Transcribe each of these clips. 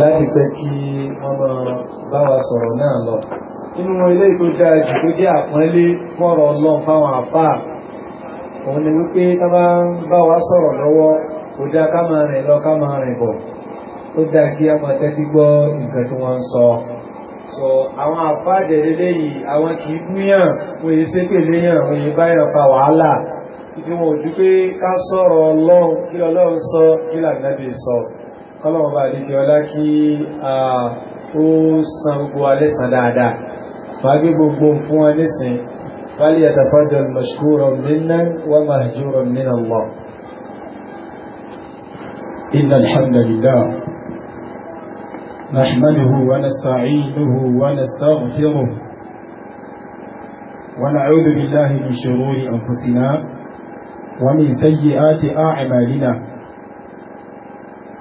láti pẹ́ kí wọ́n máa bá wa sọ̀rọ̀ náà lọ. nínú wọn ilé tó dára jù tó jẹ́ àpọ́nlé fọ́rọ̀ ọlọ́run fáwọn àfáà òun ni wípé ká bá ń bá wa sọ̀rọ̀ lọ́wọ́ kò dáa ká máa rìn lọ ká máa rìn bọ̀ ó dáa kí a máa tẹ́tí gbọ́ nǹkan tí wọ́n ń sọ. sọ àwọn àfáà dẹ̀rẹ̀ léyìí àwọn kì í búyàn wọ́n yìí ṣépè léyàn wọ́n yìí báyàn fa wàhálà ìdí ò dúpẹ́ ká sọ̀rọ̀ ọlọ́run kí ọlọ́run sọ kí làǹdàbí sọ kọ́lọ̀wọ̀ bá àdíkẹ́ ọlá kí ó san gbogbo alẹ́sàn dáadáa fàágbé gbogbo fún wa nísìn fàálì àtàfàjọ mọ̀ṣkúrọ̀ minna wà máa jùrọ̀ min Allah inna alhamdulillah nahmaduhu wa nasta'inuhu wa nastaghfiruh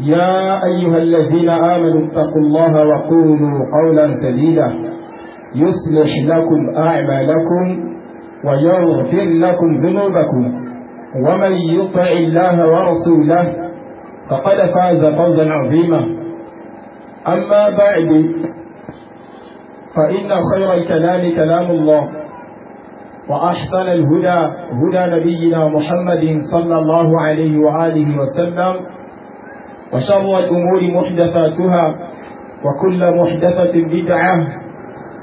يا أيها الذين آمنوا اتقوا الله وقولوا قولا سديدا يصلح لكم أعمالكم ويغفر لكم ذنوبكم ومن يطع الله ورسوله فقد فاز فوزا عظيما أما بعد فإن خير الكلام كلام الله وأحسن الهدى هدى نبينا محمد صلى الله عليه وآله وسلم وشر الأمور محدثاتها وكل محدثة بدعة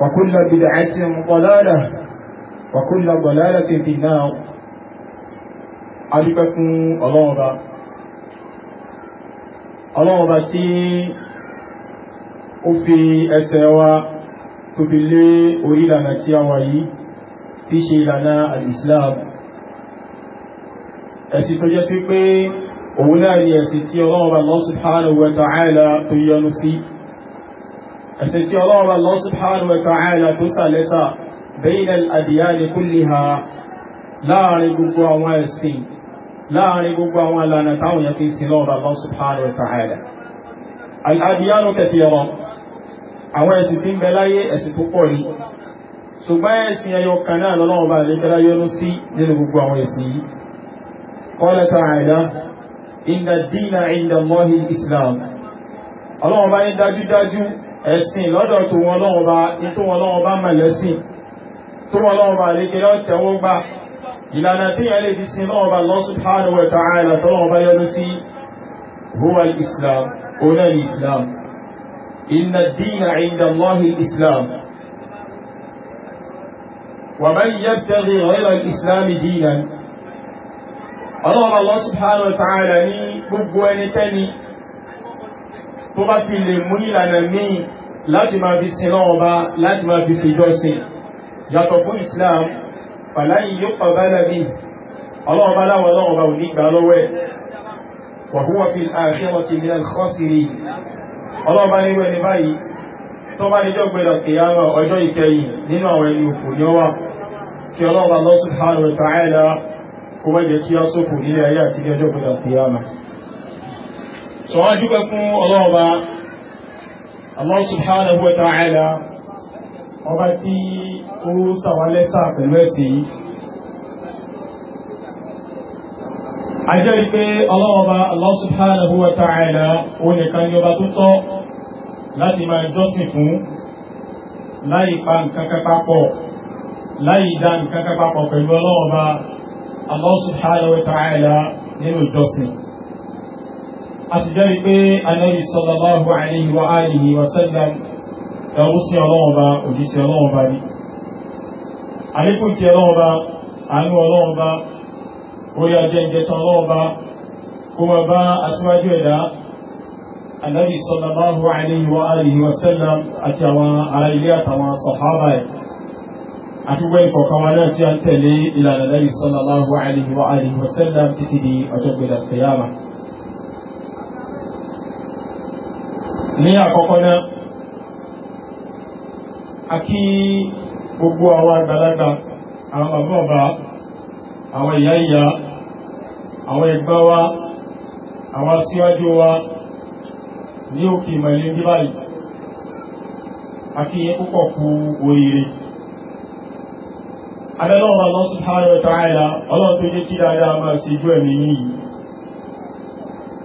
وكل بدعة ضلالة وكل ضلالة في النار عليكم الله ọlọ́ọ̀bá tí ó fi ẹsẹ̀ wa tó fi lé orí ìlànà tí a wà yìí tí ṣe ìlànà al-Islam ẹ̀sìn tó jẹ́ sí pé òun náà rí ẹ̀sìn tí ọlọ́ọ̀bà Allah subhanahu wa ta'ala tó yọ́nú sí ẹ̀sìn tí ọlọ́ọ̀bà Allah subhanahu wa ta'ala tó sàlẹ́sà bayna al-adyan kulliha láàrin gbogbo àwọn ẹ̀sìn láàrin gbogbo àwọn ìlànà táwọn yẹn fi sin lọ́ọ̀bà Allah subhanahu wa ta'ala al-adyan kathira inna dina inda Allahi islam ọlọ́wọ́n bá ní dájúdájú ẹ̀sìn lọ́dọ̀ tó wọn lọ́wọ́n bá ní tó wọn lọ́wọ́n bá mẹ́lẹ́sìn tó wọn lọ́wọ́n bá lékè lọ́tẹ̀wọ́ gbà ìlànà tí yẹn lè fi sin lọ́wọ́n bá Allah subhanahu wa ta'ala tọ́lọ́wọ́n bá yọnu sí huwa islam ọ̀nà islam inna dina inda Allahi islam wa man yabtaghi ghayra islam dinan ọlọ́wọ́ Allah subhanahu wa ta'ala ní gbogbo ẹnikẹ́ni tó bá fi lè mú ìlànà míì láti máa fi sin lọ́wọ́ bá láti máa fi ṣèjọ́sìn yàtọ̀ fún Islam fàláyìn yóò pọ̀ bá lábí ọlọ́wọ́ bá láwọn ọlọ́wọ́ bá ò ní gbà lọ́wọ́ ẹ̀ wàhúwà fi al-akhirati min al-khasirin ọlọ́wọ́ bá níwẹ̀ ní báyìí tó bá níjọ́ gbẹ̀rẹ̀ kìyàmà ọjọ́ ìkẹyìn nínú àwọn ẹni òfò ní ọwà kí ọlọ́wọ́ bá Allah kó má jẹ́ kí á sókù nílé ayé àti ní ọjọ́ gbọdọ̀ fi àmà sọ wá dúpẹ́ fún ọlọ́ọ̀ba Allah subhanahu wa ta'ala ọba tí ó sàwálẹ́sà pẹ̀lú ẹ̀sìn yìí àjẹ́ ìpé ọlọ́ọba Allah subhanahu wa ta'ala ó nìkan ní ọba tó tọ́ láti máa jọ́sìn fún láì pa nǹkan kan papọ̀ láì dá nǹkan kan papọ̀ pẹ̀lú ọlọ́ọba Allah subhanahu wa ta'ala nínú ìjọsìn a ti jẹ́rìí pé anábi sallallahu alayhi wa alihi wa sallam ẹ̀rú sí ọlọ́ọ̀ba òjísí ọlọ́ọ̀ba ní àlékún kí ọlọ́ọ̀ba àánú ọlọ́ọ̀ba orí ajẹ́ ìjẹta ọlọ́ọ̀ba kó wà àtúgbẹ́ ìkọ̀ọ̀kan wa náà tí a ń tẹ̀lé ìlànà lẹ́yìn sallallahu alaihi wa alihi wa sallam títí di ọjọ́ gbẹ̀dà kìyàmà ní àkọ́kọ́ náà a kí gbogbo àwọn àgbàlagbà àwọn bàbá àwọn ìyá àwọn ẹgbẹ́ àwọn aṣíwájú wa ní òkè ìmọ̀lẹ́ bíbáyìí a abẹ́lọ́wọ́ Allah subhanahu wa ta'ala ọlọ́run tó jẹ́ kí dáadáa máa sí ijú ẹ̀mí yìí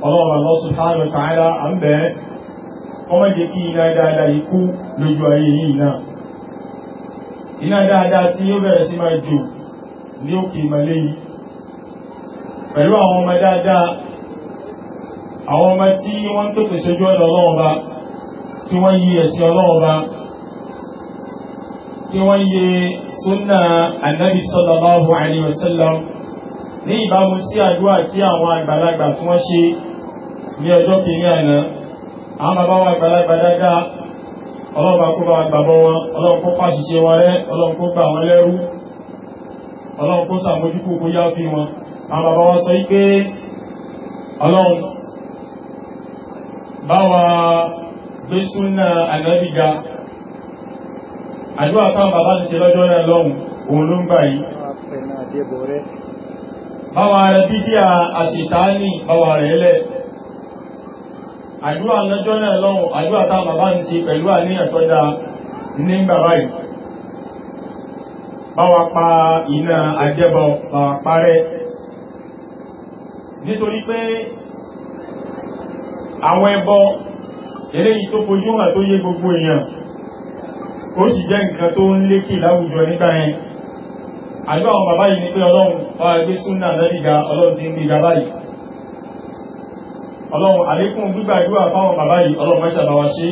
ọlọ́run Allah subhanahu wa ta'ala à ń bẹ̀ẹ́ ọmọ jẹ́ kí iná dáadáa ikú lójú ayé yìí náà iná dáadáa tí ó bẹ̀rẹ̀ sí máa jò ní òkè ìmọ̀lẹ́ yìí pẹ̀lú àwọn ọmọ dáadáa àwọn ọmọ tí wọ́n tó tẹ̀sọ́jú ọ̀dọ̀ ọlọ́run ba tí wọ́n yí ẹ̀sìn ọlọ́run ba tí wọ́n yí súnà ànábì sallallahu alayhi wa sallam ní ìbámu sí àdúrà tí àwọn àgbàlagbà tí wọ́n ṣe ní ọjọ́ kìíní àná àwọn bàbá wa àgbàlagbà dáadáa ọlọ́ọ̀bà kó bá gbàbọ́ wọn ọlọ́ọ̀kó pàṣìṣe wọn rẹ́ ọlọ́ọ̀kó gbà wọn lẹ́rú ọlọ́ọ̀kó sàmójúkú kó àdúrà táwọn bàbá ti ṣe lọ́jọ́ náà lọ́hùn òun ló ń gbà yìí báwa rẹ̀ bídí àṣìtáàní báwa rẹ̀ lẹ̀ àdúrà lọ́jọ́ náà lọ́hùn àdúrà táwọn bàbá ń ṣe pẹ̀lú àníyàn ní bàbá yìí báwa pa iná àjẹbọ báwa nítorí pé àwọn ẹbọ eléyìí tó fojú hàn tó yé gbogbo èèyàn ó sì jẹ́ nǹkan tó ń lékè láwùjọ nígbà yẹn àdúrà àwọn bàbá yìí ni pé ọlọ́run bá gbé súnà lẹ́dìgà ọlọ́run ti ń gbé gàbá yìí ọlọ́run àlékún gbígbàdúrà fáwọn bàbá yìí ọlọ́run mẹ́ta bá wa ṣe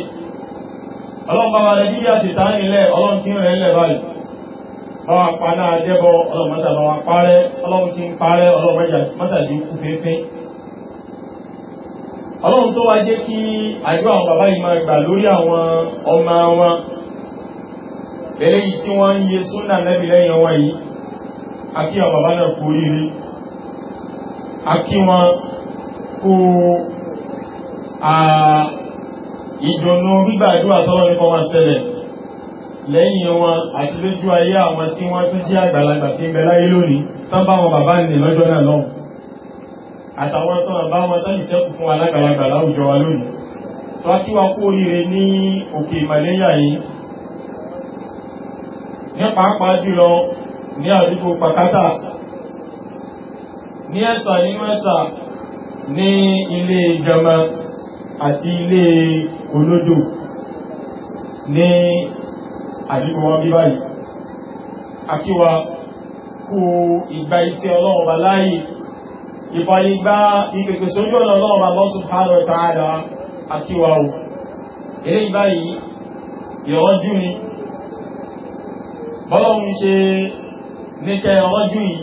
ọlọ́run bá wa rẹ bíbí àṣetá nílẹ̀ ọlọ́run ti ń rẹ̀ ńlẹ̀ báyìí bá wa pa náà dẹ́bọ ọlọ́run mẹ́ta bá wa parẹ́ ọlọ́run ti ń parẹ́ lẹ́lẹ́ yìí tí wọ́n ń yẹ súnà lẹ́bì lẹ́yìn ọwọ́ yìí a kí wọn bàbá náà kú oríire a kí wọn kú ìdùnnú gbígbàdúrà tọ́lọ́ nípa wọn ṣẹlẹ̀ lẹ́yìn wọn àti lójú ayé àwọn tí wọ́n tún jẹ́ àgbàlagbà tí ń bẹ láyé lónìí tán bá wọn bàbá nì lọ́jọ́ náà lọ́hùn àtàwọn tó wọn bá wọn tán ìṣẹ́kù fún alágbàlagbà láwùjọ wa lónìí tó a kí wa kú oríire ní òkè ìmàlẹ́yà yìí ní pàápàá jùlọ ní àdúgbò pàkátà ní ẹ̀sà nínú ẹ̀sà ní ilé ìjọmọ àti ilé olódò ní àdúgbò wọn bí báyìí akíwa kú ìgbà iṣẹ́ ọlọ́run bá láàyè ìfàyè gba ìpèpè sójú ọ̀nà ọlọ́run lọ́sùn subhanahu wa ta'ala akíwa eléyìí báyìí ìrọ́jú ni bọ́lọ́run ṣe níkẹ́ ọlọ́jú yìí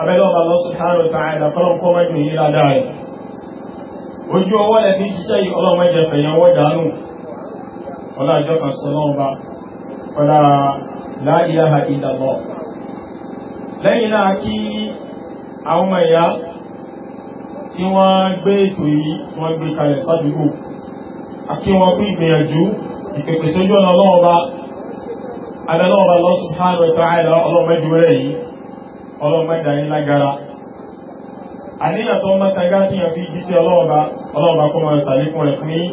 abẹ́lọ́ba Allah subhanahu wa ta'ala fọ́lọ́n kọ́ mẹ́jọ yìí ládàá rẹ̀ ojú ọwọ́ lẹ́bí ṣiṣẹ́ yìí ọlọ́run fẹ̀yàn ọwọ́ ìgbìyànjú adalọ́wọ́ Allah subhanahu wa ta'ala ọlọ́mọdúnrẹ́ yìí ọlọ́mọdà yìí lágara àníyàn tó mọ́ta gátìyàn fi jí sí ọlọ́ọ̀bá ọlọ́ọ̀bá kó mọ́ ìsàlékún rẹ̀ fún yín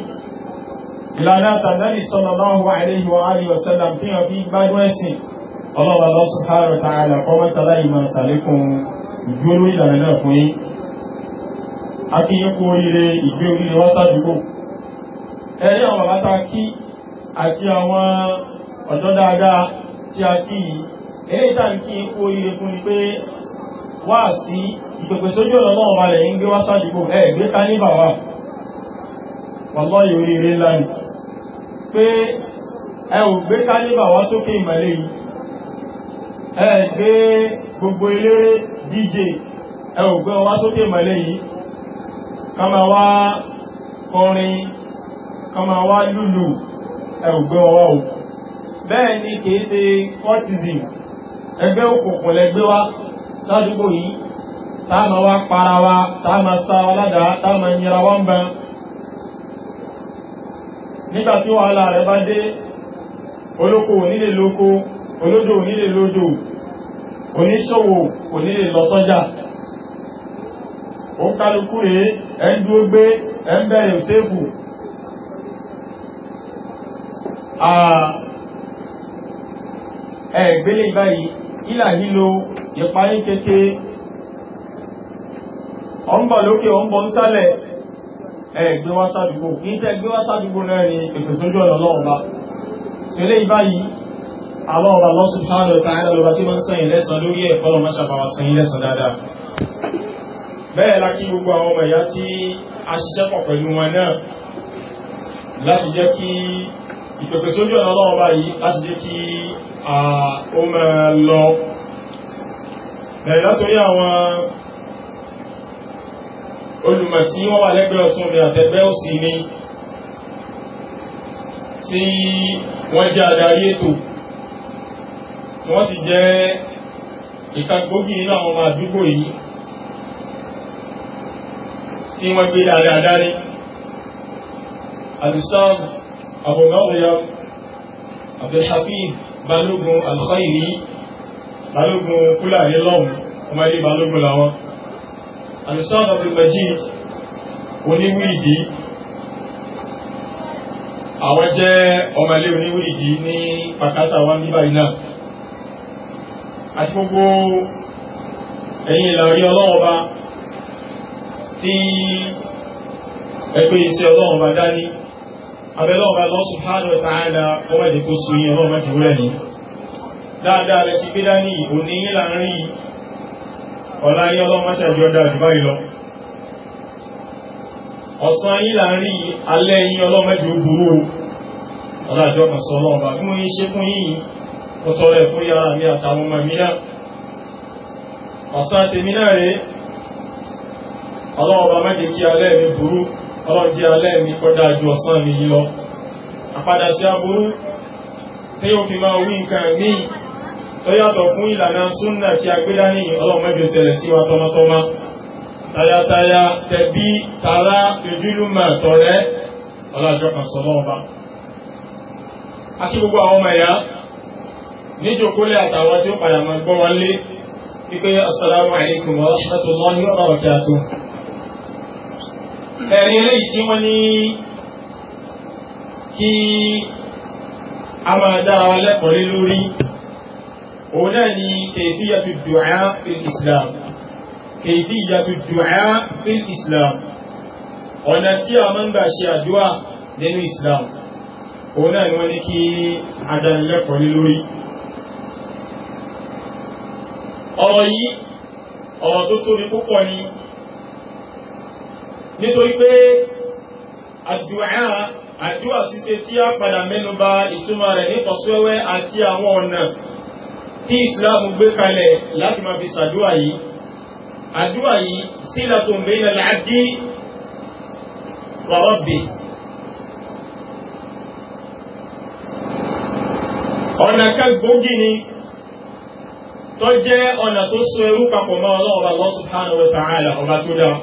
ìlànà tàbí sallallahu alayhi wa alihi wa sallam tí wọ́n fi gbádùn ẹ̀sìn ọlọ́ọ̀bá Allah subhanahu wa ta'ala kó mọ́ ìsàláyìn mọ́ ìsàlékún ìgbóró ìlànà náà fún yín akíyín kú oríire ìgbé oríire wọ́n sádùúgbò ẹ̀rí àwọn bàbá ta kí àti àwọn ọ̀dọ́ dáadáa tí a kí yìí eré ìtàn kí n kú fún ni pé wà sí ìpẹ̀pẹ̀ sójú ọ̀nà náà wà lẹ́yìn gbé wá ẹ̀ gbé ní bàwà wọ́lọ́ ìoríire pé ẹ gbé sókè yìí gbogbo ò gbé bẹ́ẹ̀ ni kìí ṣe cultism ẹgbẹ́ òkùnkùn lẹ́gbẹ́ wa sádùúgbò yìí táàmà wá para wa táàmà sá ọládàá táàmà yẹra wọ́n bẹ nígbà wàhálà rẹ̀ bá dé olóko onílé lóko olódò onílé lódò oníṣòwò onílé lọ ó kálukú rèé ẹ ń gbé ẹ ń bẹ̀rẹ̀ ẹ̀gbélé báyìí ìlà lílo ìparí kéke ọmọ lókè ọmọ ń sálẹ̀ ẹ̀gbé wá sádùgbò níta ẹgbé wá sádùgbò ni ìpèsójú ọ̀nà lọ́ọ̀ba tẹ́lẹ̀ ìbáyìí àwọn ọba lọ́sùn tààdọ̀ tààdọ̀ lọba tí wọ́n ń sẹ́yìn lẹ́sàn lórí ẹ̀kọ́ lọ mọ́ṣàbáwà sẹ́yìn lẹ́sàn dáadáa bẹ́ẹ̀ lákí gbogbo àwọn ọmọ ìyá ìpẹ̀pẹ̀ sójú ọ̀nà ọlọ́run báyìí láti jẹ́ kí ó máa lọ bẹ̀rẹ̀ látorí àwọn olùmọ̀ tí wọ́n wà lẹ́gbẹ̀ẹ́ ọ̀tún mi àtẹ́gbẹ́ òsì ni tí wọ́n jẹ́ adarí ètò tí wọ́n sì jẹ́ ìkagbógi nínú àwọn ọmọ àdúgbò yìí tí wọ́n gbé dáadáa dání Abu Maryam Abdulhafiz Balógun Al-Khairi Balógun Fúlàní lọ́hùn ọmọdé Balógun làwọn Al-Ustadh Abdul Majid oníwìdí àwọn jẹ́ ọmọlé oníwìdí ní pàkátà wa ní báyìí náà àti gbogbo ẹ̀yìn ìlàrí ọlọ́ọ̀ba tí ẹgbẹ́ iṣẹ́ ọlọ́ọ̀ba dání abẹ́lẹ́ ọba lọ subhanahu wa ta'ala ọmọ ìdí kó sun yẹn ọmọ jùlẹ̀ ní dáadáa rẹ̀ ti gbé dání òní yín là ń rí ọ̀la yín ọlọ́mọ ṣàjọ lọ ọ̀sán yín là alẹ́ yín ọlọ́mọ burú ọ̀làjọ́ ọlọ́run jẹ́ alẹ́ mi kọjá ju ọ̀sán mi yìí lọ àpadà sí aburú tí ó fi máa wí nǹkan ní tó fún ìlànà súnnà tí a gbé dání ọlọ́run mẹ́jọ ṣẹlẹ̀ tọmọtọmọ tayataya tẹbí tara ojúlùmọ̀ tọ̀rẹ́ ọlọ́jọ́ kan sọ lọ́ọ̀bá àti gbogbo àwọn ọmọ ẹ̀yà níjòkólé àtàwọn tí ó padà máa gbọ́ wọlé wípé assalamu alaikum wa rahmatullahi wa barakatuh ẹ̀rí eléyìí tí wọ́n ní kí a máa dára wa lẹ́kọ̀ọ́ lé lórí òun náà ni kayfiyatu du'a fil islam kayfiyatu du'a fil islam ọ̀nà tí a máa ń gbà ṣe àdúrà nínú islam òun náà ni wọ́n ní kí a dára lẹ́kọ̀ọ́ lé lórí ọ̀rọ̀ yìí ọ̀rọ̀ tó tóbi púpọ̀ ni nítorí pé àdúà àdúà ṣíṣe tí a padà mẹ́nubà ìtumọ̀ rẹ̀ ní tọ̀síwẹ́wẹ́ àti àwọn ọ̀nà tí Islam gbé kalẹ̀ láti máa fi ṣàdúà yìí àdúà yìí sílatun bayna al-abdi wa rabbi ọ̀nà kan gbòógì ni tó jẹ́ ọ̀nà tó so ẹrú papọ̀ mọ́ Ọlọ́run Allah subhanahu wa ta'ala ọba tó dáa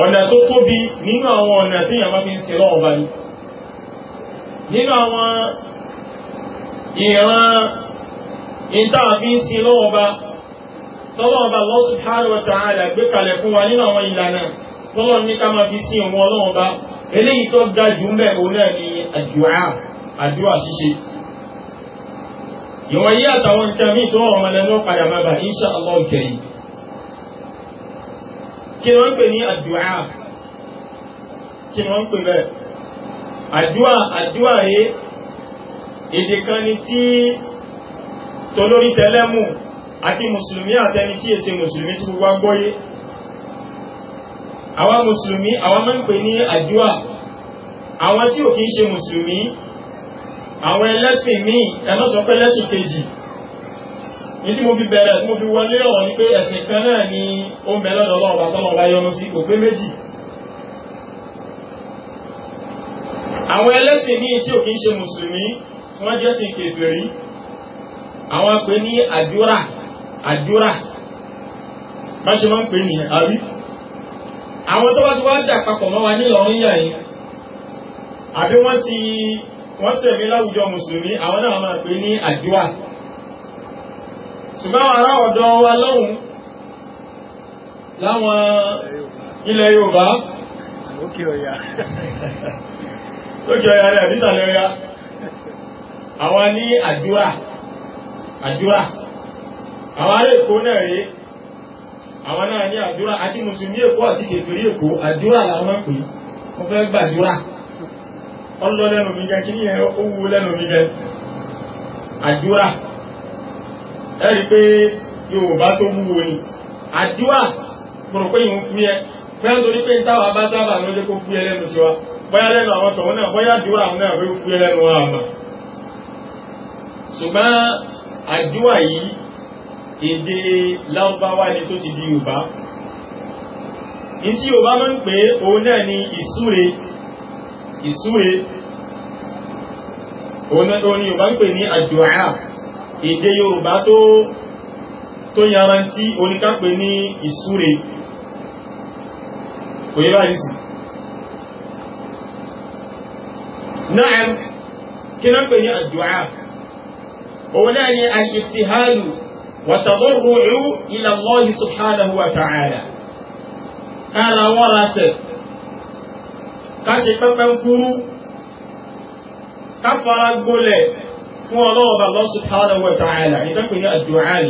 ọ̀nà tó tóbi nínú àwọn ọ̀nà tí yàmá fi ń ṣe lọ́wọ́ bá ní nínú àwọn ìran ìtààfi ń ṣe lọ́wọ́ bá tọ́lọ́wọ́ bá Allah subhanahu wa ta'ala gbé kalẹ̀ fún wa nínú àwọn ìlànà tọ́lọ́wọ́ ní ká máa fi sí ọmọ ọlọ́wọ́ bá eléyìí tó ga jù ń bẹ̀ àtàwọn nǹkan tó ọmọ lẹ́nu padà máa bà insha Allah karim kí ni wọ́n ń pè ní àdúrà kí ni wọ́n ń pè bẹ́ẹ̀ àdúrà àdúrà yìí èdè kan ni tí tolórí tẹlẹ́mù àti mùsùlùmí àtẹni tí èsè mùsùlùmí ti gbogbo agbóyé àwọn mùsùlùmí àwọn máa ń pè ní àdúrà àwọn tí ò kí ń ṣe mùsùlùmí àwọn ẹlẹ́sìn míì ẹ má sọ pé ẹlẹ́sìn kejì ní mo fi bẹ̀rẹ̀ mo fi wọlé ọ̀rọ̀ ní pé ẹ̀sìn kan náà ni ó mẹ́ lọ́dọ̀ ọlọ́ọ̀bá tọ́lọ̀bá yọ́nú sí kò pé méjì àwọn ẹlẹ́sìn ní tí ò kí ń ṣe mùsùlùmí tí wọ́n jẹ́sìn kèfèrí àwọn pè ní àdúrà àdúrà bá ṣe máa ń pè ní àrí àwọn tó bá ti wá dà papọ̀ mọ́ wa nílọrin yà yìí àbí wọ́n ti wọ́n sẹ̀mí láwùjọ mùsùlùmí àwọn náà máa pè ní àdúrà ṣùgbọ́n ará ọ̀dọ̀ wa lọ́hùn láwọn ilẹ̀ Yorùbá òkè ọ̀yà rẹ̀ àbísàlẹ̀ ọ̀yà àwọn ní àdúrà àdúrà àwọn ará Èkó náà rí àwọn náà ní àdúrà àti mùsùlùmí Èkó àti kèfèrí Èkó àdúrà làwọn pè wọ́n fẹ́ gbàdúrà ọlọ́ lẹ́nu mi jẹ́ kí ní ẹ̀ ó wú lẹ́nu mi jẹ́ àdúrà ẹ̀rí pé Yorùbá tó wúwo ni àdúrà mọ̀rọ̀ pé ìwọ̀n fún yẹ bóyá torí pé táwa bá sábà ló lé kó fún yẹ lẹ́nu tiwa bóyá lẹ́nu àwọn tọ̀hún náà bóyá àdúrà àwọn náà fún yẹ lẹ́nu wa àmà ṣùgbọ́n àdúrà yìí èdè Lárúbáwá ni tó ti di Yorùbá ìtí Yorùbá máa ń pè é òun náà ni ìsúre ìsúre òun náà ni Yorùbá ń pè ní àdúrà èdè Yorùbá tó tó yarantí oníkápẹ ní ìsúre kò yẹ báyìí sí náà kí náà pè ní àdúà òun náà ni al-ibtihalu wàtàdọ́rùn-ún ila Allah subhanahu wa ta'ala kára wọ́n rasẹ̀ ká pẹ́pẹ́ fúrú ká fara كوا الله سبحانه وتعالى إذا كنا الدعاء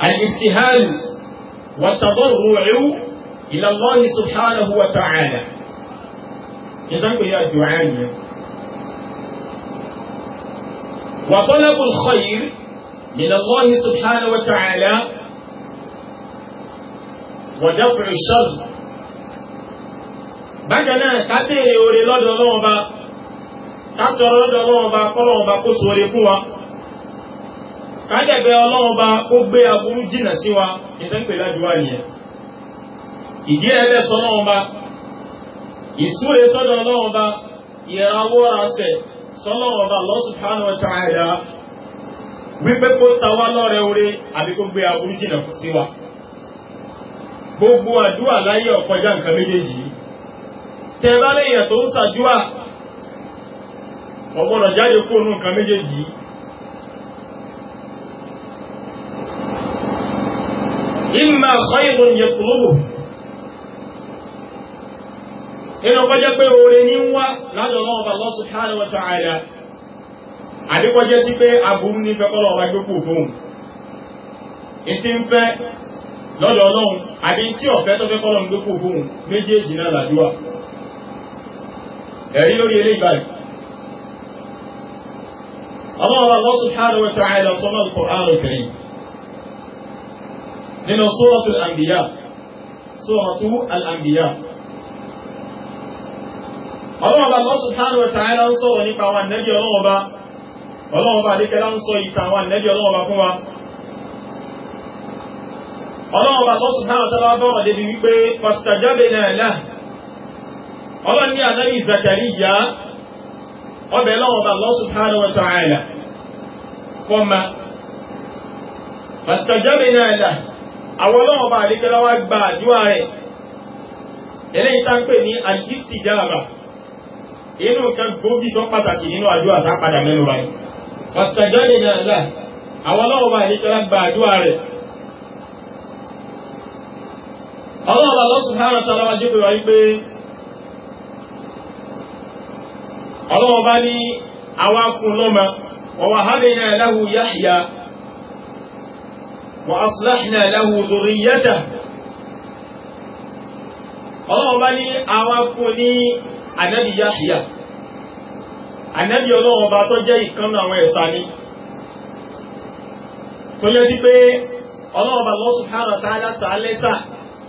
الابتهال والتضرع إلى الله سبحانه وتعالى إذا كنا الدعاء وطلب الخير من الله سبحانه وتعالى ودفع الشر بعد بعدنا كتير يوري الله kátọrọ lọ́dọ̀ ọlọ́wọ́n ọba kọ́lọ́wọ́n bá kó sóore fún wa kájẹ̀gbẹ́ ọlọ́wọ́n bá kó gbé aburú jìnà sí wa ìtẹ́ǹpẹ̀ ládùúwà nìyẹn ìdí ẹ̀bẹ̀ sọ́lọ́wọ́n bá gbogbo láyé nǹkan méjèèjì bá ọgbọ́dọ̀ jáde kó nù nǹkan méjèèjì imma khayrun yatlubu inú kó jẹ́ pé oore ní wá lájọ lọ́wọ́ bá Allah subhanahu wa ta'ala àdíkọ́ jẹ́ sí pé aburú ní fẹ́kọ́lọ̀ ọ̀rọ̀ gbé kò ẹ̀rí lórí eléyìí báyìí الله الله سبحانه وتعالى صنع القرآن الكريم من سورة الأنبياء سورة الأنبياء الله الله سبحانه وتعالى صنع نقوى النبي الله با الله با ذلك لا نصي تعوى النبي الله با كوا الله با سبحانه وتعالى بما دبي فاستجبنا له الله ني النبي زكريا ọbẹ̀ lọ́wọ́ bá Allah subhanahu wa ta'ala kọ́mà fastajabna lahu àwọn ọlọ́wọ́ bá àdékẹ́lọ́wọ́ gba àdúrà rẹ̀ eléyìí tá ń pè ní al-istijaba inú kan gbógi tó pàtàkì nínú àdúrà tá padà mẹ́nu rẹ̀ fastajabna lahu àwọn ọlọ́wọ́ bá àdékẹ́lọ́ gba àdúrà rẹ̀ ọlọ́wọ́ bá Allah subhanahu wa ta'ala wájú ọlọ́wọ́ bá ní àwọn akùn lọ́mà wọ́wà hábẹ̀nà lahu yáhíyá wa aslahna lahu zurriyata ọlọ́wọ́ bá ní àwọn akùn ní ànábì yáhíyá ànábì ọlọ́wọ́ bá tó jẹ́ ìkan àwọn ẹ̀sà ni tó yẹ sí pé ọlọ́wọ́ bá lọ́sùn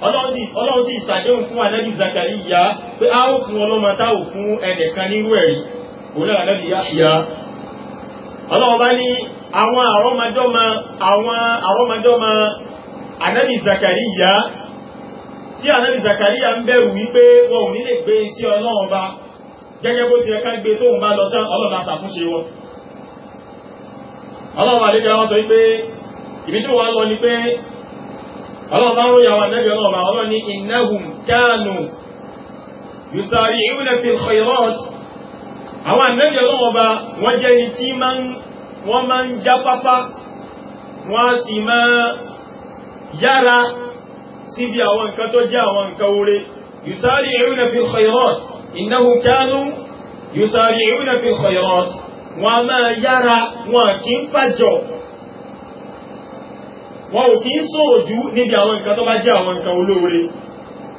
ọlọ́run sì ṣàdéhùn fún anájú Zakariya pé a ó fún ọlọ́mọ tá ò fún ẹnìkan nírú ẹ̀rí òun náà anájú Yahya ọlọ́run bá ní àwọn àrọ́mọdọ́mọ àwọn àrọ́mọdọ́mọ anájú Zakariya tí anájú Zakariya ń bẹ̀rù wípé wọn ò ní lè gbé iṣẹ́ ọlọ́run bá gẹ́gẹ́ bó ti ẹ̀ka gbé tóun bá lọ tán ọlọ́run á wọn ọlọ́run àdéjọ́ wọn sọ wípé ìbí tí wọ́n lọ ni pé ọlọ́run bá ń ròyìn àwọn ànábì ọlọ́run bá ọlọ́run ní innahum kanu yusari'una fil khayrat àwọn ànábì ọlọ́run bá wọ́n jẹ́ ni tí wọ́n máa ń jáfáfá wọ́n á sì máa yára síbi àwọn nǹkan tó jẹ́ àwọn nǹkan oore yusari'una fil khayrat wọn ò kí ń sọ̀rọ̀ jù níbi àwọn nǹkan tó bá jẹ́ àwọn nǹkan olóore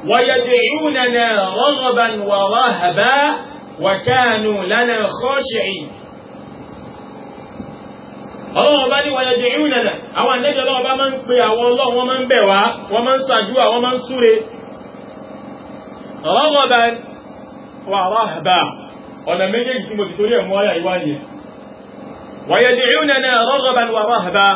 wayad'unana raghaban wa rahaba wa kanu lana khashi'in ọlọ́wọ́n bá ní wàyàjẹ̀ ìrìnàdà àwọn àlẹ́jọ́ lọ́wọ́ bá máa ń pe àwọn ọlọ́wọ́ wọ́n máa ń bẹ̀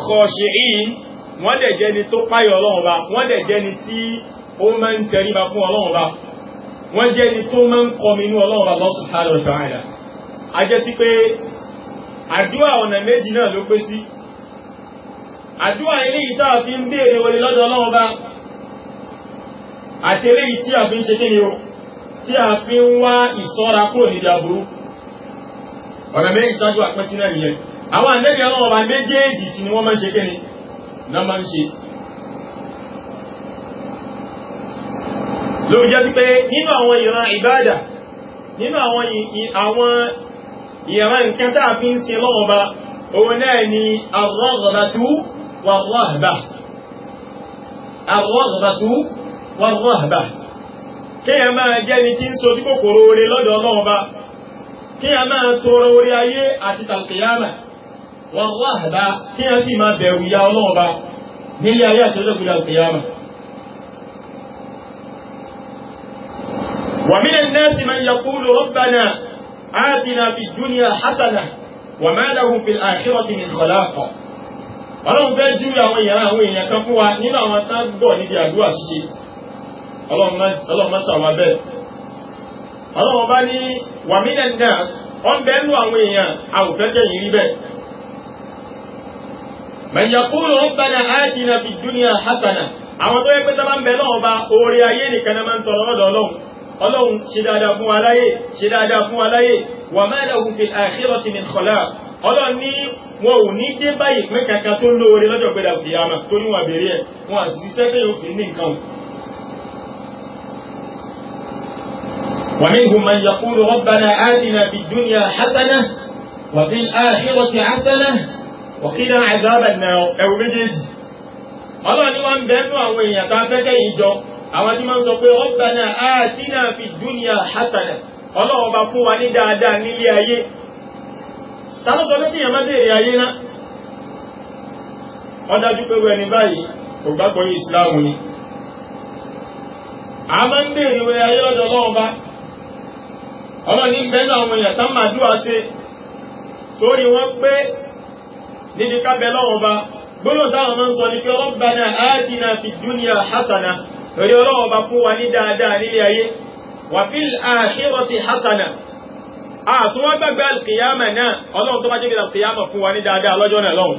khashi'in wọ́n dẹ̀ jẹ́ ni tó páyọ̀ ọlọ́run bá wọ́n dẹ̀ jẹ́ ni tí ó máa ń tẹríba fún ọlọ́run bá wọ́n jẹ́ ni tó máa ń kọminú ọlọ́run bá Allah subhanahu wa ta'ala a jẹ́ sí pé àdúrà ọ̀nà méjì náà ló pé sí àdúrà eléyìí tá a fi ń béèrè orí lọ́dọ̀ ọlọ́run bá àti eléyìí tí a fi ń ṣe kí ni o tí a fi ń wá ìṣọ́ra kúrò nídìí aburú ọ̀nà méjì sáájú àpẹ́sí náà nìyẹn àwọn ànẹ́bí ọlọ́wọ́ bá méjèèjì sí ni wọ́n máa ń ṣe kéde náà máa ń ṣe lórí jẹ́ sí pé nínú àwọn ìran ìbáàdà nínú àwọn ìran nǹkan tá a fi ń ṣe lọ́wọ́ bá òun náà ni ar-raghbatu war-rahbah ar-raghbatu war-rahbah kéèyàn máa tí kòkòrò oore lọ́dọ̀ Ọlọ́run bá kéèyàn máa tọrọ wọn wá àdá kí wọ́n sì máa bẹ̀rù ìyá ọlọ́run bá nílé ayé àtọ́jọ́ gbéra òkè yá mọ̀. ومن الناس من يقول ربنا آتنا في الدنيا حسنة وما لهم في الآخرة من خلاق ọlọ́run fẹ́ jú àwọn èèyàn àwọn èèyàn kan fún wa nínú àwọn tán níbi àdúrà ṣíṣe ọlọ́run mọ́sàwá bẹ́ẹ̀ ọlọ́run bá ní wàmínẹ̀ náà ọ̀n bẹ́ẹ̀ àwọn èèyàn àwòfẹ́jẹ̀ yìí rí bẹ́ẹ̀ من yaqulu rabbana atina fid dunya hasana àwọn tó yẹ pé sábà ń bẹ náà ọba orí ayé nìkan náà máa ń tọrọ lọ́dọ̀ ọlọ́run ọlọ́run ṣe dáadáa fún wa láyé ṣe dáadáa fún wa láyé wa ma lahum fil akhirati min khalaq ọlọ́run ní wọn ò ní dé báyìí pé kankan tó lóore lọ́jọ́ gbéra kìyàmà tó ní wọn béèrè ẹ̀ wọn àti ṣiṣẹ́ pé yóò fi ní nǹkan o. wa minhum man yaqulu rabbana atina fid dunya hasana wa fil akhirati hasana ọ̀kídá àzábà náà ẹ̀rù méjèèjì ọlọ́ni wọn ń bẹ́ẹ̀nú àwọn èèyàn tá fẹ́kẹ́ ìjọ àwọn tí wọ́n sọ pé fi dunya hasana ọlọ́wọ́ bá fún wa ní dáadáa nílé ayé ta ló sọ pé kíyàn má dèrè ayé ná ó dájú pé wẹni báyìí kò gbàgbọ́ yìí ni a máa ń dèrè wẹ ayé ọ̀dọ̀ ọlọ́wọ́ níbi kábẹ̀ lọ́wọ́ bá gbọ́nà táwọn máa ń sọ ní pé Rabbana atina fid dunya hasana lórí ọlọ́wọ́ bá fún wa ní dáadáa nílé ayé wa fil akhirati hasana àtún wọ́n gbàgbé alkiyama náà ọlọ́run tó bá jẹ́ gbẹ̀rẹ̀ alkiyama fún wa ní dáadáa lọ́jọ́ náà lọ́hùn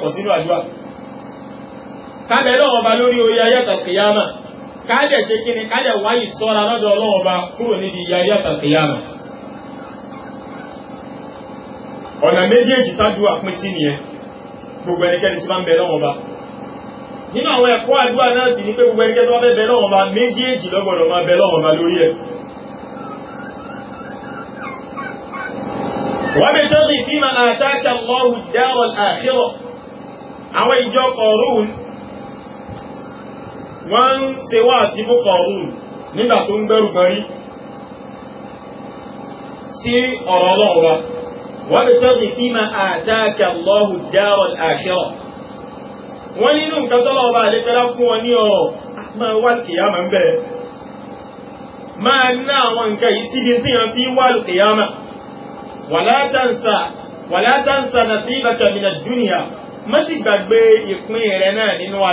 wọ́n kábẹ̀ lọ́wọ́ ba lórí orí ayẹ́ta kìyàmà kábẹ̀ ṣe kí ni kábẹ̀ wáyé sọ́ra lọ́dọ̀ ọlọ́wọ́ ba kúrò níbi ayẹ́ta kìyàmà ọ̀nà méjèèjì tájú àpín sí nìyẹn gbogbo ẹnikẹ́ni tí máa ń bẹ lọ́wọ́ nínú àwọn ẹ̀kọ́ àdúrà náà sì ní pé gbogbo ẹnikẹ́ni tó bá bẹ lọ́wọ́ méjèèjì lọ́gbọ̀dọ̀ máa bẹ lọ́wọ́ ba lórí ẹ̀ wọ́n bẹ tọ́sí fíma àtàkà lọ́wọ́ dáwọ̀ àkírọ̀ àwọn ìjọ kọ̀ọ̀rún wọ́n ń ṣe wá sí bókọ̀ ọ̀hún nígbà tó ń gbẹ́rù kan rí sí ọ̀rọ̀ ọlọ́ọ̀wá wọ́n lè tẹ́rì kí ma àtàkà lọ́hù dárọ̀ àṣẹ́rọ̀ wọ́n nínú nǹkan tọ́lọ̀ ọba àlétẹ́lá fún wọn ní ọ̀rọ̀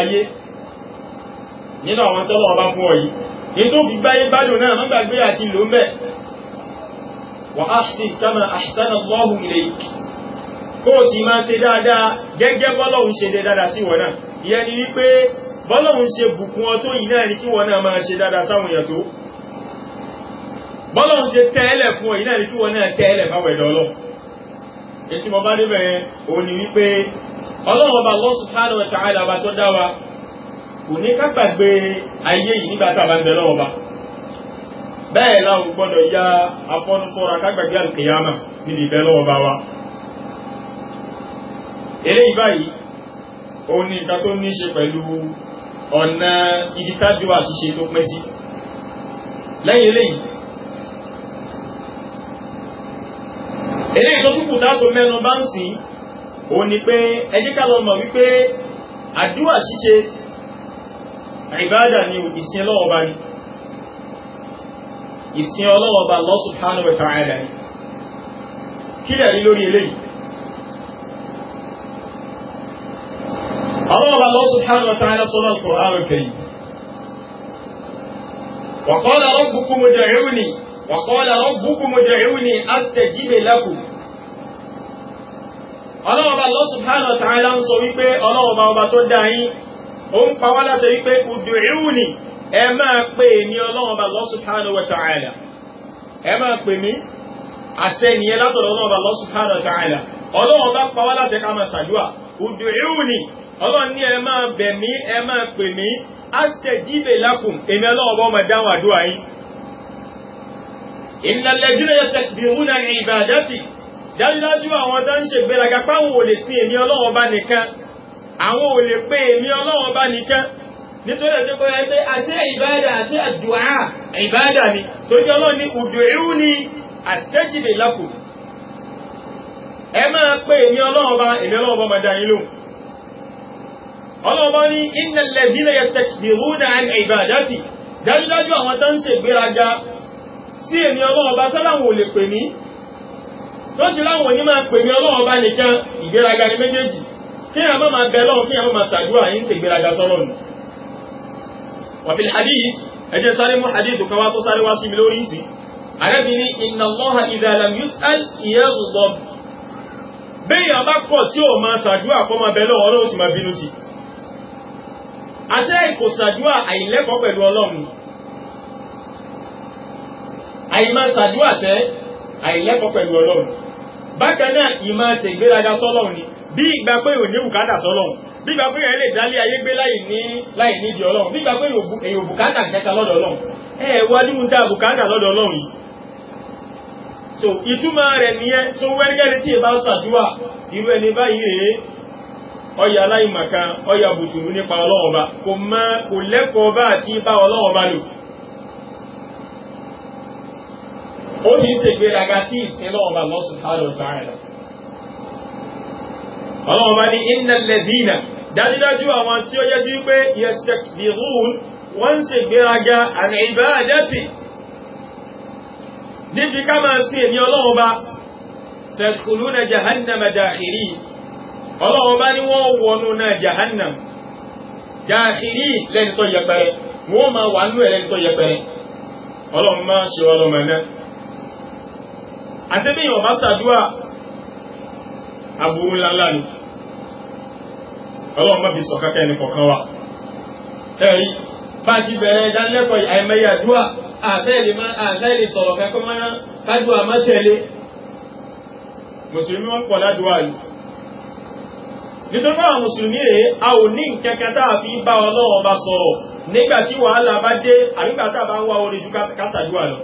ah, nínú àwọn tọ́lọ̀ ọba fún ọ yìí ètò fi gbáyé gbádùn náà wọ́n gbàgbé àti ìlú ń bẹ̀ wa ahsin kama ahsana Allahu ilayk kó o sì máa ṣe dáadáa gẹ́gẹ́ bọ́lọ́hun ṣe dé dáadáa sí wọn náà ìyẹn ni wípé bọ́lọ́hun ṣe bùkún ọ tó yìí náà ni kí wọn náà máa ṣe dáadáa sáwọn èèyàn tó bọ́lọ́hun ṣe tẹ́ẹ̀lẹ̀ kò ní ká gbàgbé ayé yìí nígbà tá a bá ń bẹ lọ́wọ́ bá bẹ́ẹ̀ láwọn gbọ́dọ̀ ya afọ́nufọ́ra ká gbàgbé àlùkìyàmà níbi ìbẹ́ lọ́wọ́ bá wa eré ìbáyìí ó ní nǹkan tó ní ṣe pẹ̀lú ọ̀nà ibi tájú àṣìṣe tó pẹ́ sí lẹ́yìn eléyìí eléyìí tó túkù dátò mẹ́nu bá ń sìn ó ní pé ẹ ká lọ mọ̀ wípé àdúrà ṣíṣe ìbádà ni ìsìn ọlọ́ọ̀bá ni ìsìn ọlọ́ọ̀bá Allah subhanahu wa ta'ala ni kí lẹ́rí lórí eléyìí ọlọ́ọ̀bá Allah subhanahu wa ta'ala sọ́nà al-Qur'an al-Karim wa qala rabbukum ud'uni wa qala rabbukum ud'uni astajib lakum ọlọ́ọ̀bá Allah subhanahu wa ta'ala sọ wípé ọlọ́ọ̀bá ọba tó dáyín ó ń pa wá láṣẹ wípé ud'uuni ẹ máa pè mí ọlọ́run bá Allah subhanahu wa ta'ala ẹ máa pè mí àṣẹ nìyẹn látọ̀dọ̀ ọlọ́run bá Allah subhanahu wa ta'ala ọlọ́run bá pa wá láṣẹ ká máa ṣàdúà ud'uuni ọlọ́run ní ẹ máa bẹ̀ mí ẹ máa pè mí astajib lakum èmi ọlọ́run bá ọmọ dáhùn àdúrà yín innal ladhina yastakbiruna an ibadati dájúdájú àwọn tó ń páwọn ò lè èmi ọlọ́run bá nìkan àwọn ò lè pé èmi ọlọ́wọ́n bá nìkan nítorí ẹ̀jẹ̀ pé ẹgbẹ́ àti ìbáàdà àti àdùá ni tó jẹ́ ọlọ́ni ùdù ni àtẹ́jìdè lápò ẹ máa pé èmi ọlọ́wọ́n bá èmi ọlọ́wọ́n bá máa dá ọlọ́wọ́n ní iná lẹ́bí lẹ́yẹ tẹ̀kìdìrúnà ìbáàdà ti dájúdájú àwọn kí ẹ má máa bẹ lọ́wọ́ kí ẹ má máa ṣàdúrà yín ṣe ìgbéraga sọ́rọ̀ nù wàfíl hadith ẹjẹ́ sáré mú hadith kan wá tó sáré wá sí mi lórí ìsìn arábìnrin inna Allaha idha lam yus'al yaghdab bẹ́yìn bá kọ̀ tí ó máa ṣàdúrà kọ́ máa bẹ lọ́wọ́ ọlọ́run sì máa bínú sí àṣẹ ìkò ṣàdúrà àìlẹ́kọ̀ọ́ pẹ̀lú ọlọ́run bí ìgbà pé ò ní bùkátà sọ́lọ́run bí ìgbà pé èèyàn lè dálé ayé gbé láì ní láì nídìí ọlọ́run bí ìgbà pé bùkátà kẹta so ìtumọ̀ rẹ̀ nìyẹn tó wẹ́rẹ́gẹ́rẹ́ tí ìbá ṣàdúrà irú ẹni báyìí rèé ọya aláìmọ̀ká ọya bùtùrú nípa ọlọ́run kò mọ̀ kò lẹ́kọ̀ọ́ bá àti bá lò ó sì ọlọ́run bá ní innal ladina dájúdájú àwọn tí ó yẹ sí pé yastakbirun wọ́n ń ṣe gbéraga an ibadati níbi ká máa sí èmi ọlọ́run bá sayadkhuluna jahannama dakhiri ọlọ́run bá ní wọ́n wọnú náà jahannam dakhiri lẹ́ni tó yẹpẹrẹ wọ́n àti bí ìwọ̀n bá ṣàdúrà aburú ńláńlá ni ọlọ́run bá fi sọ̀kan kẹ́ni kọ̀ọ̀kan wa. bá ti bẹ̀rẹ̀ ìdánilẹ́kọ̀ọ́ àìmọye àtẹ́lẹ̀ sọ̀rọ̀ kẹ́kọ́ mọ́ kádùá má mùsùlùmí wọn pọ̀ ládùá yìí. nítorí báwọn mùsùlùmí rèé a ò ní kẹ̀kẹ́ tá a fi bá ọlọ́run ọba sọ̀rọ̀ nígbà tí wàhálà bá dé àbígbà tá a bá ń wá orí ju kásàdúrà lọ.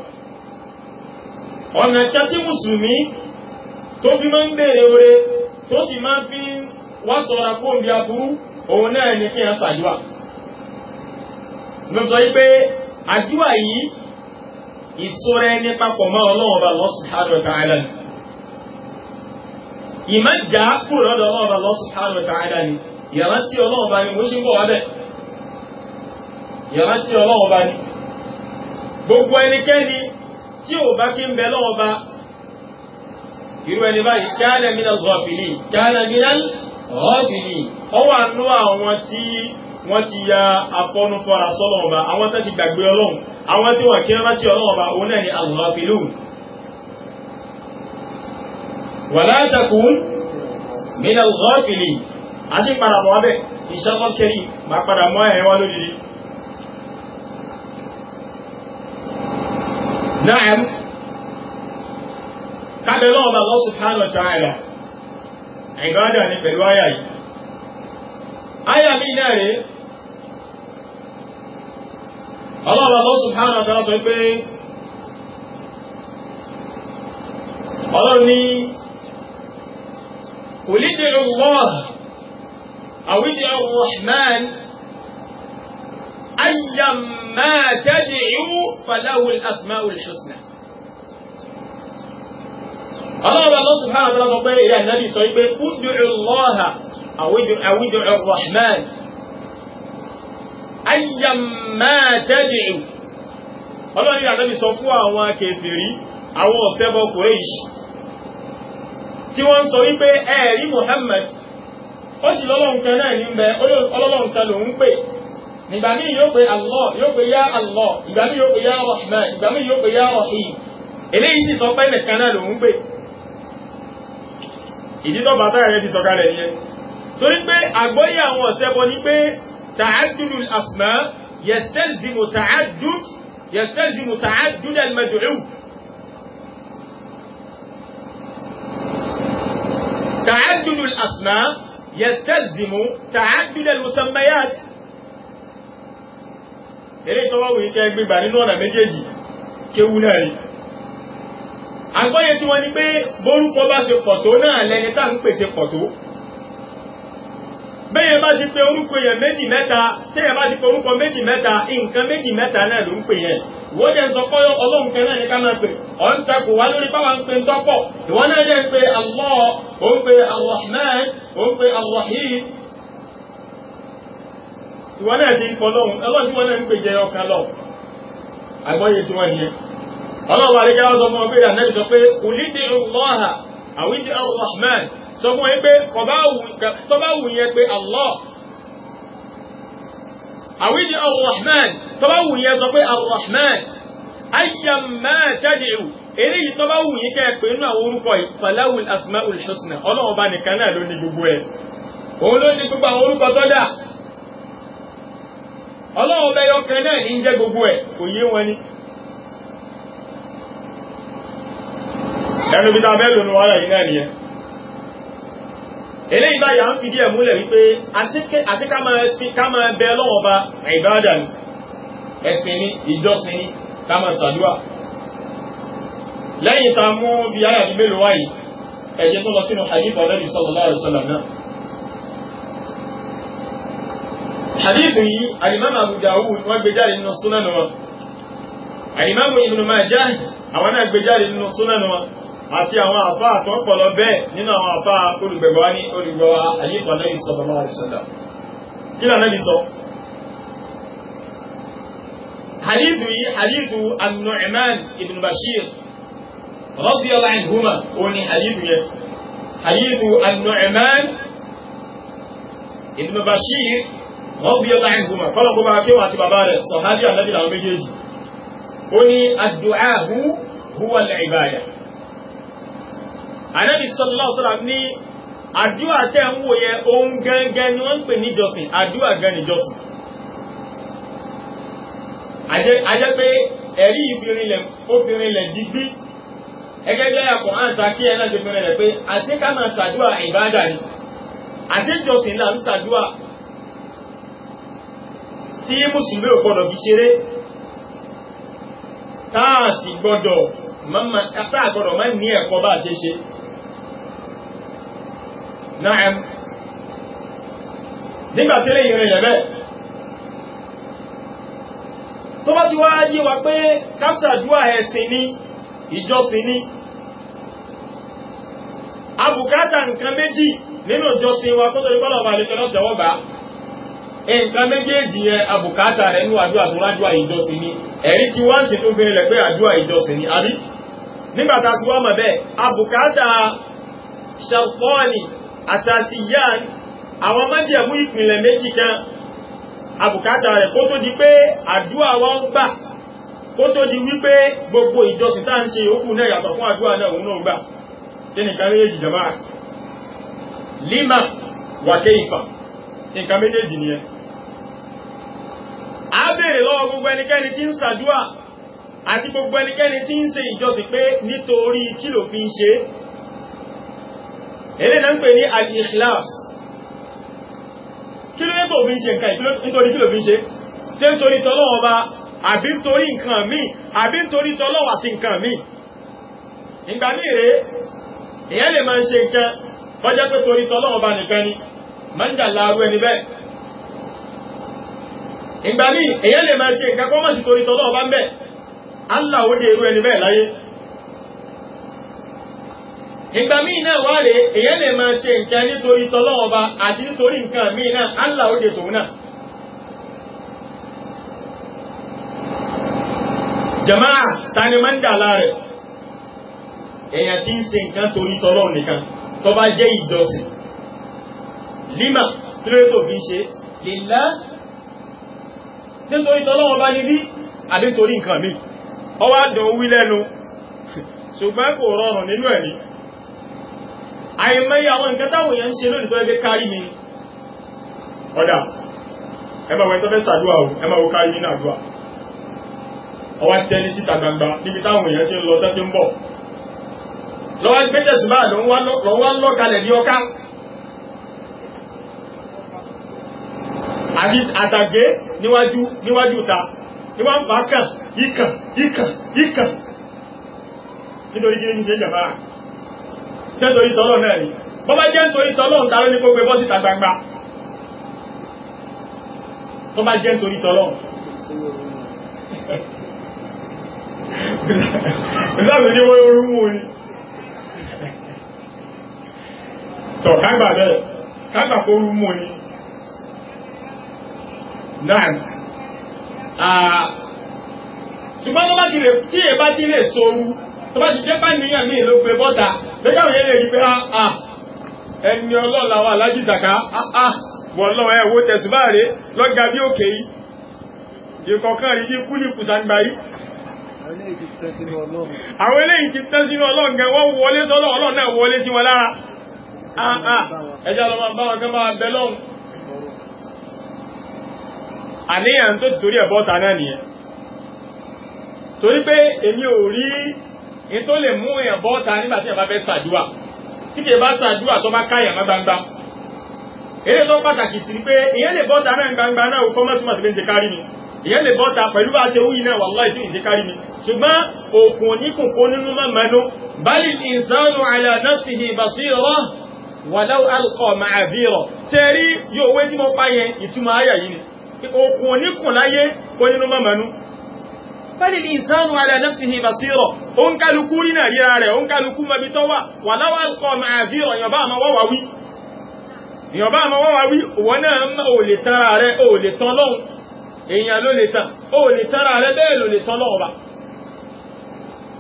ọ̀nà kẹ́tí mùsùlùmí tó fi máa ń béèrè oore tó sì máa fi ń wọ́n sọra fún ibi aburú òun náà ni kí wọ́n ṣàdúrà mo sọ yí pé àdúrà yìí ìṣọ́ra ẹni papọ̀ mọ́ ọlọ́run ọba Allah subhanahu wa ta'ala ni ìmájà kúrò lọ́dọ̀ ọlọ́run ọba Allah subhanahu wa ta'ala ni ìrántí ọlọ́run ọba ni mo ṣe kí ń bẹ kana minal kana minal rọ́ọ̀dìlì ọ wà nú àwọn tí wọ́n ti ya afọ́nú fọ́ra sọ́lọ̀ ọba àwọn tó ti gbàgbé ọlọ́run àwọn tí wọ́n kí rántí ọlọ́run ọba òun náà ni àlùmọ́fìlù wàlá takùn mílẹ̀ rọ́ọ̀dìlì a sì padà mọ́ abẹ́ ìṣẹ́kọ́ kẹrì padà mọ́ ẹ̀rẹ́ wá lódìdí náà kábẹ́ عبادة بالواي أي أي أمين أري الله الله سبحانه وتعالى سيبين أرني قل ادعوا الله أو ادعوا الرحمن أيما تدعوا فله الأسماء الحسنى ọlọ́run Allah subhanahu wa ta'ala sọ pé ìrẹ́ ànábì sọ pé ud'u Allaha àwùjọ Ar-Rahman ayyamma tad'u ọlọ́run ìrẹ́ ànábì sọ fún àwọn kèfèrí àwọn ọ̀sẹ́bọ Quraysh tí wọ́n sọ wípé ẹ̀rí Muhammad ó sì lọ́lọ́run kan náà ní bẹ ọlọ́run kan lòún pè ìgbà míì yóò pé Allah yóò pé yá Allah ìgbà yóò pé yá Rahman ìgbà yóò pé yá Rahim eléyìí sì sọ pé nìkan náà lòún pè ìdítọ́ bàtà rẹ̀ fi sọ̀kalẹ̀ yẹn torí pé àgbọ́yé àwọn ọ̀sẹ́bọ ni pé tààdùlù asmá yẹ̀sẹ̀lìmù tààdùlù al-mad'u tààdùlù asmá yẹ̀sẹ̀lìmù tààdùlù al-musammayat eré tọwọ́wò ìkẹ́ gbígbà nínú ọ̀nà méjèèjì kéwú náà rí àgbọ́yé tí wọ́n ní pé bórúkọ bá ṣe pọ̀ tó náà lẹni tá ń pèsè pọ̀ tó bẹ́yẹn bá ti pè orúkọ yẹn méjì mẹ́ta tẹ́yẹn bá ti pè orúkọ méjì mẹ́ta nǹkan méjì mẹ́ta náà ló ń pè yẹn wọ́n jẹ́ sọ pé ọlọ́run kan náà ní ká máa pè ọ̀ ń takò wá lórí báwa Allah ó ń pè Ar-Rahman ó ń pè Ar-Rahim ìwọ náà ti ń pọ̀ lọ́hùn ọlọ́run tí ọlọ́wà àríkẹ́ wá sọ fún ọgbẹ́rẹ́ ànẹ́bì sọ pé olídìrú lọ́ha àwídì al-rahman sọ fún ẹ pé tọ́bá wù yẹn pé allah àwídì al-rahman tọ́bá wù yẹn sọ pé al-rahman ayyamma tad'u eléyìí tọ́bá wù yẹn kẹ́ pé inú àwọn orúkọ falawul asmaul husna ọlọ́wọ́ bá nìkan náà ló ní gbogbo ẹ̀ òun ló ní gbogbo àwọn orúkọ tọ́dà ọlọ́wọ́ bẹ́yọ kan náà ní jẹ́ gbogbo ẹ̀ kò yé wọn ni ẹnu bí ta mẹ́lò ní wọ́n yìí náà nìyẹn eléyìí báyà ń fìdí ẹ̀ múlẹ̀ wípé àti ká máa bẹ lọ́wọ́ bá ìbáàdà ni ẹ̀sìn ni ìjọsìn ni ká máa ṣàdúrà lẹ́yìn tá mú bí ayà bí mélòó wáyìí ẹ̀jẹ̀ tó lọ sínú hadith Ànábì sallallahu alaihi wasallam náà hadith yìí alimami Abu nínú súnánù náà àti àwọn àfá àtọ́pọ̀lọ bẹ́ẹ̀ nínú àwọn àfá olùgbẹ̀gbọ́ ní olùgbẹ̀wà àyíkọ̀ náà ìsọ̀bọ̀mọ́ àìsọ̀dà kí lànà bí sọ hadithu yìí hadithu annu'man ibn bashir radiyallahu anhuma ó ní hadithu yẹ hadithu annu'man ibn bashir radiyallahu anhuma kọ́lọ̀ kó bá kéwà àti bàbá rẹ̀ sọ̀hábí ànábì àwọn méjèèjì ó ní addu'ahu huwa al Ànábì sallallahu alaihi wasallam ní àdúrà tẹ́ ń wò yẹ ohun gangan ni wọ́n ń pè níjọsìn àdúrà gan níjọsìn ajẹ́ pé ẹ̀rí ìfirinlẹ̀ digbí ẹgẹ́ bí ayàkọ̀ áǹsà kí ẹ náà ti fẹ́rẹ̀ rẹ̀ pé àti ká máa ṣàdúrà ìbádà ni àti ìjọsìn náà ń ṣàdúrà tí mùsùlùmí ò gbọ́dọ̀ fi ṣeré táà sì gbọ́dọ̀ máa ní ẹ̀kọ́ bá ṣe ṣe Na'am nígbà tí lẹ́yìn rẹ̀ lẹ́bẹ̀ tó bá ti wá yí wa pé kásàdúwà ẹ̀sìn ní ìjọsìn ní abùkátà nǹkan méjì nínú ìjọsìn wa tó torí pọ́lọ̀ ọba àlejò náà jọwọ́ bá nǹkan méjèèjì yẹn abùkátà rẹ̀ nínú àdúrà tó rájúà ìjọsìn ní ẹ̀rí tí wọ́n ṣe tó fi rinlẹ̀ pé àdúrà ìjọsìn ní àbí nígbà tá a ti wá mọ̀ bẹ́ẹ̀ abùkátà ṣàpọ́ọ̀nì asasiyan àwọn májẹ̀mú ìpìlẹ̀ méjì kan abùkátà rẹ̀ kó tó di pé àdúrà wọn gbà kó tó di wípé gbogbo ìjọsìn tá ń ṣe òkú náà yàtọ̀ fún àdúrà náà òun náà gbà kí nìkan méjèèjì jẹ́ lima wàkẹ́ ìfà nǹkan méjèèjì nìyẹn a béèrè lọ́wọ́ gbogbo ẹnikẹ́ni tí ń ṣàdúrà àti gbogbo ẹnikẹ́ni tí ń ṣe ìjọsìn pé nítorí kí fi ń ṣe é eré náà ń pè ní al-ikhlas kí ló yẹ tó fi ń ṣe nǹkan nítorí kí ló fi ń ṣe ṣé nítorí tọ́lọ́ ọba àbí nítorí nǹkan míì àbí nítorí tọ́lọ́ àti nǹkan míì ìgbà míì rèé èyàn lè máa ń ṣe nǹkan kọjá pé torí tọ́lọ́ ọba nìkan ni máa ń dà láàrú ẹni bẹ́ẹ̀ ìgbà míì èyàn lè máa ṣe nǹkan kọ́mọ̀sí torí tọ́lọ́ ọba ń bẹ́ẹ̀ ìgbà míì náà wá rèé èyàn lè máa ṣe nǹkan nítorí tọlọ́wọ́ ba àti nítorí nǹkan míì náà Allah ó de tòun náà. jama'a tani ni máa ń dà láàrẹ̀ èyàn tí ń ṣe nǹkan torí tọlọ́wọ́ nìkan tó bá jẹ́ ìjọsìn lima tírétò fi ṣe lèlá nítorí tọlọ́wọ́ bá ní bí àbí torí nǹkan míì ọwọ́ àdùn wí lẹ́nu ṣùgbọ́n kò rọrùn nínú ẹ̀ ní àìmọye àwọn nǹkan táwọn èèyàn ń ṣe lónìí tó ẹgbẹ́ kárí mi ọ̀dà ẹ máa wọ ẹtọ́ fẹ́ ṣàdúrà o ẹ máa wọ kárí mi náà dùà ọwọ́ ti tẹ́ni síta gbangba níbi táwọn èèyàn ti ń lọ tẹ́tí ń bọ̀ lọ́wọ́ gbé tẹ̀sùbá lọ́wọ́ wá lọ́kalẹ̀ ní ọká àti àtàgbé níwájú níwájú ta níwájú bá kàn ikàn ikàn ikàn nítorí kí ní ṣe jàmbá ṣé torí tọ́lọ́ náà ni bọ́ bá jẹ́ nítorí tọ́lọ́ ń tarọ́ ní kó gbé bọ́ síta gbangba tó bá jẹ́ nítorí tọ́lọ́ ìsáàbì ní wọ́n orú mú ni tọ̀ kágbà bẹ́ẹ̀ kágbà kó orú mú ni náà ṣùgbọ́n tó bá ti rẹ̀ tí è bá ti rẹ̀ sórú tó bá ti jẹ́ pàníyàn ní ìlú pé bọ́ta lẹ́gbàwọ̀ yẹn rí pé àà ah, ah, ẹni ọlọ́la wà lájú ìdàká wo tẹ̀sùbá rẹ̀ lọ́gà bí òkè yìí ìkọ̀kan rí bí kúlì kùsàgbà yìí àwọn eléyìí ti tẹ́ sínú ọlọ́run gan wọ́n wọlé sọ́lọ́ ah, torí pé èmi ò rí ní tó lè mú èèyàn bọ́ta nígbà tí èèyàn bá fẹ́ ṣàdúà tí kìí bá ṣàdúà tó bá káyàn má gbangba eré tó pàtàkì sí pé èèyàn lè bọ́ta náà gbangba náà kọ́ mọ́ túmọ̀ sí pé ń ṣe kárí mi èèyàn lè bọ́ta pẹ̀lú bá ṣe wúyì náà wàláì tí ń ṣe kárí mi ṣùgbọ́n òkun oníkùn kó nínú mọ́ mẹ́nu bali insanu ala nafsihi basira walau alqa ma'abira ṣe rí yóò wé tí mo pa yẹn ìtumọ̀ ayà ni òkun oníkùn fẹ́lìlì ìsánú alẹ́nafsihi basira o ń kálukú rí náà ríra rẹ̀ o ń kálukú mẹ́bí tọ́ wà wà láwà kọ́ màáfíọ̀ ìyọ̀bá àmọ́ wọ́wà wí ìyọ̀bá àmọ́ wọ́wà wí wọ́n náà ò lè tara rẹ̀ ò lè tán lọ́hùn èèyàn ló lè tán ò lè tara rẹ̀ bẹ́ẹ̀ ló lè tán lọ́hùn bá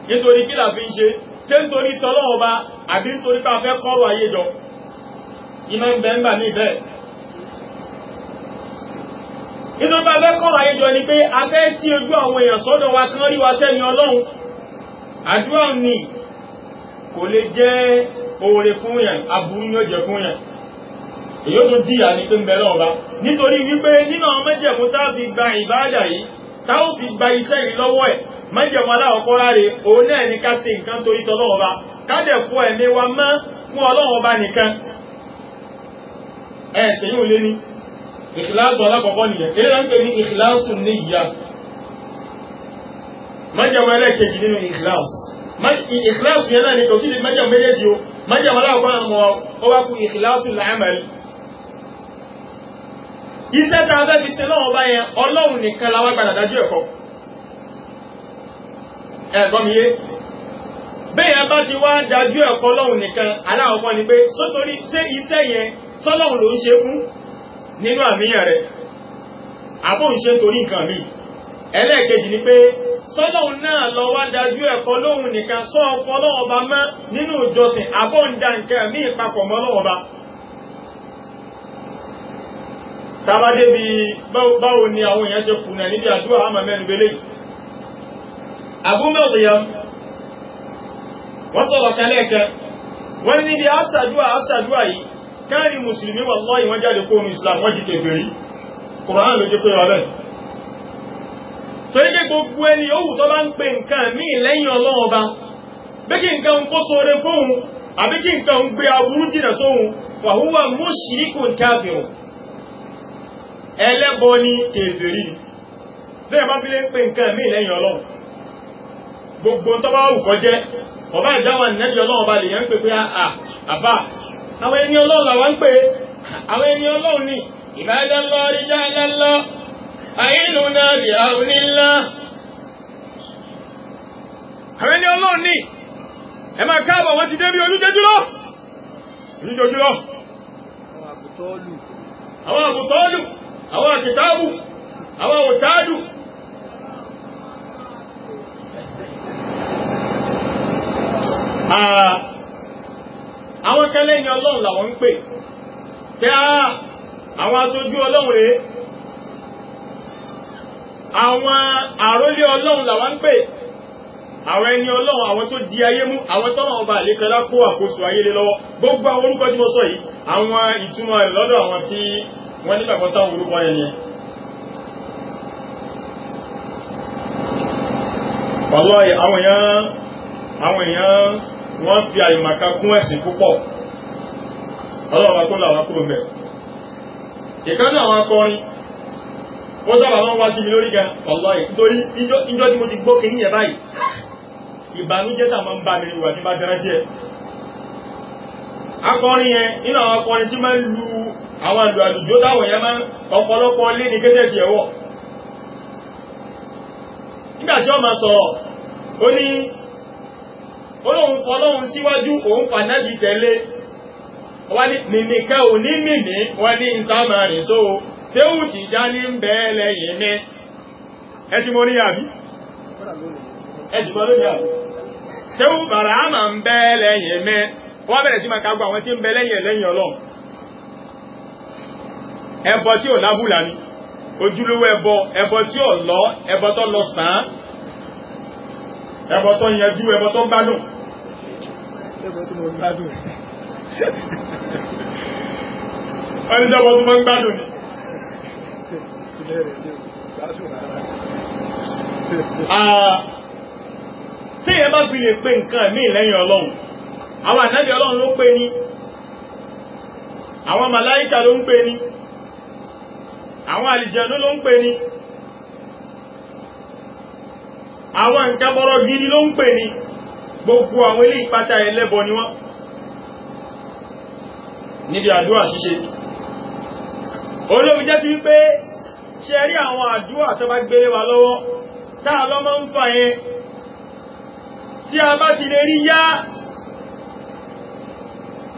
nítorí kí là fi ń ṣe ṣé nítorí tán lọ́hùn bá àbí nítorí pé a fẹ́ kọ́rọ̀ ayé jọ ìmọ̀ ń bẹ́ẹ̀ ń bà ní bẹ́ẹ̀ nínú bá lẹ́kọ̀ọ́ ayéjọ ni pé a fẹ́ sí ojú àwọn èèyàn sọ́dọ̀ wa kán rí wa sẹ́ni ọlọ́run àdúrà ni kò lè jẹ́ oore fún yàn aburú ní ọjọ́ fún yàn èyí ó tún jìyà ní pé ń bẹ̀rẹ̀ ọba nítorí wípé nínú àwọn mẹ́jẹ̀mú tá fi gba ìbáàdà yìí tá ó fi gba iṣẹ́ yìí lọ́wọ́ ẹ̀ mẹ́jẹ̀mú aláwọ̀kọ́ láre òun náà ní ká ṣe nǹkan torí tọlọ́ọba ká dẹ̀ fọ ẹ̀mí wa mọ́ fún ọlọ́wọ́ba nìkan ẹ̀ ṣèyí ò lé ní ìkìláàsù alákọ̀ọ́kọ́ nìyẹn eré náà ń pè ní ìkìláàsù ní ìyá májàmú ẹlẹ́ẹ̀kejì nínú ìkìláàsù ìkìláàsù yẹn náà ni kò sí ní májàmú méjèèjì o májàmú alákọ̀ọ́kọ́ àmọ́ ó wá kú ìkìláàsù làámàlì iṣẹ́ tá a fẹ́ fi ṣe náà bá yẹn ọlọ́run nìkan la wá gbàdà dájú ẹ̀kọ́ ẹ̀gbọ́n mi yé bẹ́ẹ̀ yẹn bá nínú àmìyàn rẹ̀ àbò ṣe torí nǹkan mi ẹlẹ́ẹ̀kejì ni pé sọ́lọ́hun náà lọ wá dájú ẹ̀kọ́ lóhun nìkan sọ ọkọ̀ ọlọ́ọba mọ́ nínú ìjọsìn àbò nǹkan ní ìpapọ̀ mọ́ ọlọ́ọba tàbádé bí báwo ni àwọn èèyàn káàrí mùsùlùmí wallahi wọ́n jáde kó islam wọ́n jíkẹ̀ gẹ̀rí kùrán ló jẹ́ pé ọ̀rẹ́ torí jẹ́ gbogbo ẹni ó wù tó bá ń pè nǹkan ní lẹ́yìn ọlọ́run ọba bí kí nǹkan ń kó sóore fóhun àbí kí nǹkan ń gbé aburú jìnà sóhun fàhúwà mushrikun kafirun ẹlẹ́bọ ni kèfèrí bẹ́ẹ̀ bá fi lé ń pè nǹkan ní lẹ́yìn ọlọ́run gbogbo tó bá wù kọjẹ́ ọba ìdáwọn nẹ́bí ọlọ́run lè yẹn pè pé ah, ah, àbá àwọn ẹni ọlọ́run làwọn ń pè é àwọn ẹni ọlọ́run ni ìbádọ́lọ́ ìdádọ́lọ́ ayélujá bí àwọn onílá àwọn ẹni ọlọ́run ni ẹ máa káàbọ̀ wọ́n ti débi olújẹjúlọ́ olújẹjúlọ́ àwọn àbùtọ́ọ̀lù àwọn àkìtáàbù àwọn òtáàdù Ah àwọn kan lẹ́yìn ọlọ́run làwọn ń pè pé àwọn aṣojú ọlọ́run rèé àwọn àrólé ọlọ́run làwọn ń pè àwọn ẹni ọlọ́run àwọn tó di ayé mú àwọn tọ́nà ọba àlékọlá kó àkóso ayé lé lọ́wọ́ gbogbo àwọn orúkọ tí mo sọ yìí àwọn ìtumọ̀ rẹ̀ lọ́dọ̀ àwọn tí wọ́n nígbàgbọ́ sáwọn orúkọ yẹn ni Wallahi àwọn èèyàn àwọn èèyàn wọ́n fi àìmọ̀ká kún ẹ̀sìn púpọ̀ ọlọ́wà tó làwà kúrò mẹ́ ìkánú àwọn akọrin wọ́n sábà wọ́n wá sí mi lórí gan ọ̀lọ́ ìtorí ìjọ́ tí mo ti gbọ́ kìíní yẹn báyìí ìbànújẹ́ tàbí ń bá mi wà ní bá tẹ́rẹ́ akọrin yẹn nínú àwọn akọrin tí máa ń lu àwọn àlù àlùjó táwọn yẹn máa ń ọ̀pọ̀lọpọ̀ lé ní kéṣẹ́ sí ẹ̀wọ̀ nígbà tí máa sọ̀rọ̀ ó ní olóhun fọlọ́hun síwájú òun fànájì tẹ̀lé wọ́n ní nìnìkẹ́ ò ní nìní wọ́n ní ìsámà rẹ̀ só séhù tí já ní ń bẹ́ẹ̀ lẹ́yìn ní ẹjìmọ́ ní àbí ẹjìmọ́ lónìí àbí séhù bàrà àmà ń bẹ́ẹ̀ lẹ́yìn ní wọ́n bẹ̀rẹ̀ sí máa kagbọ́ àwọn tí ń bẹ lẹ́yìn lẹ́yìn ọlọ́run ẹbọ tí ò lábùlà ni ojúlówó ẹbọ ẹbọ tí ò lọ ẹbọ tó lọ sàn án ẹbọ tó yanjú ẹbọ tó gbádùn ṣẹ́gun tí mo gbádùn wọ́n ní sẹ́gun tí mo gbádùn ni. ilé rẹ̀ ni gbádùn rárá. tí èèyàn bá fi lè pe nǹkan míì lẹ́yìn ọlọ́run àwọn ànábì ọlọ́run ló pè ní àwọn màláíkà ló ń pè ní àwọn àlìjẹ̀nú ló ń pè ní àwọn nǹkan gidi ló ń pè ní gbogbo àwọn ilé ìpátá ẹlẹ́bọ ni wọ́n níbi àdúrà ṣíṣe olóòrùn jẹ́ sí pé ṣe rí àwọn àdúrà tó bá gbélé wa lọ́wọ́ táà lọ́mọ ń fà yẹn tí a bá ti lè rí yá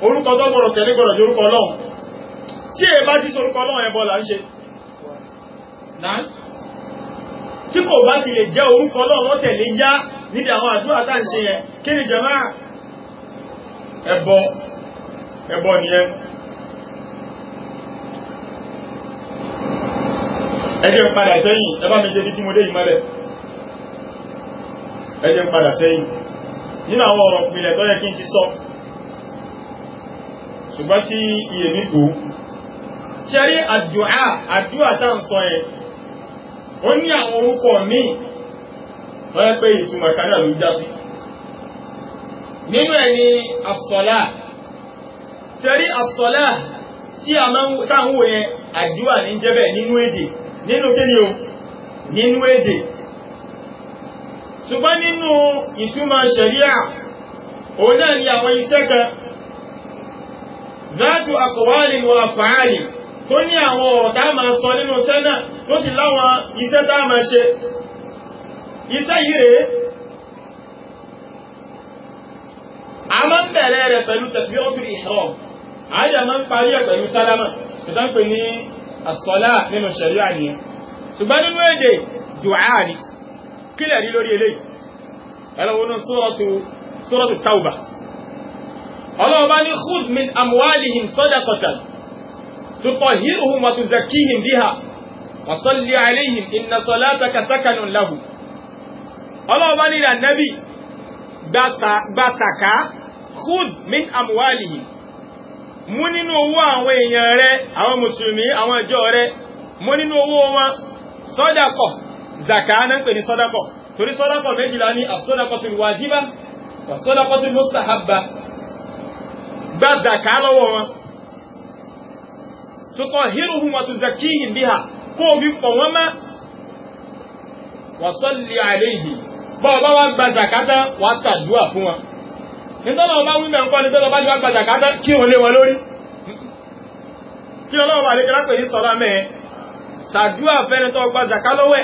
orúkọ tó gbọ́rọ̀ tẹ̀lé gbọ́rọ̀ jẹ́ orúkọ Ọlọ́run tí èyí bá ti sọ orúkọ Ọlọ́run ẹbọ là ń ṣe tí kò bá ti lè jẹ́ orúkọ Ọlọ́run tẹ̀lé yá níbi àwọn àdúrà tá ń ṣe yẹn kí ni jẹmá ẹbọ ẹbọ nìyẹn ẹjẹ́ padà sẹ́yìn ẹbá mi jẹ́ tí mo dé ìmọ́lẹ̀ ẹjẹ́ padà sẹ́yìn nínú àwọn ọ̀rọ̀ pìlẹ̀ tó yẹ kí n ti sọ ṣùgbọ́n tí iye mi kú ṣe rí àdúrà àdúrà tá ń sọ yẹn ó ní àwọn orúkọ míì wọ́n ń pè ìtumọ̀ kan náà ló já sí nínú ẹ̀ ni àsọ̀lá sẹ́rí àsọ̀lá tí a máa ń táwọn yẹn àdúrà ní jẹ́bẹ̀ nínú èdè nínú kíni o nínú èdè ṣùgbọ́n nínú ìtumọ̀ ṣẹ̀ríà òun náà ni àwọn iṣẹ́ kan láti àkọwàlì wọn àfààlì tó ní àwọn ọ̀rọ̀ tá a máa sọ nínú iṣẹ́ náà tó sì láwọn iṣẹ́ tá a máa ṣe iṣẹ́ yìí rèé a máa ń bẹ̀rẹ̀ rẹ̀ pẹ̀lú takbiratul ihram àyà máa ń parí ẹ̀ pẹ̀lú sálámà ìtàn pè ní àsọlá nínú ṣẹ̀ríà nìyẹn ṣùgbọ́n nínú èdè dùá ni kílẹ̀ rí lórí eléyìí ẹlọ́wọ́nú sórọ́tù tàùbà ọlọ́ọ̀bá ní khudh min amwalihim sadaqatan ọlọ́run bá nílẹ̀ ànábì gba sàká khud min amwalihi mú nínú owó àwọn èèyàn rẹ àwọn mùsùlùmí àwọn ìjọ rẹ mú nínú owó wọn sọ́dàkọ̀ zaka náà pè ní sọ́dàkọ̀ torí sọ́dàkọ̀ méjìlá ní àsọ́dàkọ̀tul wájíbà àsọ́dàkọ̀tul mustahabba gba zaka lọ́wọ́ wọn bọ́ọ̀bá wá gba zakata wà sàdúà fún wọn nítọ́nà ọba wímẹ̀ ń kọ́ ní tọ́lọ bá jọ gba zakata kí o lé wọn lórí kí ọlọ́wọ́ àlékẹ́lá pè ní sọ́lá mẹ́ sàdúà fẹ́ni tó gba zaka lọ́wẹ́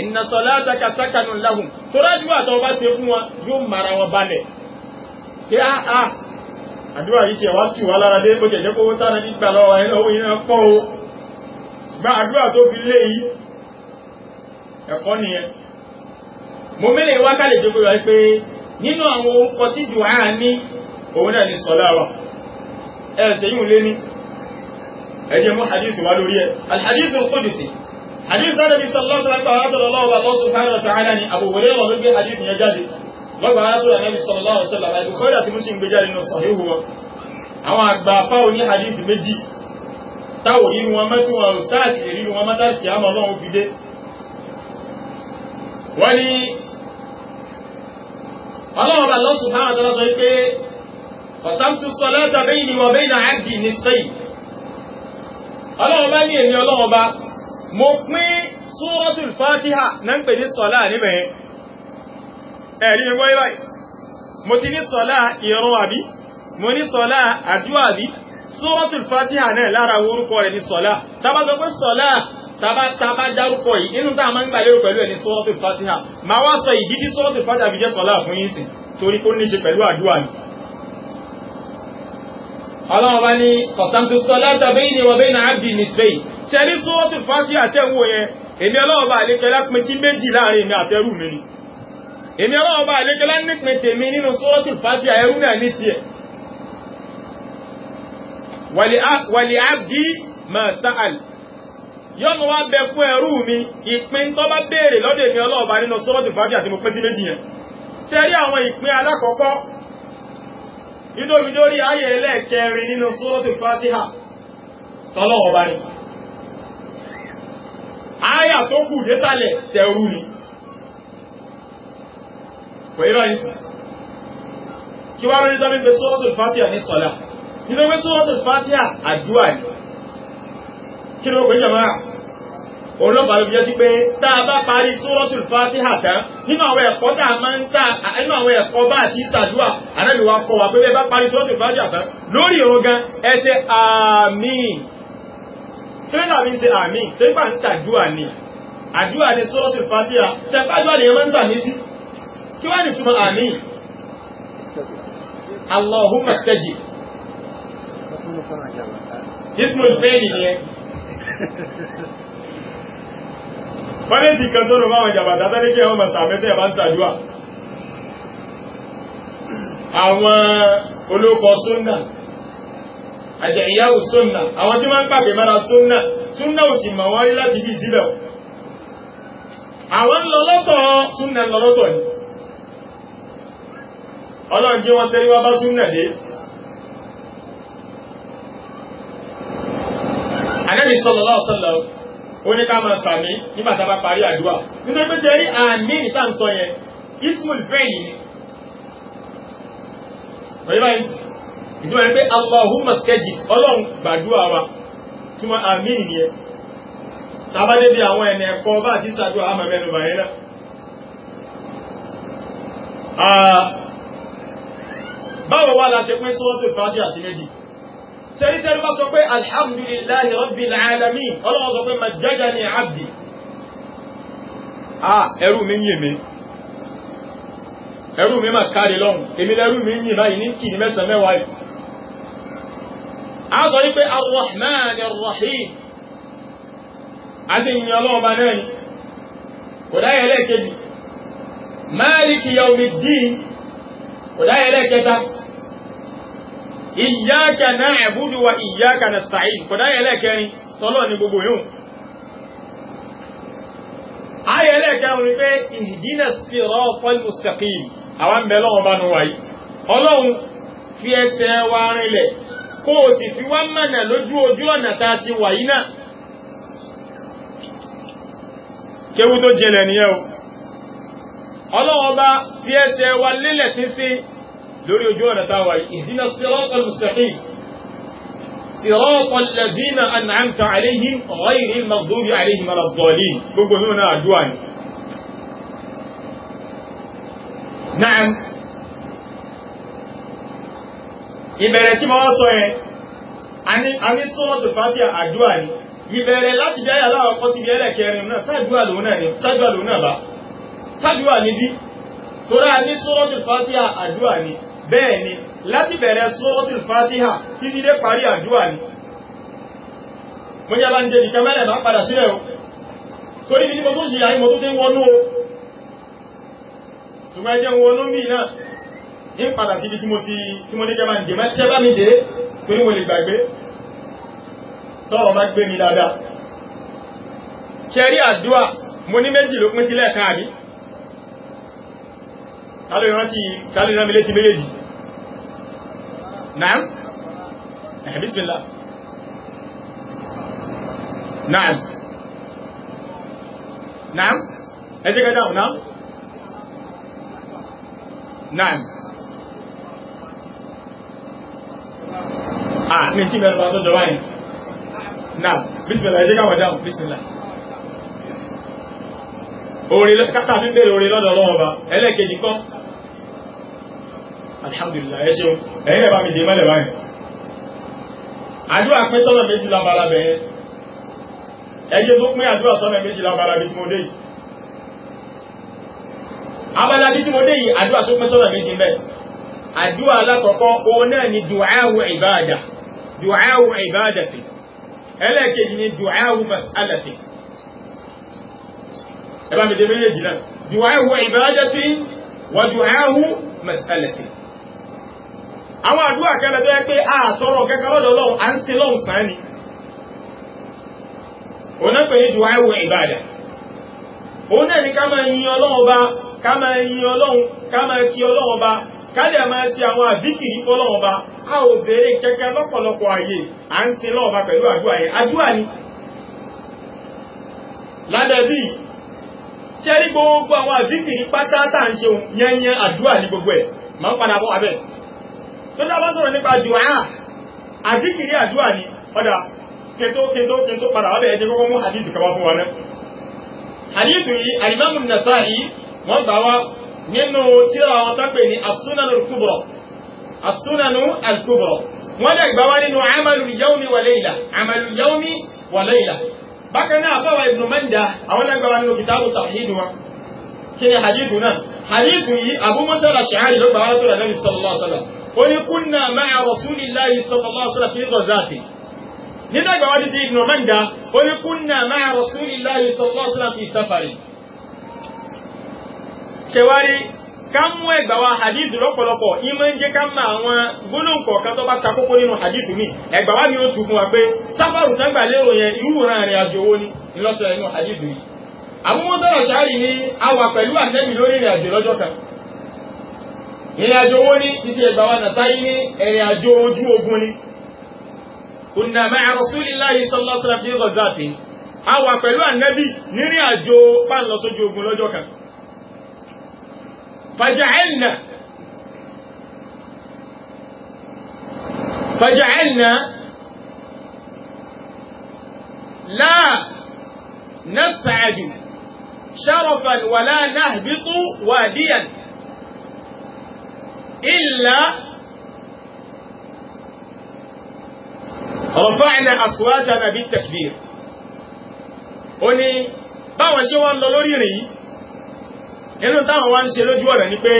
inna salataka sakanun lahum tó rájúwà tó bá ṣe fún wọn yóò mara wọn balẹ̀ kí á á àdúrà yìí ṣe wá tù wá lára dé bó jẹ̀jẹ́ kó tánà nígbà lọ́wọ́ ẹ̀ lọ́wọ́ yìí náà pọ̀ o gba àdúrà tó fi lé yìí ẹ̀kọ́ nìyẹn mo mẹ́lẹ̀ wákàlẹ̀ tó kúrò pé nínú àwọn orúkọ tí dùá ní òun náà ni sọ́lá wà ẹ̀ẹ̀sẹ̀ yìí lé ní ẹjẹ́ mú hadithu wá lórí ẹ̀ alhadithu al-qudsi hadithu Ànábì sallallahu alaihi wa sallam ni Abu Hurairah ló gbé hadithu yẹn jáde lọ́gbà aráṣọ́ Ànábì sallallahu alaihi wa sallam al-Bukhari àti Muslim gbé jáde nínú sahihu wọn àwọn àgbà fáwọn ní hadithu méjì táwọn nínú ọlọ́wọ́ bá lọ́sùn náà tọ́lá sọ wípé ọ̀sántú sọlá tàbí ìní wọ̀ bẹ́ẹ̀ náà àdì ní sẹ́yìn ọlọ́wọ́ bá ní èmi ọlọ́wọ́ bá mo pín súrọ́tù fàtíhà náà ń pè ní sọlá níbẹ̀ ẹ̀rí mi wáyé báyìí mo ti ní sọlá ìrun tàbá tàbá dárúkọ yìí nínú tá a máa ń gbàlérò pẹ̀lú ẹni sọ́ọ̀tù fatiha máa wá sọ ìdí tí sọ́ọ̀tù fatiha fi jẹ́ sọ́lá fún yín sìn torí ó ní ṣe pẹ̀lú àdúrà ni. ọlọ́run bá ní qasamtu salata bayni wa bayna abdi nisfayn ṣe ní sọ́ọ̀tù fatiha tẹ́ wò yẹn èmi ọlọ́run bá àlékẹ́ lápin tí méjì láàrin mi àtẹrù mi ni èmi ọlọ́run bá àlékẹ́ lánípin tèmi nínú sọ́ọ̀tù fatiha ẹrú náà ní tiẹ̀ wàlí abdi yọ́mọ wá bẹ fún ẹrú mi ìpín tó bá béèrè lọ́dọ̀ èmi ọlọ́ọ̀bá nínú sọ́rọ̀tù fàájì àti mo pín sí méjì yẹn tẹ́ rí àwọn ìpín alákọ̀ọ́kọ́ nítorí lórí ayé ẹlẹ́ẹ̀kẹrin nínú sọ́rọ̀tù fàájìhà tọ́lọ́ọ̀bá ni ayà tó kù désàlẹ̀ tẹ̀rú ni pẹ̀lú ìsìn kí wá rí tọ́bí pé sọ́rọ̀tù fàájìhà ní sọ́lá àdúrà ni kí ló pè jàmá olóòpàá ló fi jẹ́ sí pé tá a bá parí suratul Fatiha tán nínú àwọn ẹ̀kọ́ tá a máa ń ta nínú àwọn ẹ̀kọ́ bá àti ìsàdúà Ànábì wa kọ́ wa pé bẹ́ẹ̀ bá parí suratul Fatiha tán lórí ìrun gan ẹ ṣe àmín tírélà mi ń ṣe àmín tírélà ń ṣàdúà ni àdúà ni suratul Fatiha ṣẹ̀fàdúà ni ẹ máa ń sàmì sí kí wá ní túmọ̀ àmín Allahumma stajib ismul fẹ́ẹ̀lì yẹn fọ́lẹ́sì kan tó rọ máa jàbà tàbí kí àwọn masàmẹ́tẹ̀ bá ń sàjúwà àwọn olókọ súnnà àjẹ̀yàwó súnnà àwọn tí máa ń pàpẹ̀ mara súnnà súnnà ò sì mọ̀ wọ́n rí láti bí sílẹ̀ àwọn lọ́lọ́tọ̀ súnnà lọ́lọ́tọ̀ ni ọlọ́run jẹ́ wọ́n sẹ́rí wá bá súnnà dé Ànábì sallallahu alaihi wasallam ó ní ká máa sàmí nígbà tá a bá parí àdúrà nítorí pé ṣe rí àmì ìta ń sọ yẹn ismul fẹ́yìn ni wọ́n yíba ìtumọ̀ ní pé Allahumma skeji ọlọ́run gbàdúrà wa tí wọ́n àmì nìyẹn tàbá débi àwọn ẹ̀nà ẹ̀kọ́ bá àti sàdúrà àmà mẹ́nu bàyẹ́ náà báwo wá la ṣe pín sọ́ọ́sì fàájì àti méjì sẹ́rítẹ́rì bá sọ pé alhamdulillahi rabbil alamin ọlọ́wọ́ sọ pé majjadani abdi ah ẹrú mi ń yè mí ẹrú mi máa káre lọ́hùn èmi lẹ́rú mi ń yè báyìí ní kìí mẹ́sàn-án mẹ́wàá yìí a sọ wípé arrahman arrahim a sì yìn ọlọ́ọ̀ba ìyáka na'budu wa ìyáka nasta'in kọ̀dá ẹlẹ́kẹrin tọ́lọ́ ní gbogbo yóò ayé ẹlẹ́kẹrin ni pé ihdina siratal mustaqim àwọn mẹ́lọ́wọ́n bá nù wáyé ọlọ́run fi ẹsẹ̀ wa rinlẹ̀ kó o sì fi wá mọ̀nà lójú ojú ọ̀nà tá a ti náà kéwú tó jẹlẹ̀ nìyẹn o lórí ojú ọ̀nà táwa ihdina siratal mustaqim siratal ladhina an'amta alayhim ghayril maghdubi alayhim waladdallin gbogbo nínú náà àdúrà ni. Na'am ìbẹ̀rẹ̀ tí mo wá sọ yẹn a ní suratul Fatiha àdúrà ni ìbẹ̀rẹ̀ láti jẹ́ aláwọ̀ kọ́ sí ibi ẹlẹ́kẹrin náà sáàdúwà lòun ní bẹ́ẹ̀ ni láti bẹ̀rẹ̀ sọ́ọ́sìn fatiha títí dé parí àdúrà ni mo jẹ́ bá ń jẹ́ ìkẹ́mẹ́rẹ̀ bá padà sílẹ̀ o torí bí ní mo tún ṣe àyíkò tó ti ń wọnú o ṣùgbọ́n ẹjẹ́ wọnú mí náà ní padà sí ibi tí mo ti tí mo ní jẹ́ bá ń jẹ́ má tẹ́ bá mi dé torí mo lè gbàgbé tọ́wọ́ má gbé mi dáadáa ṣẹ́rí àdúrà mo ní kálẹ̀ rántí kálẹ̀ rámi létí méjèèjì náà ẹ̀hẹ̀ bísmìlá náà náà ẹjẹ́ gẹ́dà náà náà ah mi tí mẹ́rin bá tó jọ báyìí náà bísmìlá ẹjẹ́ gẹ́wà dáa bísmìlá orin kátà fi ń bèèrè orin lọ́dọ̀ ọlọ́wọ́ ọba ẹlẹ́kejì kọ́ alhamdulillah ẹ ṣeun ẹ̀yìn ẹ̀bá mi dé mẹ́lẹ̀ báyìí àdúrà pín sọ́nà méjì lábala bẹ̀yẹn ẹjẹ́ tó pín àdúrà sọ́nà méjì lábala bí tí mo dé yìí abala bí tí mo dé yìí àdúrà ẹbá mi dé méjèèjì náà dùwà ẹ̀hùn ìbádàtì wà dùwà ẹ̀hùn mẹ́sàlẹ̀tì àwọn àdúrà kẹlẹ̀ tó pé a sọ̀rọ̀ kẹ́kẹ́ lọ́dọ̀ lọ́wọ́ à ń ṣe lọ́wọ́ sàn ni òun náà pè ní dùwà ẹ̀hùn ìbádà òun náà ni ká máa yin Ọlọ́run ọba ká máa yin Ọlọ́run ká máa kí Ọlọ́run ọba ká lè máa ṣe àwọn àdíkìrí Ọlọ́run ọba a ò béèrè kẹ́kẹ́ lọ́pọ̀lọpọ̀ àyè à ń ṣe lọ́wọ́ ọba pẹ̀lú àdúrà ṣe rí gbogbo àwọn àdíkìrí pátá tá à ń ṣe yẹnyẹn àdúrà ní gbogbo ẹ̀ máa ń padà bọ́ abẹ́ tó dábá sọ̀rọ̀ nípa àdúrà àdíkìrí àdúrà ni ọ̀dà kẹtó kẹtó kẹtó padà wà bẹ́ẹ̀ ẹ̀jẹ̀ kọ́kọ́ mú hadith kaba fún wa náà hadith yìí alimamu nasa'i wọ́n gbà wá nínú tíra wọn tó ní bákan náà fáwọn Ibn Majah àwọn lágbàwà nínú kìtàbù tàhídù wọn kí ni hadithu náà hadithu yìí Abu Musa al-Ash'ari ló gbàwà tó rẹ̀ sallallahu alaihi wasallam ó ní kunna ma'a rasulillahi sallallahu alaihi ká mú ẹgbà wa hadith lọ́pọ̀lọpọ̀ ìmọ̀ ń jẹ́ ká mọ àwọn gbólóǹkọ̀ kan tó bá ta kókó nínú hadith mi ẹgbà wa ni ó wa pé sáfàrù lérò yẹn àjò owó ni ńlọ́sọ̀ nínú hadith mi. ni a wà pẹ̀lú àtẹ́bí lórí ìrìn àjò lọ́jọ́ kan. ìrìn àjò owó ni títí ẹgbà wa nàtáyé ní ìrìn àjò ojú ogun ni. kùnà ma'a lọjọ فجعلنا فجعلنا لا نصعد شرفا ولا نهبط واديا إلا رفعنا أصواتنا بالتكبير ó ní báwọn ṣe inú táwọn wá ń ṣe lójú ọ̀nà ni pé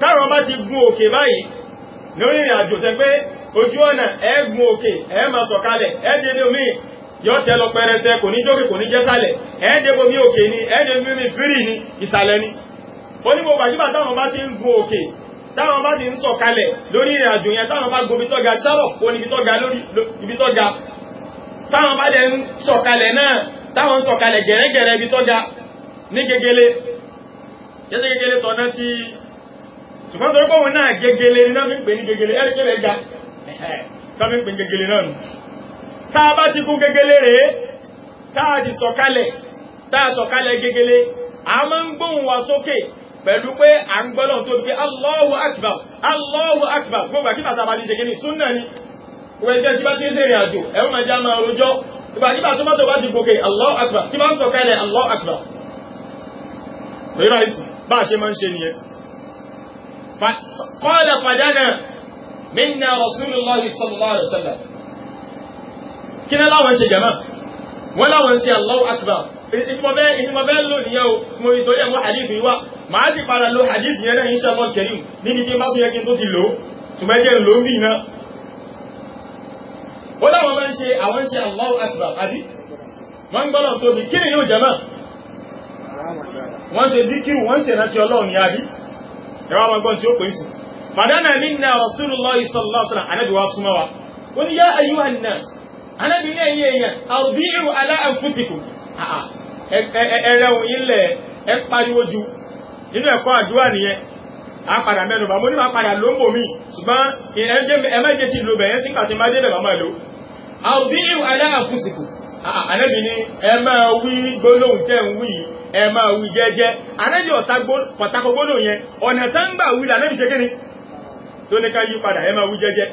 táwọn bá ti gun òkè báyìí lórí ìrìn àjò tẹ́ pé ojú ọ̀nà ẹ gun òkè ẹ ma sọ̀kalẹ̀ ẹ débi omi yọ tẹ pẹrẹsẹ kò ní jókè kò ní jẹ́sàlẹ̀ ẹ òkè ni ẹ débi omi fírì ni ìsàlẹ̀ ni onígbogbo àjíbà táwọn bá ti ń gun òkè táwọn bá ti ń sọ̀kalẹ̀ lórí ìrìn àjò yẹn táwọn bá gobi tọ́ga sárọ̀ kò ní ibi tọ́ga táwọn bá kéṣe gẹ́gẹ́lé tọ̀nà tí ṣùgbọ́n tó rọ́pọ̀ wọn náà gẹ́gẹ́lé ní náà fi ń pè ní gẹ́gẹ́lé ẹ̀rẹ́gẹ́lẹ́ ga tó ń pè ní náà nù tá a bá ti kún gẹ́gẹ́lé rèé tá a ti sọ̀kalẹ̀ tá a sọ̀kalẹ̀ gẹ́gẹ́lé a máa ń gbóhùn wa sókè pẹ̀lú pé à ń gbọ́dọ̀ tó fi Allahu Akbar Allahu Akbar gbogbo tá a bá ti ṣe súnà ni wẹ́jẹ́ tí bá ti ń ṣe ìrìn àjò bá ṣe máa ń ṣe nìyẹn qala fadana minna rasulullahi sallallahu alaihi wasallam kí ni láwọn ṣe jama wọ́n láwọn ṣe allahu akbar ìfọ̀bẹ́ ìfọ̀bẹ́ lò nìyẹn o mo ìtòrí ẹ̀mọ́ hadith yìí wá màá sì padà yẹn náà wọ́n ṣe díkìrù wọ́n ṣe rántí ọlọ́run ní àbí ẹwà ọmọ gbọ́n tí ó pè sí fàdánà minna rasulullah sallallahu alaihi wasallam anabi wa súnmọ́ wa ó ní yá ayú anabi ní ẹ̀yẹ èèyàn albiru ala anfusikum ẹ̀rẹ̀ òyìn lẹ̀ ẹ pariwo ju inú ẹ̀kọ́ àdúrà nìyẹn a padà mẹ́nu bá mo ní ma padà ló ń bò mí ṣùgbọ́n ẹ̀mẹ́jẹ ti lo bẹ̀yẹn síkà ti má débẹ̀ bàmá lo albiru ala anfusikum anabi ní ẹ máa wí gbólóhùn tẹ́ ń wí yìí ẹ máa wí jẹ́jẹ́ anábì ọ̀tá pàtàkì gbóná yẹn ọ̀nà tá ń gbà wí lànàbì ṣe kíni tó ní ká yí padà ẹ máa wí jẹ́jẹ́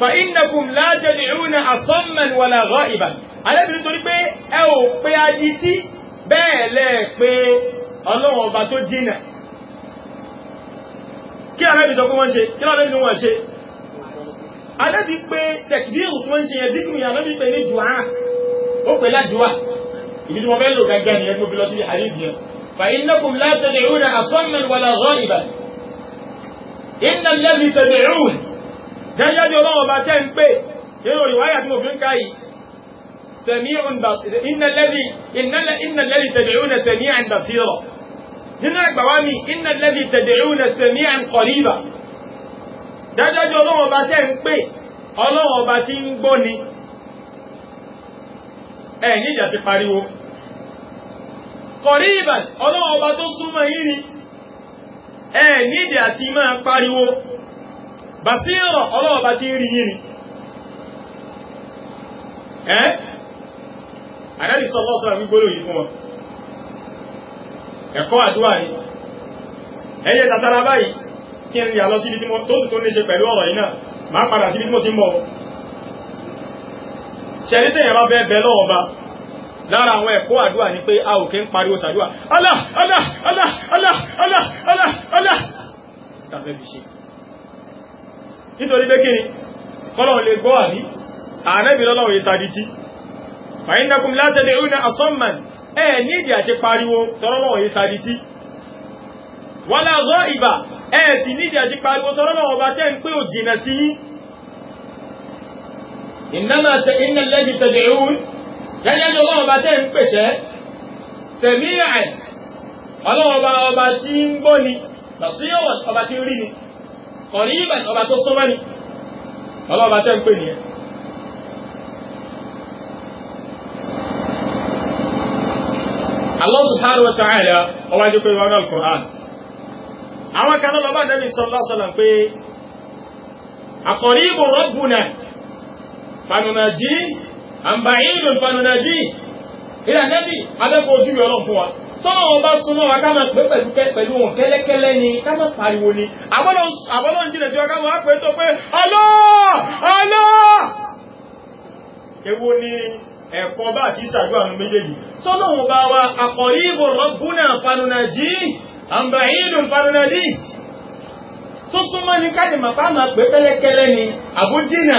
fa innakum la tad'una asamman wala gha'iban anábì nítorí pé ẹ ò pé adití bẹ́ẹ̀ lẹ́ pé ọlọ́run ọba tó jìnà kí anábì sọ pé ibi tí wọ́n fẹ́ lò gángan nìyẹn tó fi lọ sí àdéhùn yẹn. فإنكم لا تدعون أصما ولا غائبا إن الذي تدعون gẹ́gẹ́ bí ọlọ́wọ́ bá tẹ́ ń pè nínú ìwáyà tí mo fi ń ká yìí sami'un basir inna alladhi tad'una sami'an basira nínú ẹgbàwá mi inna alladhi tad'una sami'an qariba gẹ́gẹ́ ẹ̀yìn ìjà ti pariwo kọ̀rí ìbà ọlọ́run ọba tó súnmọ́ yín ni ẹ̀yìn ìjà ti máa pariwo bàṣírọ̀ ọlọ́run ọba ti rí yín ni ẹ́ àdáàdì sọ lọ́sọ̀rọ̀ gbígbóló yìí fún wọn ẹ̀kọ́ àdúrà ni ẹyẹ tàtàrà báyìí kí n rí àlọ síbi tí mo tó sì ṣẹ̀rí tẹ̀yẹ̀ bá bẹ́ẹ̀ bẹ́ẹ̀ lọ́wọ́ bá lára àwọn ẹ̀kọ́ àdúrà ni pé a ò kí ń pariwo sàdúrà Allah Allah Allah Allah Allah Allah Allah tàbí fi ṣe nítorí pé kíni kọ́lọ̀ lè gbọ́ àní ààrẹ́bì lọ́lọ́wọ́ yìí sàdítí fàyíndakum látẹ̀lẹ̀ ìrìnà asọ́màn ẹ̀ nídìí àti pariwo tọ́lọ́wọ́ yìí sàdítí wọ́lá rọ́ ìbà ẹ̀ sì nídìí ìnáma iná lẹ́bi tẹ̀lé ìhún gẹ́gẹ́ bí ọlọ́run bá tẹ̀ ń pèsè tẹ̀mí àì ọlọ́run bá ọba tí ń gbọ́ ni lọ́síyọ̀ ọba tí ń rí ni kọ̀rí ìbà ọba tó súnmọ́ ni ọlọ́run bá tẹ̀ ń pè nìyẹn. Allah subhanahu wa ta'ala ọba jẹ́ pé wọn náà Qur'an àwọn kan lọ́ba Nabi sallallahu alaihi pé àkọ̀rí ìbò rọ́bù náà fanunaji àǹbàyìnlò fanunaji ilẹ̀ ànábì abẹ́kọ̀ ojú rẹ̀ ọlọ́run fún wa tọ́nà ọba súnmọ́ wa ká máa pé pẹ̀lú wọn kẹ́lẹ́kẹ́lẹ́ ni ká máa pariwo ni àbọ́lọ́ ń jìnà sí wa ká máa pè tó pé Allah Allah èwo ni ẹ̀kọ́ bá àti ìsàdúrà nù méjèèjì tọ́nà ọba wa àkọ̀rí ìbò rọ́bùnà fanunaji àǹbàyìnlò fanunaji tó súnmọ́ ni ká lè máa pé pẹ̀lẹ́kẹ́lẹ́ ni àbójìnà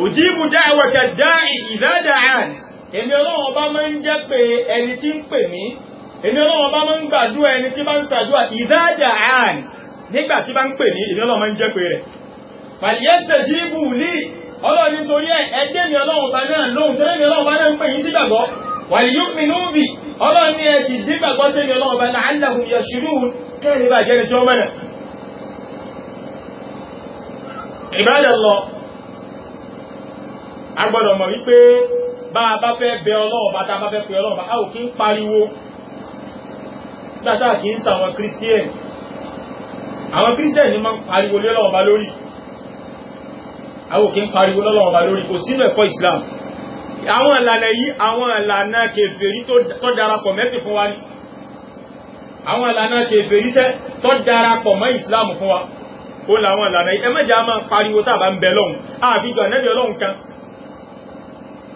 òjíìbù dáẹ̀wọ̀ ṣẹ̀dá ìdádáàn èmi ọlọ́run ọba máa ń jẹ́ pé ẹni tí ń pè mí èmi ọlọ́run ọba máa ń gbàdúrà ẹni tí bá ń ṣàdúrà ìdádáàn nígbà tí bá ń pè mí èmi ọlọ́run máa ń jẹ́ pé rẹ̀ pàlíyẹ́sẹ̀ jíìbù ní ọlọ́run nítorí ẹ̀ ẹgbẹ́ mi ọlọ́run ọba náà lóhun tẹ́lẹ̀ mi ọlọ́run ọba náà ń pè yín sí gbàgbọ́ wàlíyú mi nú bì ọlọ́run ní ẹ̀sìn dígbàgbọ́ sẹ́mi a gbọ́dọ̀ mọ̀ wípé bá a bá fẹ́ bẹ ọlọ́ọ̀bá tá a bá fẹ́ pe ọlọ́ọ̀bá a ò kí ń pariwo gbàtà kì í sa àwọn kírísíẹ̀nì àwọn kírísíẹ̀nì máa ń pariwo lọ́lọ́ọ̀bá lórí a ò kí ń pariwo lọ́lọ́ọ̀bá lórí kò sínú ẹ̀kọ́ Islam àwọn ìlànà yìí àwọn ìlànà kèfèrí tó darapọ̀ mẹ́sìn fún wa ni àwọn ìlànà kèfèrí tó darapọ̀ mọ́ Islam fún wa ó làwọn ìlànà yìí ẹ má a máa pariwo tá a bá ń bẹ lọ́hùn àbíjọ ànẹ́bí ọlọ́hun kan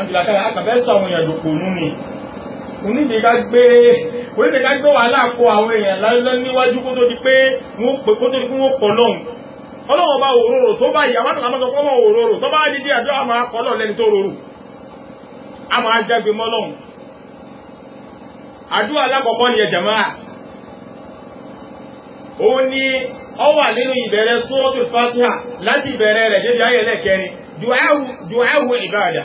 àjùlákàlà àkàfẹ́ sọ àwọn èèyàn dòpò nú ni onídìíká gbé onídìíká gbé wàhálà kó àwọn èèyàn lálẹ́ níwájú kó tó di pé wọ́n pè kó tó di pé wọ́n kọ̀ lọ́hùn ọlọ́wọ́n bá òróró tó bá yà wọ́n àmọ́ sọpọ́ wọn òróró tó bá dídí àjọ àmọ́ akọ́lọ̀ lẹ́ni tó rorò àmọ́ ajẹ́gbé mọ́lọ́hùn àdúrà alákọ̀ọ́kọ́ ni ẹ̀jẹ̀ máa ó ní ọ wà nínú ìbẹ̀rẹ̀ suratul Fatiha láti ìbẹ̀rẹ̀ rẹ̀ débi ayẹ̀lẹ̀ kẹrin du'a du'a ìbádà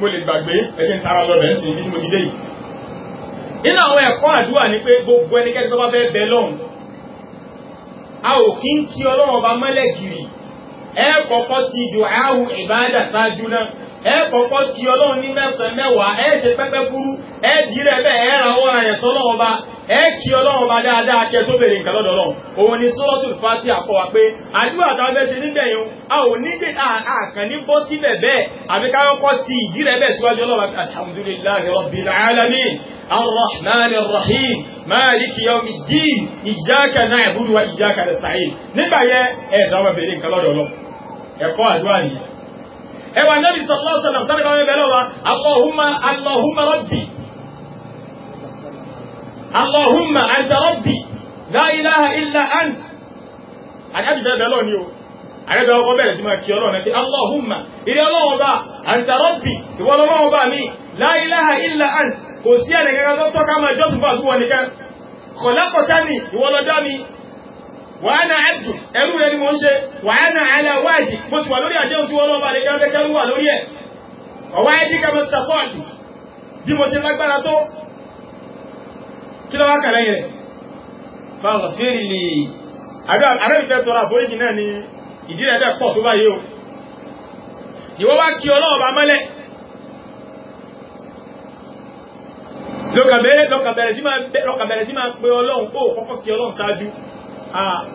mo lè gbàgbé ẹgbẹ́ ń tara lọ́bẹ̀ sí ibi tí mo ti dé yìí nínú àwọn ẹ̀kọ́ àdúrà ni pé gbogbo ẹnikẹ́ni tó bá fẹ́ bẹ lọ́hùn a ò kí ń kí ọlọ́run ọba mọ́lẹ̀ kiri ẹ kọ́kọ́ ti dùn áhù ìbáàdà ṣáájú náà ẹ kọ́kọ́ di ọlọ́run ní mẹ́sàn-án mẹ́wàá ẹ ṣe pẹ́pẹ́ kúrú ẹ dìrẹ́ bẹ́ẹ̀ ẹ ra ọwọ́ ra ẹ̀sọ́ lọ́wọ́ bá ẹ kí ọlọ́run bá dáadáa kẹ tó béèrè nǹkan lọ́dọ̀ ọlọ́run òun ni sọ́lọ́sùn fásitì àkọ́ wa pé àdúrà tá a fẹ́ ṣe nígbẹ̀yìn a ò ní dé àkàn ní bọ́ síbẹ̀ bẹ́ẹ̀ àbí ká kọ́kọ́ ti ìdí rẹ̀ bẹ́ẹ̀ síwájú ọlọ́run alhamdulillahi rabbil alamin الرحمن الرحيم مالك يوم الدين إياك نعبد وإياك نستعين نبقى يا إيه زمان بيرين كلا دولو إيه قوة ẹwà nẹ́bí sallallahu alaihi wasallam sáré báwọn ẹbẹ̀rẹ̀ wa allahumma allahumma rabbi allahumma anta rabbi la ilaha illa anta àdájú bẹ́ẹ̀ bẹ́ẹ̀ lọ ni o àrẹ́bẹ̀ ọkọ̀ bẹ̀rẹ̀ sí máa kí ọlọ́run ẹ̀kí allahumma ilé ọlọ́run bá anta rabbi ìwọ ọlọ́run bá mi la ilaha illa kò sí ẹnìkan tó tọ́ka máa jọ́sùn fún àtúwọ̀ nìkan khalaqtani ìwọ ló mi wàhánà àdùn ẹrú rẹ ni mo ń ṣe wàhánà aláwáàdì mo sì wà lórí àjẹun tí wọ́n lọ́ba lè jẹ́ kẹ́rù wà lórí ẹ̀ ọwá ẹjí kẹmọ sàpọ́ọ̀tì bí mo ṣe lágbára tó kí lọ́wọ́ kàrẹ rẹ̀ fáwọn fèrè lè àrẹ́bìfẹ́ ni lọ́kàbẹ̀rẹ̀ sí máa ọlọ́run kó kọ́kọ́ kí ọlọ́run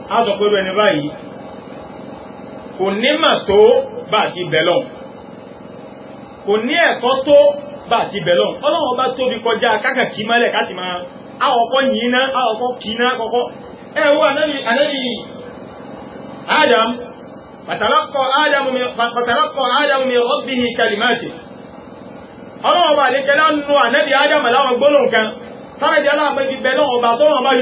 a sọ pé ẹni báyìí kò ní mà tó bá ti bẹ̀lọ̀ kò ní ẹ̀kọ́ tó bá ti bẹ̀lọ̀ ọlọ́wọ́n bá tóbi kọjá kákàkí mọ́lẹ̀ káti máa àwọ̀kọ́ yìíná àwọ̀kọ́ kìíná kọ́kọ́ ẹ̀wọ́ ànábì Adam pàtàlákọ̀ Adam mi rabbihi kalimati ọlọ́wọ́n bá lékẹ́lá nù ànábì Adam gbólóǹkan ọba bá yí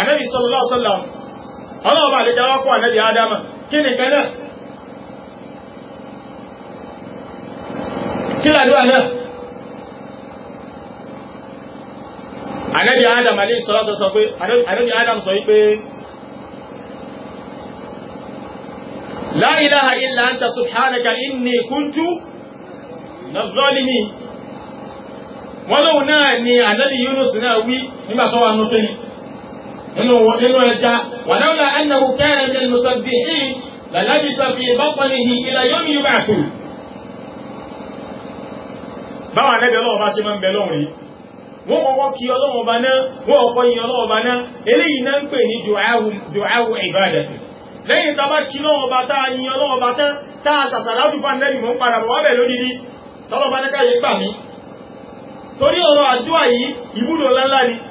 ànábì sallallahu alaihi wasallam ọlọ́run bá àdéjà wá kó ànábì ádámà kí ni kan náà kí làdúrà náà ànábì ádámà ní sọ́lọ́tọ̀ sọ pé ànábì ádámà sọ wípé la ilaha illa anta subhanaka inni kuntu nazalimi wọ́n lóhun náà ni ànábì nínú nínú ẹja wàláwùlà ẹnàwó kẹrin ní lùsọ̀bì yìí làlábì sọ̀bì bọ́kànlì yìí ìlà yóò mi bá kú. báwa nẹ́bẹ̀ ọlọ́wọ́ bá ṣe máa ń bẹ lọ́wọ́ yìí wọ́n kọ́kọ́ kí ọlọ́wọ́ bá náà wọ́n kọ́kọ́ yin ọlọ́wọ́ bá náà eléyìí náà ń pè ní duawu ibadati lẹ́yìn tàbá kí lọ́wọ́ bá tá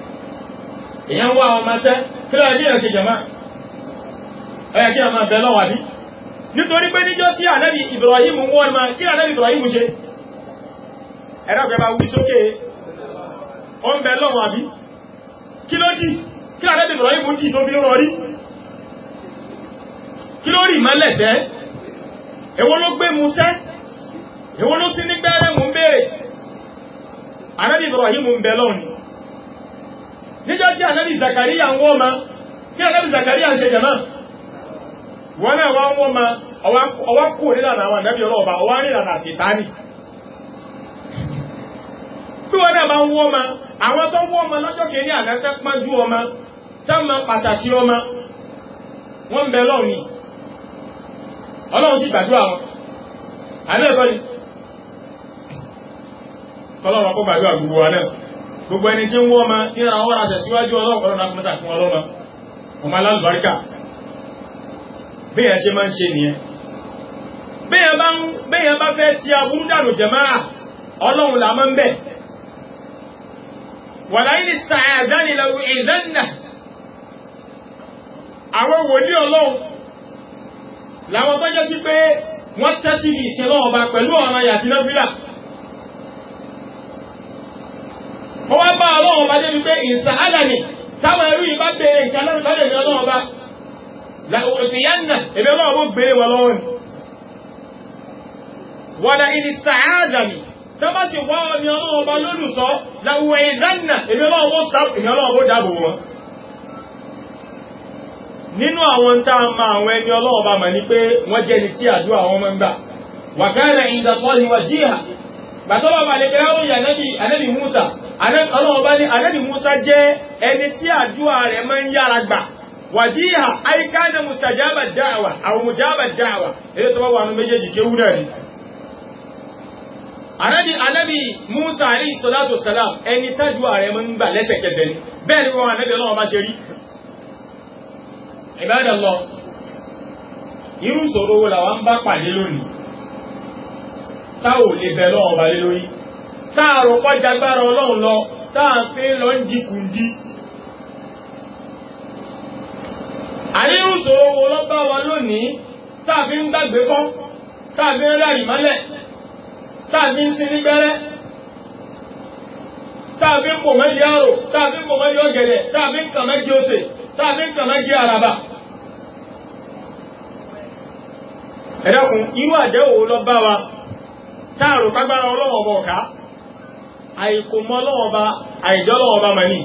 èyàn ń wá ọmọ ṣẹ́ kí ló yẹ kí èyàn ṣe jọ̀mọ́ ó yẹ kí èyàn máa bẹ lọ́wọ́ nítorí pé níjọ́ tí ànábì Ibrahim wọ́n máa kí ànábì Ibrahim ṣe ẹ̀rọ pẹ̀lú wí sókè ó ń bẹ lọ́wọ́ àbí Ibrahim dì tó fi lọ́rọ̀ rí kí ló rí ìmọ́lẹ̀ṣẹ́ èwo ló gbé Ibrahim ń níjọ́ tí ànábì Zakariya ń wọ́n ma kí ànábì Zakariya ń ṣe jẹ̀mọ́ wọ́n náà wọ́n wọ́n ma ọwá kú nílànà àwọn ànábì ọlọ́ọ̀bá ọwá nílànà àṣìtáni bí wọ́n náà bá ń wọ́n ma àwọn tó ń wọ́n ma lọ́jọ́ kìíní àná tẹ́ pọ́njú ọmọ tẹ́ ma pàtàkì ọmọ wọ́n ń bẹ lọ́run ni ọlọ́run sì gbàdúrà wọn àná ẹ̀kọ́ ni kọ́lọ́run kó gbàdúrà gbogbo wa náà gbogbo ẹni tí ń wọ́ ma tí ń ra ọwọ́ àṣẹ síwájú ọlọ́pàá náà mọ́ta fún ọlọ́mọ ọmọ alálùbáríkà bí ẹ̀ ṣe máa ń ṣe nìyẹn bí ẹ̀ bá fẹ́ ti aburú dànù jẹ̀máà ọlọ́run là máa ń bẹ̀ wàláyé ní sàáyàzáni lọ àwọn wòlíì ọlọ́run làwọn tó jẹ́ sí pé wọ́n tẹ́sí ìṣẹ́lọ́ ọba pẹ̀lú ọ̀rọ̀ yàtí lọ́bílà mo wá bá ọlọ́run ọba débi pé ìsà alani táwọn ẹrú yìí bá béèrè nǹkan lọ́dún lọ́dún ìlú ọlọ́run ọba làwòrìyànnà èmi ọlọ́run ó gbé wọn lọ́wọ́ ni. wàdà ìdí sàádàmì tọ́ba sì wá ọmọ ọlọ́run ọba lólùsọ làwọ̀ ìdánà èmi ọlọ́run ó sá ọba mọ̀ wọn gbàtọ́lọ́ bá lè kẹ́lá òyìn ànábì Musa ọlọ́wọ́ bá ní ànábì Musa jẹ́ ẹni tí àdúrà rẹ̀ máa ń yára gbà wàjíhà àìkáná mustajaba dáàwà àwọn mujaba dáàwà èyí tó wà ní méjèèjì kéwú náà ni ànábì ànábì Musa àrí salatu salam ẹni tàdúrà rẹ̀ máa ń gbà lẹ́sẹ̀kẹsẹ̀ ni bẹ́ẹ̀ ni wọn ànábì ọlọ́wọ́ bá ṣe rí ìbádàlọ́ irú ìṣòro wo làwọn bá pàdé lónìí táwò lè bẹ lọ́wọ́ balẹ̀ lórí táàrò pọ́jagbára ọlọ́run lọ táàfin lọ ń dìkùndí àríwùsòro wo lọ bá wa lónìí táàfin ń gbàgbé kọ́ táàfin ń rárì mọ́lẹ̀ táàfin ń sin nígbẹ́rẹ́ táàfin kò mẹ́jẹ àrò táàfin kò mẹ́jẹ ọ̀gẹ̀dẹ̀ táàfin kàn mẹ́jẹ òsè táàfin kàn mẹ́jẹ àràbà ẹ̀dàkùn irú àdẹ́wò lọ bá wa táàrù kágbára ọlọ́wọ́ bọ̀ ká àìkòmọ́ ọlọ́wọ́ bá àìjọ́ ọlọ́wọ́ bá mọ̀ ní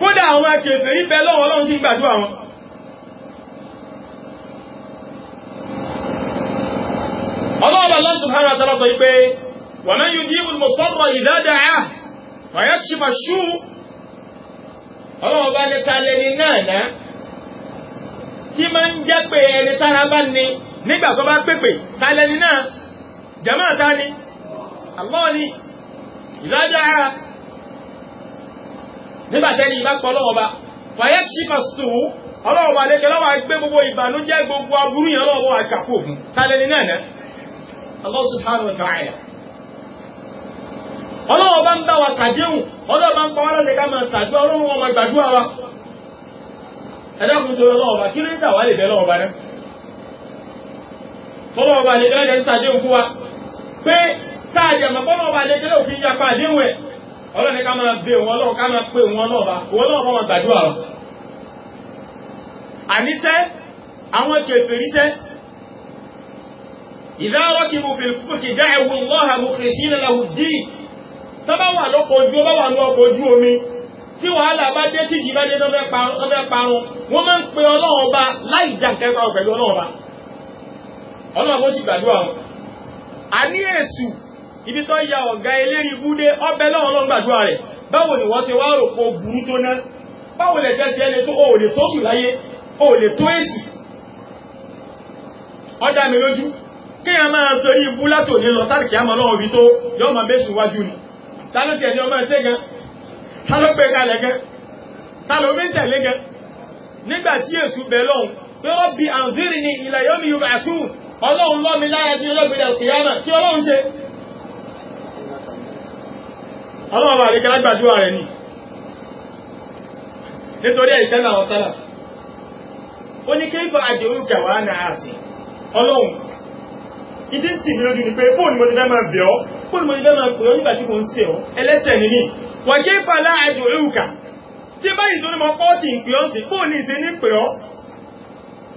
kódà àwọn akẹfẹ́ rí bẹ lọ́wọ́ ọlọ́run tí ń gbàdúrà wọn ọlọ́ọ̀bà Allah subhanahu wa ta'ala sọ wípé wa man yujibu al-mutarra idha da'ahu ní jama'a ta ni Allah ni ìlàjà ara nígbàtẹ́ni ìbá pọ̀ lọ́wọ́ bá fàyẹ́ ṣífà sùn ọlọ́wọ́ wà lẹ́kẹ́ lọ́wọ́ gbé gbogbo ìbànújẹ́ gbogbo aburú yẹn lọ́wọ́ àkàkò fún tàlẹ́ni náà náà Allah subhanahu wa ta'ala ọlọ́wọ́ bá ń bá wa sàdéhùn ọlọ́wọ́ bá ń pọ̀ wá láti ká máa sàdúrà ọlọ́wọ́ wọn gbàdúrà wa ẹ̀dọ́kùn tó lọ́wọ́ bá kí ló ń dà wá lè bẹ́ lọ́wọ́ bá náà tọ́lọ́wọ́ bá lè bẹ́ẹ̀ pé táàdì àmọ́kọ́nà ọba àdéjọ́lẹ̀ òfin yapa àdéhùn ẹ̀ ọlọ́ni ká máa bẹ wọn lọ́wọ́ ká máa pè wọn lọ́ba wọn lọ́wọ́ wọn gbàdúrà lọ. àníṣẹ́ àwọn kẹfẹ́ríṣẹ́ ìdáwọ́ kí mo fi fòkè dá ẹ̀wù lọ́ha mo fi sí ìlànà òdì tó bá wà lọ́kọ̀ ojú ó bá wà lọ́kọ̀ ojú omi tí wàhálà bá dé tí ìjìbá dé lọ́fẹ́ parun wọ́n máa ń pe ọlọ́wọ́ ọba láì jà kẹta pẹ̀lú ọlọ́wọ́ ọba ọlọ́wọ́ bó sì gbàdúrà wọn. a ní èsù ibi tó ya ọ̀gá eléri gúdé ọbẹ̀ lọ́wọ́ lọ́n gbàdúrà rẹ̀ báwo ni wọ́n ti wá rò pé burú tó ná báwo lè jẹ́ sí ẹni tó o lè tó sùn láyé o lè tó èsì ọjà mi lójú kí a máa sọ ní ibú látò ní lọ sáàkì àmà lọ́wọ́ bí tó yọ ma bẹ́ wájú ni tálọ́ tẹ̀lé ọmọ gan tálọ́ pẹ́ kalẹ̀ gan tálọ́ mi tẹ̀lé gan nígbà tí èsù bẹ̀ pé ni ọlọ́run lọ́ mi lára sí olóògbèrè òkèyàmà kí ọlọ́run ṣe ọlọ́run bá àríkà lágbàdúwà rẹ̀ ni nítorí ẹ̀ìtẹ́lá àwọn sálà ó ní kéèkọ́ àjẹ́rúkà wà náà sí ọlọ́run ìdí sì ní lójú ni pé bóòlù mo ti fẹ́ máa bẹ̀ ọ́ bóòlù mo ti fẹ́ máa pè ọ́ nígbà tí kò ń ṣe ọ́ ẹlẹ́sẹ̀ nìyí wà kéèkọ́ aláàjẹ́rúkà tí báyìí tó ní mọ́ pọ́ọ̀tì ìpè ọ́ sí bóòlù ìṣe ní pè ọ́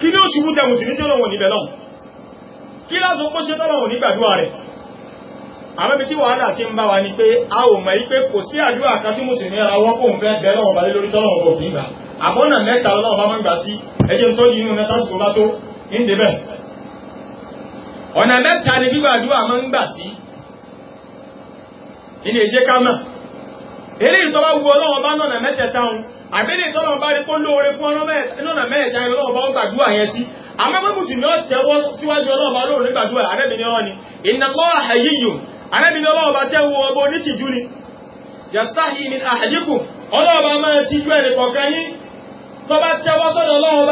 kí ní ó ṣubú tẹ mùsùlùmí tí ọlọ́wọ̀n níbẹ̀ náà kí lásọ kó ṣe tọ́lọ̀wọ̀n nígbàdúwà rẹ̀ àmẹ́bí tí wàhálà ti ń bá wa ní pé a ò mọ̀ wípé kò sí àdúrà kan tí mùsùlùmí ara wọ́n kò ń fẹ́ bẹ̀rẹ̀ ọ̀bá lé lórí tọ́lọ̀wọ̀n kò fi gbà àbọ́nà mẹ́ta ọlọ́wọ́ bá mọ́ gbà sí ẹjẹ́ tó yí inú mẹ́ta sì bá tó ń débẹ̀ ọ̀nà mẹ́ta ni gbígbàdúrà mọ́ ń gbà sí ilé ìjẹ́ ká mọ̀ eléyìí tó bá wu àbẹ́lẹ̀ tọ́lọ̀ bá rí kó lóore fún ọ̀nà mẹ́ẹ̀ta ẹ̀rọ ọba ó gbàdúrà yẹn sí amábẹ́bù sì ní ọ̀tẹ́wọ́ síwájú ọlọ́ọ̀bá lóòrùn ní gbàdúrà arẹ́bìnrin ọ́ ni ìnàkọ́ àyíyù arẹ́bìnrin ọlọ́ọ̀bá tẹ́wọ́ ọba onítìjú ni yastahi ni ahadiku ọlọ́ọ̀bá máa ti jú ẹ̀rẹ̀ kọ̀ọ̀kan yín tó bá tẹ́wọ́ sọ́dọ̀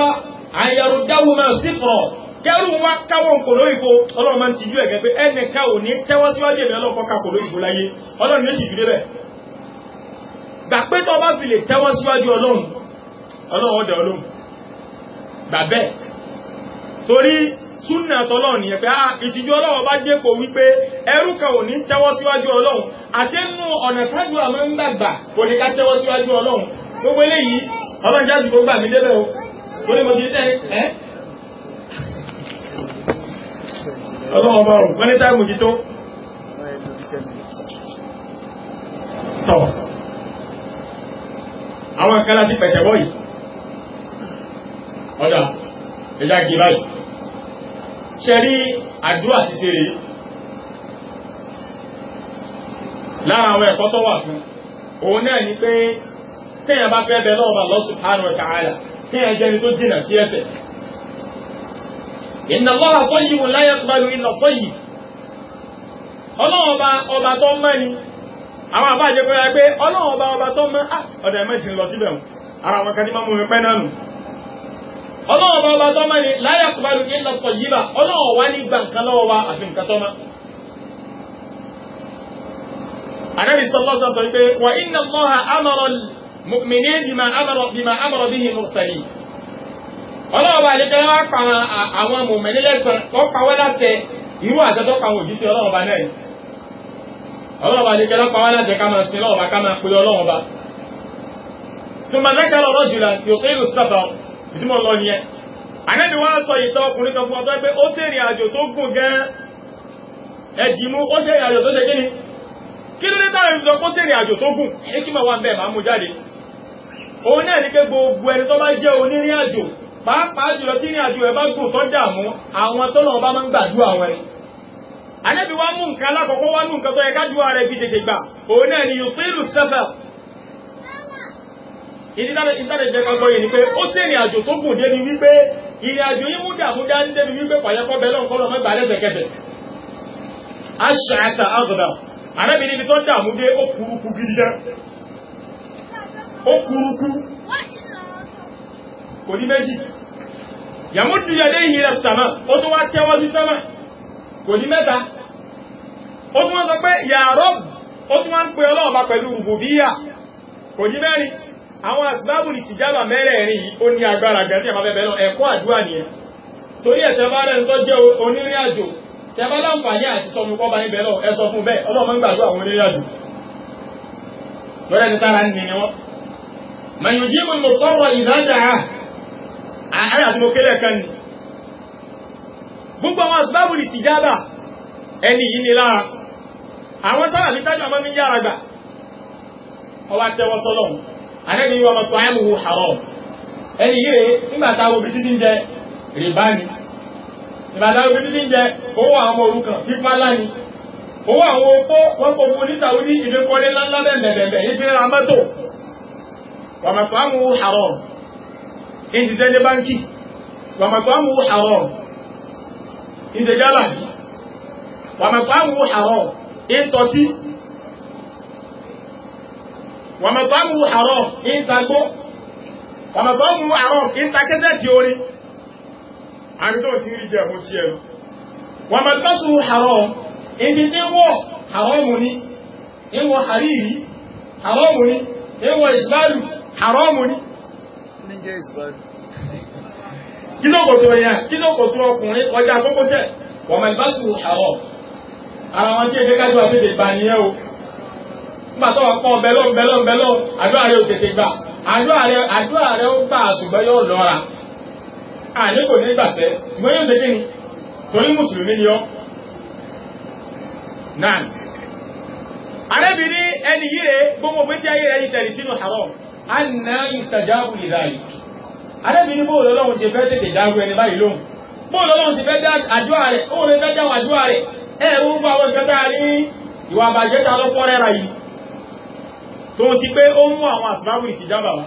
gbà pé tó bá fi lè tẹ́wọ́ síwájú ọlọ́run ọlọ́run ọdẹ ọlọ́run gbà bẹ́ẹ̀ torí súnà tọ́lọ́run nìyẹn pé ah, ìtìjú ọlọ́run bá dépò wípé ẹrú kan ò ní tẹ́wọ́ síwájú ọlọ́run àti nínú ọ̀nà tájú àmọ́ ń gbàgbà kò ní ká tẹ́wọ́ síwájú ọlọ́run gbogbo eléyìí ọlọ́run jáde kó gbà o torí mo ti tẹ́ ẹ́ ọlọ́run bá rùn wọ́n ní táìmù jí tó tọ̀ àwọn ìkẹ́lá sí pẹ̀tẹ̀ bọ́yì ọ̀dá ẹjá gí báyìí ṣe rí àdúrà ṣíṣe rẹ̀ lára àwọn ẹ̀kọ́ tó wà fún òun náà ni pé téèyàn bá fẹ́ bẹ lọ́wọ́ Allah subhanahu wa ta'ala téèyàn jẹ́ni tó àwọn àbá jẹ́ pé pé ọlọ́run ọba ọba tó mọ́ ah, ọ̀dọ̀ ẹ̀mẹ́ ti lọ síbẹ̀ ara wọn kan ní mọ́mú ẹ̀pẹ́ náà nù ọlọ́run ọba ọba tó mọ́ ni láyà kúbá lu ilẹ̀ ọ̀pọ̀ yìí bá ọlọ́run wá ní gbà nǹkan lọ́wọ́ wa àfi nǹkan tó mọ́ Ànábì sallallahu alaihi wasallam pé wà inna Allaha amara mu'minin bima amara bima amara bihi mursalin ọlọ́ọ̀bá àdékẹ́ lọ́pàá wá láti ká máa sin lọ́ọ̀bá ká máa pèrè ọlọ́wọ́n bá tí ma lẹ́kẹ́ lọ́rọ̀ jùlọ yóò tó ìlú sọ́tọ̀ ìdímọ̀ lọ nìyẹn ànábì wá sọ ìtọ́ ọkùnrin kan fún ọtọ́ pé ó sèrìn àjò tó gùn gan ẹ̀jìmú ó sèrìn àjò tó ṣe kí ni kí ló dé táwọn ìlú sọ kó sèrìn àjò tó gùn ekima wa bẹ́ẹ̀ máa mú jáde òun náà ní pé gbogbo ẹni tó bá jẹ́ onírìn àjò pàápàá jùlọ tí ìrìn àjò ẹ̀ bá gùn tó dààmú àwọn tó lọ́wọ́ bá máa ń gbàdúrà Ànábì wá mú nǹkan alákọ̀ọ́kọ́ wá mú nǹkan tó yẹ kájúwà rẹ̀ fi tètè gbà òun náà ni yùtírù sẹ́fà ìdílẹ̀ jẹ́ kan sọ́yìn ni pé ó sí ìrìn àjò tó gùn débi wípé ìrìn àjò yìí múdà múdà ń débi wípé pàyẹ́kọ́ bẹ́ẹ̀ lọ́nkọ́ lọ́mọ́ ìgbà lẹ́sẹ̀kẹsẹ̀ aṣáàtà àgùdà Ànábì níbi tó dààmú dé ó kúrukú gidi dá ó kúrukú kò ní méjì yàmúdù yàdé ìhìlẹ̀ sàmà ó tó wá tẹ́wọ́ sí sàmà kò ní mẹ́ta ó tún wọ́n sọ pé ya Rabb ó tún wọ́n pè ọlọ́ọ̀bá pẹ̀lú rùbùbíyà kò ní mẹ́rin àwọn àsìbábù ní tìjábà mẹ́rẹ̀ẹ̀rin yìí ó ní agbára gan ní àbábẹ́bẹ́ náà ẹ̀kọ́ àdúrà nìyẹn torí ẹ̀sẹ̀ bá rẹ̀ tó jẹ́ onírìn àjò tẹ bá láǹfààní àti sọmú kọ́ bá níbẹ̀ náà ẹ sọ fún bẹ́ẹ̀ ọlọ́mọ ń gbàdúrà àwọn onírìn gbogbo àwọn àsìbábù ní tìjábà ẹni yìí ni lára àwọn sábàbí tájà máa ń yára gbà ọba tẹwọ́ sọ́lọ̀ àrẹ́bí wọn ọmọ àmì wò àrọ̀ ẹni yìí rèé nígbà títí ń jẹ rìbá ni ìgbà táwọn títí ń jẹ owó àwọn fífá owó àwọn opó wọn kò fún ní sàwúdí ńláńlá ra mọ́tò ọmọ ní báńkì ọmọ ìtọ̀tí wàmọ̀tọ́mù àrọ̀ ìtagbó wàmọ̀tọ́mù àrọ̀ ìtakẹ́sẹ̀ tí orí àrídò tí rí jẹ́ mú sí ẹnu wàmọ̀tọ́sù àrọ̀ ibi tí wọ́ àrọ̀mù ìwọ̀ àríyí àrọ̀mù ìwọ̀ ìsìláàlù àrọ̀mù ní ọkùnrin ọjà ara wọn tí èdè kájú àtètè gbà nìyẹn o nígbà tó wọn pọ bẹlọ bẹlọ bẹlọ àdúrà rẹ ò tètè gbà àdúrà rẹ àdúrà rẹ ó gbà ṣùgbọ́n yóò lọ́ra àní kò ní gbàṣẹ ṣùgbọ́n yóò ṣe kíni torí mùsùlùmí ni ọ́ náà arábìnrin ẹni yìí rẹ gbogbo pé ayé rẹ yìí tẹ̀lé sínú haram anna ìsàjáwù ìdáyì arábìnrin bóòlù ọlọ́run ti fẹ́ tètè dáwọ́ ẹni báyìí lóhùn bóòlù ọlọ́run ti fẹ́ dá àdúrà rẹ̀ ó lè fẹ́ dáwọ́ àdúrà rẹ̀ ẹ̀rù ń bá àwọn ìkẹta ní ìwà àbàjẹ́ta lọ́pọ̀ rẹ́ra yìí tó ti pé ó mú àwọn àsìláwò ìsìjábà wá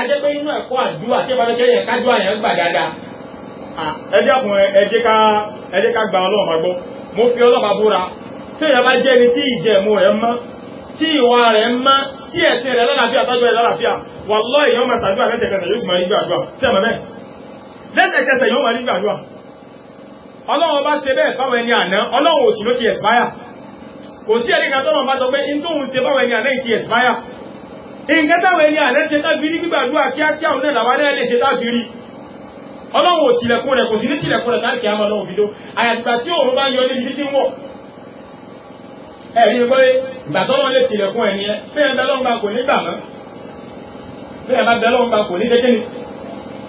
ajẹ́ pé inú ẹ̀kọ́ àdúrà tí ẹbá lọ́kẹ́ yẹn kájú àyàn gbà dáadáa ẹjẹ́ kùn ẹjẹ́ ká gba ọlọ́run bá gbọ́ mo fi ọlọ́run bá búra tí ìyẹn bá jẹ́ ẹni tí ìjẹ̀mú rẹ̀ mọ́ tí ìwà rẹ̀ mọ́ tí ẹ̀sìn rẹ̀ lálàáfíà tájú rẹ̀ lálàáfíà wallahi yóò máa ṣàdúrà lẹ́sẹ̀kẹsẹ̀ yóò sì máa rí gbàdúrà sí ẹ̀mọ́ bẹ́ẹ̀ lẹ́sẹ̀kẹsẹ̀ yóò máa rí gbàdúrà ọlọ́run bá ṣe bẹ́ẹ̀ fáwọn ẹni àná ọlọ́run òsì ló ti expire kò sí ẹ̀rí kan bá sọ pé in tó ń ṣe fáwọn ẹni àná ti expire nǹkan táwọn ẹni àná ṣe tábìrí gbígbàdúrà kíákíá òun náà làwọn ẹni ṣe tábìrí ọlọ́run rẹ̀ kò sí ní rẹ̀ láti àmọ́ ọlọ́run àyàtìgbà tí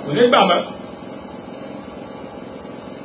òun bá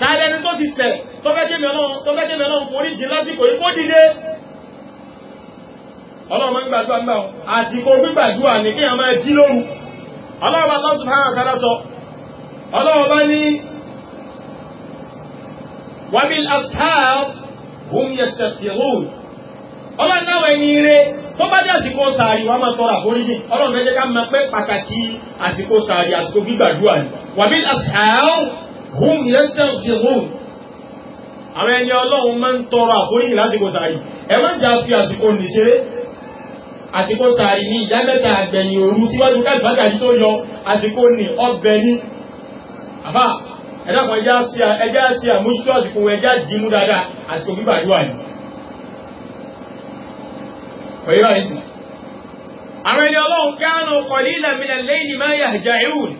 tààlẹ́ni tó ti ṣẹ̀ tó fẹ́ jẹ́ mi ọlọ́run forí jì lásìkò yìí kó dìde ọlọ́run máa ń gbàdúrà gbà ọ́ àsìkò gbígbàdúrà ní kí àwọn máa jí lóru ọlọ́run bá lọ́sùn fún àwọn sọ ọlọ́run bá ní wàmí ashab hum yastaghfirun ọlọ́run náà ẹni rẹ tó bá jẹ́ àsìkò sàárì wọ́n máa tọrọ àforíjì ọlọ́run fẹ́ ká máa pẹ́ pàtàkì àsìkò sàárì àsìkò gbígbàdúrà wàmí ashab hum yastaghfirun àwọn ẹni ọlọ́run máa ń tọrọ àforíjì lásìkò sàárì ẹ má jà fi àsìkò nìṣeré àsìkò sàárì ní ìyámẹ́ta àgbẹ̀yìn òru síwájú káàkiri tó yọ àsìkò ní ọbẹ̀ ní àbá ẹ̀dàkùn ẹjá sí àmójútó àsìkò ẹjá dìímú dáadáa àsìkò gbígbàdúwà ní ọ̀yẹ́rọ̀ ìsìn àwọn ẹni ọlọ́run kánú qalilan min al-layli ma yahja'un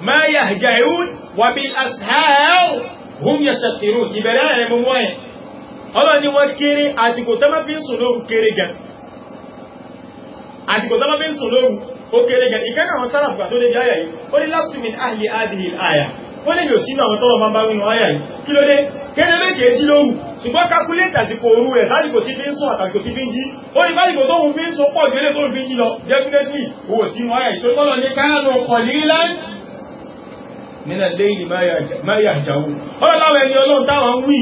ma yahja'un wa bil ashar hum yastaghfirun ìbẹ̀rẹ̀ rẹ̀ mú wọ́n yẹn ọlọ́run ni wọ́n kéré àsìkò tó máa fi ń sùn lóru kéré gan àsìkò tó máa fi ń sùn lóru ó kéré gan ìkẹ́kẹ́ àwọn sára fùgbà tó lè jẹ́ àyà yìí ó ní láti min ahli adìhì àyà ó lè yóò sínú àwọn tọ́lọ̀ máa bá wínú àyà yìí kí ló dé kéré méje jí lóru ṣùgbọ́n kákúlẹ̀tì àsìkò mínà lẹ́yìn máyà ìjàwó ọlọ́láwọ̀ ẹni ọlọ́run táwọn ń wí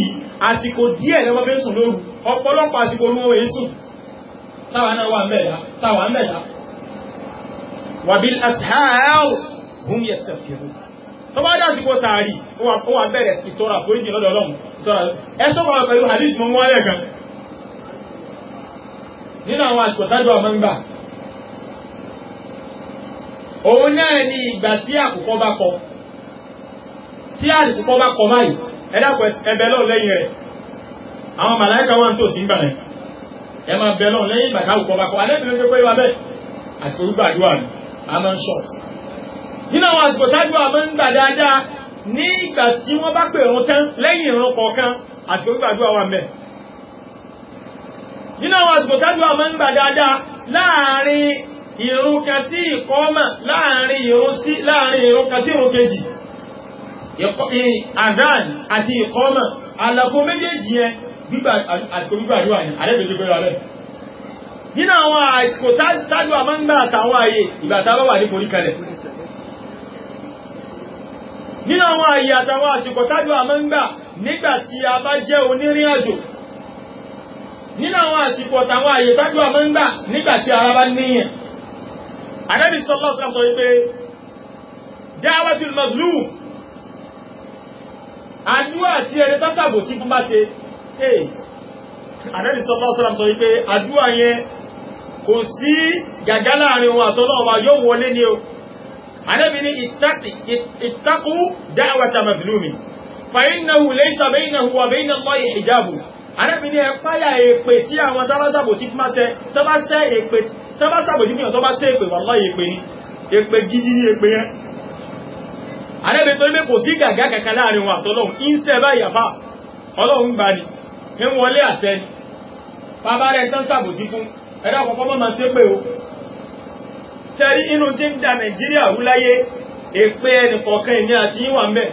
àsìkò díẹ̀ lọ́wọ́ fẹ́ sùn lóru ọ̀pọ̀lọpọ̀ àsìkò olówó èsùn sáwà náà wà mẹ́ta sáwà mẹ́ta wàbíl ashar hum yastaghfirun tó bá dá àsìkò sàárì ó wà bẹ̀rẹ̀ sí tọ́ra foríjì lọ́dọ̀ ọlọ́run ẹ̀sọ́ wà pẹ̀lú hadith mọ́ wálẹ̀ gan nínú àwọn òun náà ni ìgbà tí àkùkọ bá kọ tí àlùkùkọ́ bá kọ máyì ẹ̀dàpọ̀ ẹbẹ̀ lọ lẹ́yìn rẹ̀ àwọn màláìka wọn tó sí ń bàrẹ̀ ẹ máa bẹ̀ lọ lẹ́yìn ìgbàkàwùkọ́ bá kọ alẹ́bìnrin tó pé wà bẹ́ẹ̀ àṣìrúgbàdúrà ni a máa ń sọ nínú àwọn àsìkò tájú àmọ́ ń gbà dáadáa ní ìgbà tí wọ́n bá pè wọn tán lẹ́yìn ìran kọ̀ọ̀kan àsìkò gbàdúrà wà mẹ́ nínú àwọn àsìkò tájú àmọ́ ń gbà dáadáa láàrin ìrun kan sí ìkọ́mà láàrin ìrun kan sí ìrun kejì àdán eh, àti ìkọ́mọ̀ àlàfo méjèèjì yẹn àsìkò gbígbàdúrà ní àdẹ́bẹ̀ẹ́jì fẹ́ra rẹ̀ nínú àwọn àsìkò tájú àmọ́ngbà àtàwọn ààyè ìgbàtàbà wà ní forí kalẹ̀ nínú àwọn ààyè àtàwọn àsìkò tájú àmọ́ngbà nígbàtí a bá jẹ́ onírìn àjò nínú àwọn àsìkò àtàwọn ààyè tájú àmọ́ngbà nígbàtí ara bá níyàn àdẹ́bì sọ́lọ́sọ́ sọ wípé dáwàtí mazlum àdúrà tí ẹni tó ṣàbòsí fún bá ṣe hey Ànábì sallallahu alaihi wasallam sọ wípé àdúrà yẹn kò sí gàgá láàrin wọn àtọ́lọ́ ọba yóò wọlé ní o Ànábì ní ittaqu da'wata mazlumi fa innahu laysa baynahu wa bayna Allahi hijabu Ànábì ní ẹ̀páyà èpè tí àwọn tó bá ṣàbòsí fún bá ṣe tó bá ṣàbòsí fún yàn tó bá ṣe èpè wallahi èpè ni èpè gidi ni èpè yẹn àrẹ́bẹ̀ tó ní kò sí gàgá kàkà láàrin wọn àtọ́lọ́hun ìṣẹ́ bá ìyàfà ọlọ́hun gbà ní ní wọlé àṣẹ ni bàbá rẹ̀ tán sàbòsí fún ẹ̀dá àkọ́kọ́ mọ́ máa ṣe pé o ṣẹ́rí inú tí ń da nàìjíríà wúláyé èpè ẹnì kọ̀ọ̀kan ìní àti yíwà ń bẹ̀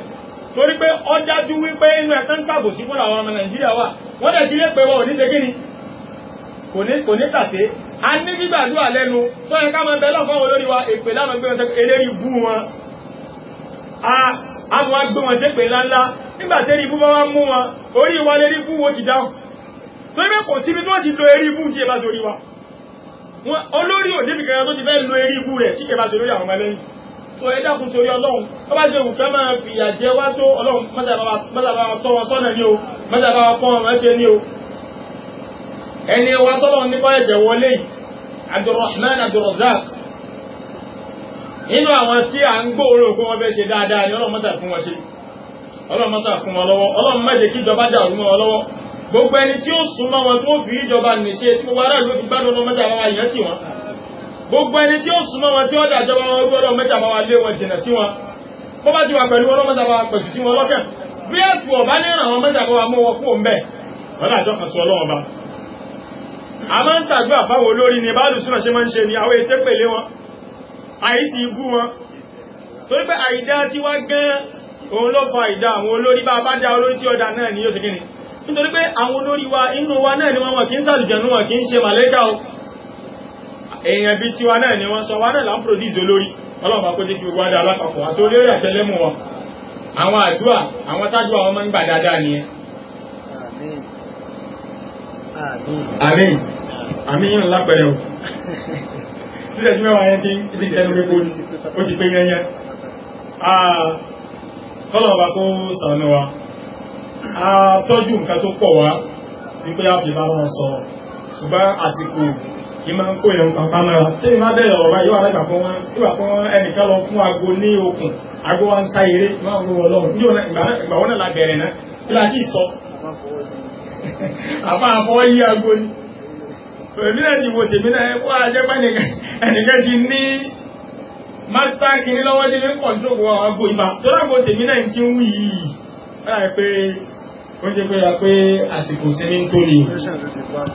torí pé ó dájú wípé inú ẹ̀tán sàbòsí fún àwọn ọmọ nàìjíríà wà wọ́n dẹ̀ sí lé pé wọn ò ní kò ní tàṣe a ní gbígbàdúrà lẹ́nu tó yẹ ká máa bẹ lọ́kọ́ wọn lórí wa èpè lánàá gbé wọn eléyìí bú wọn àwọn agbé wọn tẹ́ pè láńlá nígbàtẹ́ rí ibú bá wá mú wọn orí wa lè rí ibú wo ti dáhùn tó ní kò síbi tó ti lo erí ibú tí ẹ bá sórí wa olórí òdé bí kẹrẹ tó ti fẹ́ lo erí ibú rẹ̀ tí ẹ bá sórí àwọn ẹlẹ́yìn tó ẹ dákun torí ọlọ́run tó bá ṣe òkúta máa fi àjẹ wá tó ọlọ́run mọ́sàbá tọ́ wọn sọ́nà ní o mọ́sàbá pọ́ wọn ránṣẹ́ ní o ẹni wa tọ́lọ́run nípa ẹ̀ṣẹ̀ wọlé Abdurrahman inú àwọn tí a ń gbóòrò fún wọn bẹ́ ṣe dáadáa ni ọlọ́mọ́sà fún wọn ṣe ọlọ́mọ́sà fún wọn lọ́wọ́ ọlọ́mọ́dé kí ìjọba jà wọn lọ́wọ́ gbogbo ẹni tí ó súnmọ́ wọn tó fi ìjọba nìṣe tí gbogbo aráàlú ti gbádùn ọlọ́mọ́sà bá wa yàn tì gbogbo ẹni tí o súnmọ́ wọn ti wa àìsí ibú wọn torí pé àìdá tí wá gán òun ló fa àìdá àwọn olórí bá bá dá olórí tí ọ̀dà náà ní yóò ṣe kíni nítorí pé àwọn olórí wa inú wa náà ni wọ́n wọ́n kì í sàlùjẹ̀nú wọn kì í ṣe o èèyàn bí tiwa náà ni wọ́n sọ wa náà là ń produce olórí ọlọ́run bá kó jẹ́ kí gbogbo adá alápapọ̀ àti olórí àtẹlẹ́mù wọn àwọn àdúà àwọn tájú àwọn máa ń gbà dáadáa nìyẹn. àmín àmín àmín yìí ńlá tí ẹjú mẹ́wàá yẹn tí ibi ìtẹ́lúgbé kó ní ó ti pé yẹnyẹ kọ́lọ̀ọ̀bá kó sànú wa a tọ́jú nǹkan tó pọ̀ wá wípé a fi bá wọn sọ ṣùgbọ́n àsìkò ìmọ̀ ń kó yẹn pàpàmọ́ra tí ìmá bẹ̀rẹ̀ ọ̀rọ̀ yóò alágbà fún wọn yóò wà fún ẹnìkan lọ fún ago ní okùn ago wa ń sá eré máa ń wọ lọ́rùn ní ìgbà wọn náà la bẹ̀rẹ̀ náà kí láti sọ àmọ́ àfọwọ́ yí ago ni èmi náà ti wo tèmi náà ẹ kó ajẹ́pẹ́ ẹnìkan ti ní mástá kìíní lọ́wọ́ tí ní kọ̀ǹtró gbogbo àwọn agbo ibà tó lágbo tèmi náà ti ń wù yìí láì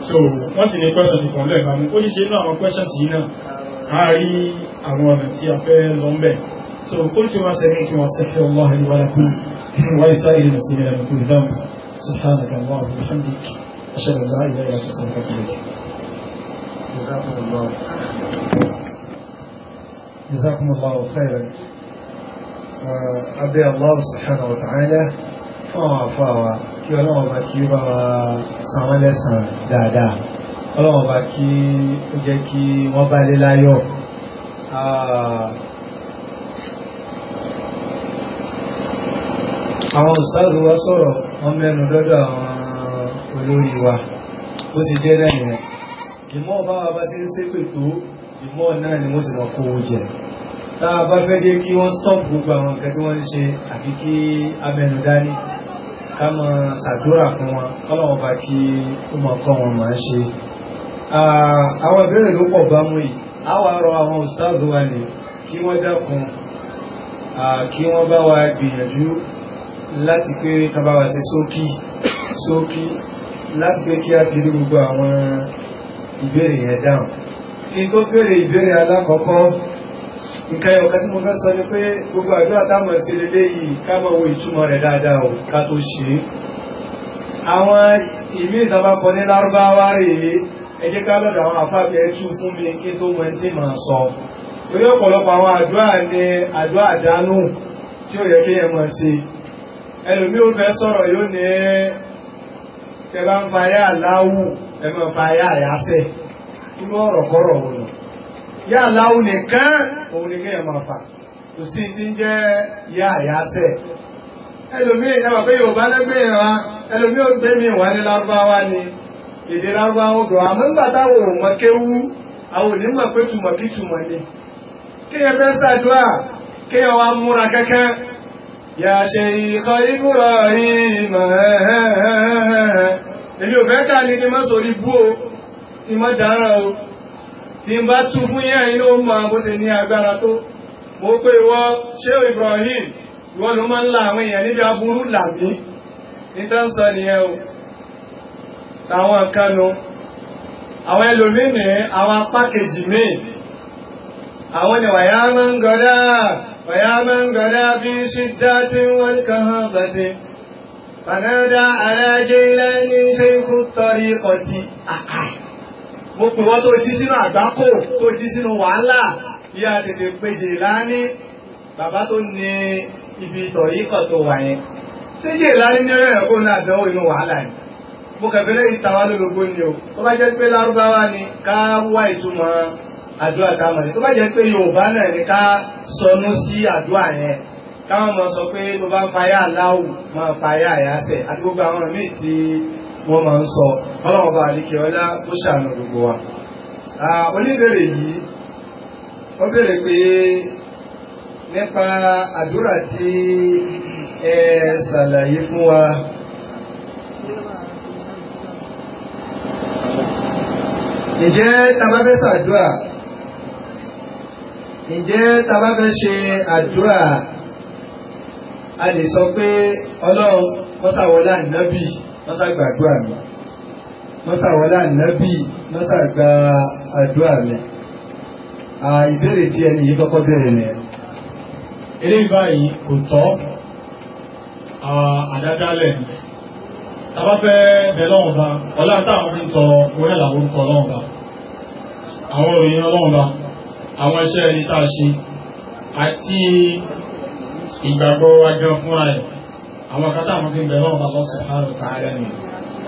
so wọ́n sì ní question ti kàn lẹ́ẹ̀bá mú àwọn ọ̀nà tí a fẹ́ lọ so kó tí wọ́n sẹ́ni kí wọ́n sẹ́fẹ́ ọmọ ẹni wà lákùn wọ́n sá ilé mùsùlùmí ẹni kò dáhùn sùhánà kan wà wọ́n hàn جزاكم الله جزاكم الله خيرا أبي الله سبحانه وتعالى فوا فوا kí ọlọ́wọ́ bá kí ó bá wa san wọ́n lẹ́sàn dáadáa ọlọ́wọ́ bá kí ó jẹ́ kí wọ́n bá lé láyọ̀ ah. àwọn òṣàrò wa sọ̀rọ̀ wọ́n mẹ́nu lọ́dọ̀ àwọn olórí wa ó sì jẹ́ lẹ́yìn rẹ̀ jùmọ́ bá wa bá sí ń tó jùmọ́ náà ni wọ́n sì máa kó owó jẹ tá a bá fẹ́ jẹ́ kí wọ́n stop gbogbo àwọn nǹkan tí wọ́n ń ṣe àfi kí amẹnu dání ká máa ṣàdúrà fún wọn kọ́lọ́wọ́n bá kí ó máa kọ́ wọn máa ṣe. àwọn ìbéèrè ló pọ̀ bá mú yìí á wá rọ àwọn ustaz wa ni kí wọ́n dákun kí wọ́n bá wa gbìyànjú láti pé ká bá wa ṣe sókí sókí láti pé kí á fi rí gbogbo àwọn ìbéèrè yẹn dáhùn kí n tó béèrè ìbéèrè alákọ̀ọ́kọ́ nǹkan ẹ̀yọ̀kan tí mo fẹ́ sọ ni pé gbogbo àdúrà táwọn ṣe lélẹ́ yìí ká mọ̀ wo ìtumọ̀ rẹ̀ dáadáa o ká tó ṣe é àwọn ìlú ìdábàkọ ní lárúbáwá rèé ẹ jẹ́ ká lọ́dọ̀ àwọn àfáàbẹ̀ ẹ̀ tún fún mi kí n tó mọ ẹni tí màá sọ torí ọ̀pọ̀lọpọ̀ àwọn àdúrà ni àdúrà àdánù tí ó yẹ kí ẹ mọ̀ sí ẹlòmí ó fẹ́ sọ̀rọ̀ yóò ní ẹ ń fa ẹ ẹ máa fa ayá àyáṣẹ́ nínú ọ̀rọ̀ kọ́rọ̀ wọn lọ yá aláwo nìkan òun ni kéèyàn máa fà kò sí ní jẹ́ yá àyáṣẹ́ ẹlòmíì ẹ pé Yorùbá lẹ́gbẹ̀ẹ́ yẹn wa ẹlòmíì ò gbẹ́mí wà ní Lárúbáwá ni èdè Lárúbáwá dùn àmọ́ nígbà táwọn ni kéèyàn fẹ́ ṣàdúrà kéèyàn wá múra kankan yà ṣe ìkọ ìbúrọ̀ èmi ò fẹ́ tà ní kí mọ́ sórí bú o kí mọ́ dáràn o tí n bá tún fún yẹn yóò mọ bó ní agbára tó mo pé ìwọ ṣé Ibrahim ìwọ ló máa ń la àwọn èèyàn níbi aburú làbí níta ń sọ nìyẹn o táwọn kan nu àwọn ẹlòmíín ní àwọn apá kejì míì àwọn ni wàyà máa ń gọdá wàyà máa ń gọdá bí ṣídá tí wọ́n kàn án bàtí. Fànádà aláàjẹ́ ilẹ̀ ní ṣe ń kú tọrí ọtí àkà. Mo pè wọ́n tó jí sínú àgbákò, tó jí sínú wàhálà, yíya tètè péjì lání, bàbá tó ní ibi tọ̀rí kọ̀ tó wà yẹn. Ṣé jè lání ní ọ̀rẹ́ ẹ̀kọ́ náà dánwò inú wàhálà yìí? Mo kẹ̀fẹ́rẹ́ ìtawá lólobó ni o. Tó bá jẹ́ pé lárúbáwá ni ká wá ìtumọ̀ àdúrà táwọn ẹ̀. Tó bá jẹ́ pé Yorùbá náà ni ká sọnú sí àdúrà yẹn táwọn mọ̀ sọ pé tó bá ń fayá aláwù máa fayá àyàsẹ̀ àti gbogbo àwọn míì tí wọ́n máa ń sọ ọlọ́run bá àdíkẹ́ ọlá ó ṣàánú gbogbo wa oníbèrè yìí wọ́n bèrè pé nípa àdúrà tí ẹ ṣàlàyé fún wa ǹjẹ́ tabafẹ́ ṣàdúrà ǹjẹ́ tabafẹ́ ṣe àdúrà a lè sọ pé ọlọ́run mọ́sàwọlá ànábì mọ́sàgbàdúrà mi mọ́sàwọlá ànábì mọ́sàgbà àdúrà mi ìbéèrè tí ẹni yìí kọ́kọ́ bẹ̀rẹ̀ nìyẹn. eléyìí báyìí kò tọ́ àdádálẹ̀ tàbá fẹ́ bẹ̀ lọ́wọ́n bá ọlá táwọn fi ń tọ orí àlàwọ̀ orúkọ lọ́wọ́n bá àwọn òròyìn ọlọ́wọ́n bá àwọn iṣẹ́ ẹni tá a ṣe àti ìgbàgbọ́ wa gan fúnra rẹ̀ àwọn kan táwọn fi ń bẹ̀rẹ̀ ọba lọ sí àrùn tààrẹ nù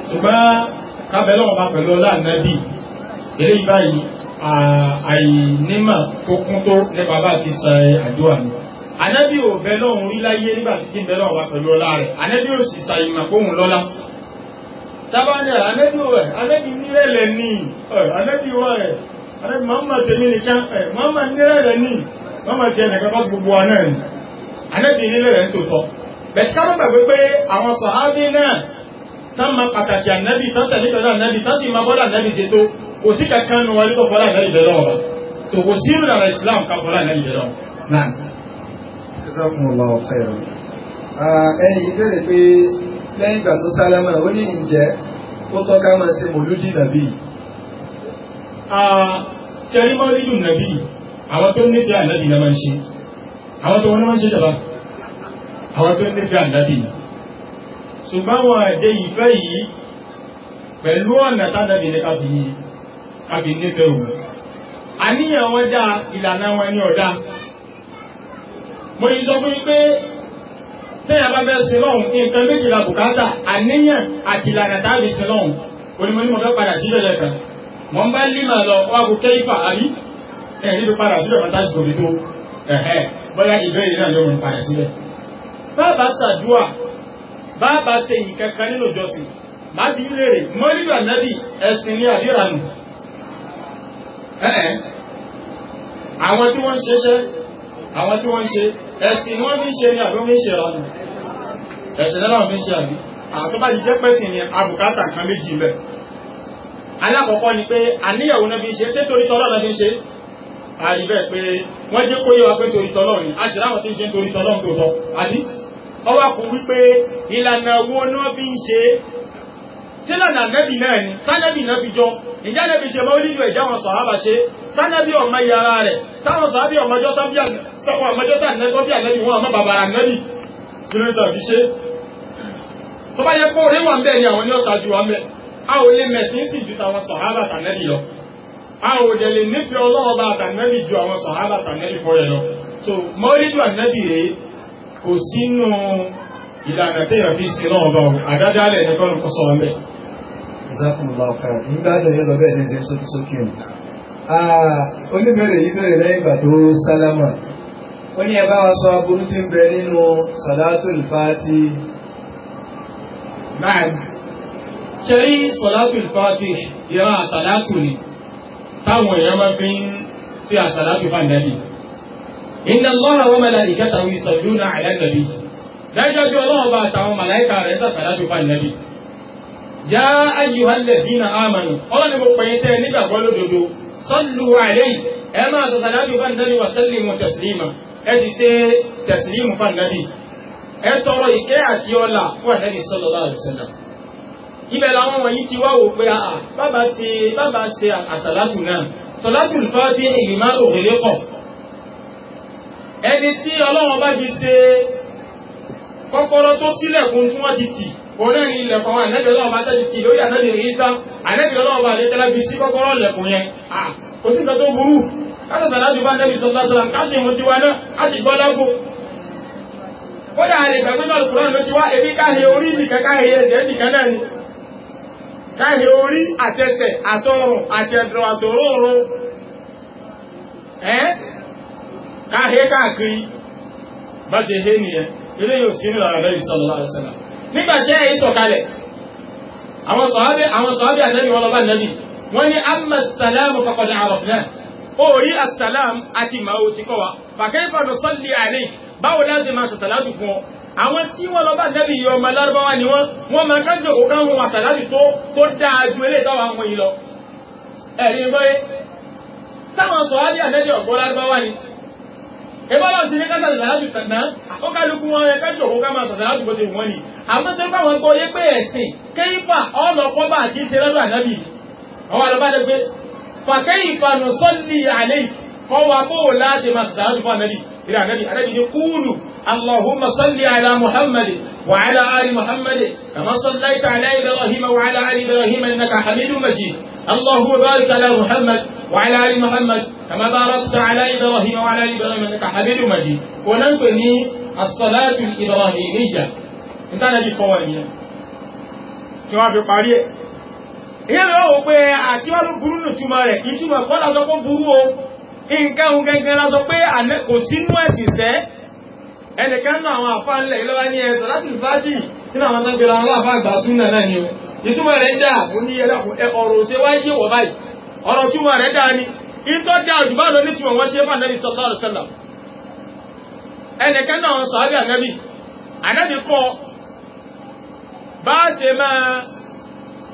ṣùgbọ́n kábẹ̀rẹ̀ ọba pẹ̀lú ọlá nẹ́bì eré báyìí àìnímọ̀ tó kún tó nípa bá ti sẹ àdúrà ni anẹ́bí ò bẹ lọ́hùn rí láyé nígbà tí ti ń bẹ lọ́hùn wá pẹ̀lú ọlá rẹ̀ anẹ́bí ò sì ṣàyìnmọ̀ kóhùn lọ́lá ànábì nílé rẹ̀ ń tòótọ́ bẹ̀tí ká mọ̀ pé àwọn sọ̀hábí náà tán ma pàtàkì ànábì tán tẹ̀lé pẹ̀lú ànábì tán sì ma bọ́lá ànábì ṣe tó kò sí kankan nu wọlé tó bọ́lá ànábì bẹ̀rẹ̀ ọ̀rọ̀ tó kò sí ìrìnà Islam ká bọ́lá ànábì bẹ̀rẹ̀ ọ̀rọ̀ náà. Jazakumullahu khairan. ẹni ìbéèrè pé lẹ́yìn ìgbà tó sálámà ó ní ǹjẹ́ ó tọ́ ká máa ṣe mòlúdì nàbí. ṣe rí mọ́lídùn nàbí àwọn tó nífẹ̀ẹ́ ànábì máa ń ṣe àwọn tó wọ́n náà ṣe jàbá àwọn tó nífẹ́ àdábì ṣùgbọ́n wọn èdè ìfẹ́ yìí pẹ̀lú ọ̀nà tàbí ní káfí nífẹ́ òun àníyàn wọn dá ìlànà wọn ní ọ̀dá mo yìí sọ fún yí pé tẹ́yà bá bẹ́ẹ̀ sí lọ́hùn nǹkan méjìlá bùkátà àníyàn àti ìlànà tàbí sí lọ́hùn onímọ̀ ní mo fẹ́ padà sí ìjọba kan mo ń bá límà lọ wá kó kẹ́ ìfà àbí ẹ̀rí ló padà sí ìjọba tá bóyá ìbéèrè náà yóò mọ̀ padà sílẹ̀. bàbá ṣàdúà bàbá ṣe ìkankan nínú ìjọsìn máa fi léèrè mọ́lídù ànábì ẹ̀sìn ní àdíranù. àwọn tí wọ́n ń ṣeṣẹ́ àwọn tí wọ́n ń ṣe ẹ̀sìn ni wọ́n fi ń ṣe ní àbí wọ́n fi ń ṣe ìranù ẹ̀sìn náà fi ń ṣe àbí àtọ́bá ti jẹ́ àrí bẹ́ẹ̀ pé wọ́n jẹ́ kó yé wa pé torí tọ́lọ́run ni a sì ráwọn tí ń ṣe ń torí tọ́lọ́run tó tọ́ àbí ọwọ́ kò wípé ìlànà wo ni wọ́n fi ń ṣe sílànà nẹ́bì náà ni sánẹ́bì náà fi jọ ìjà nẹ́bì ṣe mọ́ nílò ìjà wọn sọ̀hábà ṣe sánẹ́bì ọmọ ìyára rẹ̀ sáwọn sọ̀hábì ọmọjọ́ sábíà nẹ́bì wọn ọmọ bàbàrà nẹ́bì kí ló tàbí ṣe tó bá yẹ kó orí wà bẹ́ẹ̀ ni àwọn ní ọ̀sájú wa ń bẹ́ẹ̀ a ò lè mẹ̀sìn sì ju tàwọn sọ̀hábà tànẹ́bì lọ a ò dẹ̀ lè nífẹ̀ẹ́ ọlọ́wọ́ bá àtànẹ́bì ju àwọn sàhábà àtànẹ́bì fọ́ yẹn lọ so mọ́lídùú àtànẹ́bì rèé kò sínú ìlànà téèyàn fi sí lọ́wọ́ bá àdájá lẹ̀ ní kọ́nù kọ́ sọ̀rọ̀ mẹ́. ìzákùnlọ́ fẹ́ nígbà tó yẹ lọ bẹ́ẹ̀ ní ṣe sókè sókè o. Ah, oníbẹ̀rẹ̀ yìí bẹ̀rẹ̀ lẹ́yìn ìgbà tó sálámà ó ní ẹ bá wa sọ aburú tí ń bẹ fati. náà ṣe rí salatul fati ìran àsàlátù ni táwọn èèyàn máa fi ń ṣe àṣàlátù fún ànábì inna Allaha wa malaikatahu yusalluna ala nabi dájọ́jú ọlọ́run bá àtàwọn màláìkà rẹ̀ sàṣàlátù fún ànábì yá ayyuhal ladhina amanu ọlọ́ni mo pè é tẹ́ nígbàgbọ́ lódodo sallu alayhi ẹ máa sàṣàlátù fún ànábì wa sallimu taslima ẹ ti ṣe tẹ̀sílímù fún ibẹ̀ làwọn wọ̀nyí ti wá wò pé àà ah, ah, bàbá ti bàbá ṣe àṣàlátù náà ṣàlátù fàtí èyí má òrèlé pọ̀ ẹni tí ọlọ́wọ́n bá fi ṣe kọ́kọ́rọ́ tó sílẹ̀kùn tí wọ́n ti tì òun náà ni ilẹ̀kùn àwọn ànẹ́bí ọlọ́wọ́n bá tẹ́lẹ̀ tì lórí ànẹ́bí ìrísá ànẹ́bí ọlọ́wọ́n bá lẹ́tẹ́lá fi sí kọ́kọ́rọ́ lẹ̀kùn yẹn ah, kò sí nǹkan tó burú kásàtà láti bá ànẹ́bí kódà àlè gbàgbé náà kúrọ́ọ̀nù ló ti wá èmi káhe orí nìkan káhe ẹ̀jẹ̀ nìkan náà ni káyìn orí àtẹsẹ̀ àtọrùn àtẹ̀dọ̀ àtòróòrò ẹ́ káyé káàkiri bá ṣe hé nìyẹn ilé yóò sí nílò àrẹ ìsọ̀lọ́lá ìsọ̀lá nígbà tí ẹ̀ sọ̀kalẹ̀ àwọn sọ̀hábẹ́ àwọn sọ̀hábẹ́ ànábì wọn lọ́ba ànábì wọ́n ní amma salamu faqad arafna orí asalam àti màá ti kọ́ wa fa kayfa nusalli alayk báwo láti máa sàlámù fún ọ àwọn tí wọ́n lọ bá nẹ́bí yọ ọmọ lárúbáwá ni wọ́n wọ́n máa ká jòkó ká wọn àṣàlásì tó tó dáa ju eléyìí táwọn àwọn yìí lọ ẹ̀rí ń gbọ́yé sáwọn sọ alẹ́ ànẹ́bí ọ̀gbọ́ lárúbáwá ni ìbọ́lọ̀ sí ní ká sàṣàlásì tàná àkọ́kálukú wọn ẹ ká jòkó ká máa sàṣàlásì bó ti wọ́n ni àmọ́ tó bá wọn gbọ́ yé pé ẹ̀sìn kéyífà ọlọ́kọ́ bá àti ṣe lọ́dọ̀ ànẹ́bí àwọn àlọ́bàdẹ pé fàkẹ́yìfà nù sọ́ọ̀lì àlẹ́ kọ́ wa bó o láti máa sàṣàlásì ìrẹ́ ànábì ànábì ní kúlù allahumma salli ala muhammad wa ala ali muhammad kama sallaita ala ibrahim wa ala ali ibrahim innaka hamidun majid allahumma barik ala muhammad wa ala ali muhammad kama barakta ala ibrahim wa ala ali ibrahim innaka hamidun majid wọn ń pè ní as-salatu al-ibrahimiyya ìtànàbí kọ́wọ́ nìyẹn tí wọ́n fi parí ẹ̀ ìyẹn lọ́wọ́ pé àti wọ́n ló burú nù túmọ̀ rẹ̀ ìtumọ̀ kọ́lá sọ fún burú o nǹkan òun gẹ́gẹ́ la sọ pé kò sínú ẹ̀sìn sẹ́ ẹnìkan náà àwọn àfa ńlẹ̀ ìlọ́wà ní ẹ̀sọ̀ láti fàájì nínú àwọn tó ń gbèrò àwọn àfa àgbà súnà náà ni o ìtumọ̀ rẹ̀ dà ó ní ọ̀rọ̀ ṣe wá wọ̀ báyìí ọ̀rọ̀ túmọ̀ rẹ̀ dà ìtọ́ dà lọ ní wọ́n ṣe fún ẹnìkan náà sọ àbí kọ́ bá a ṣe máa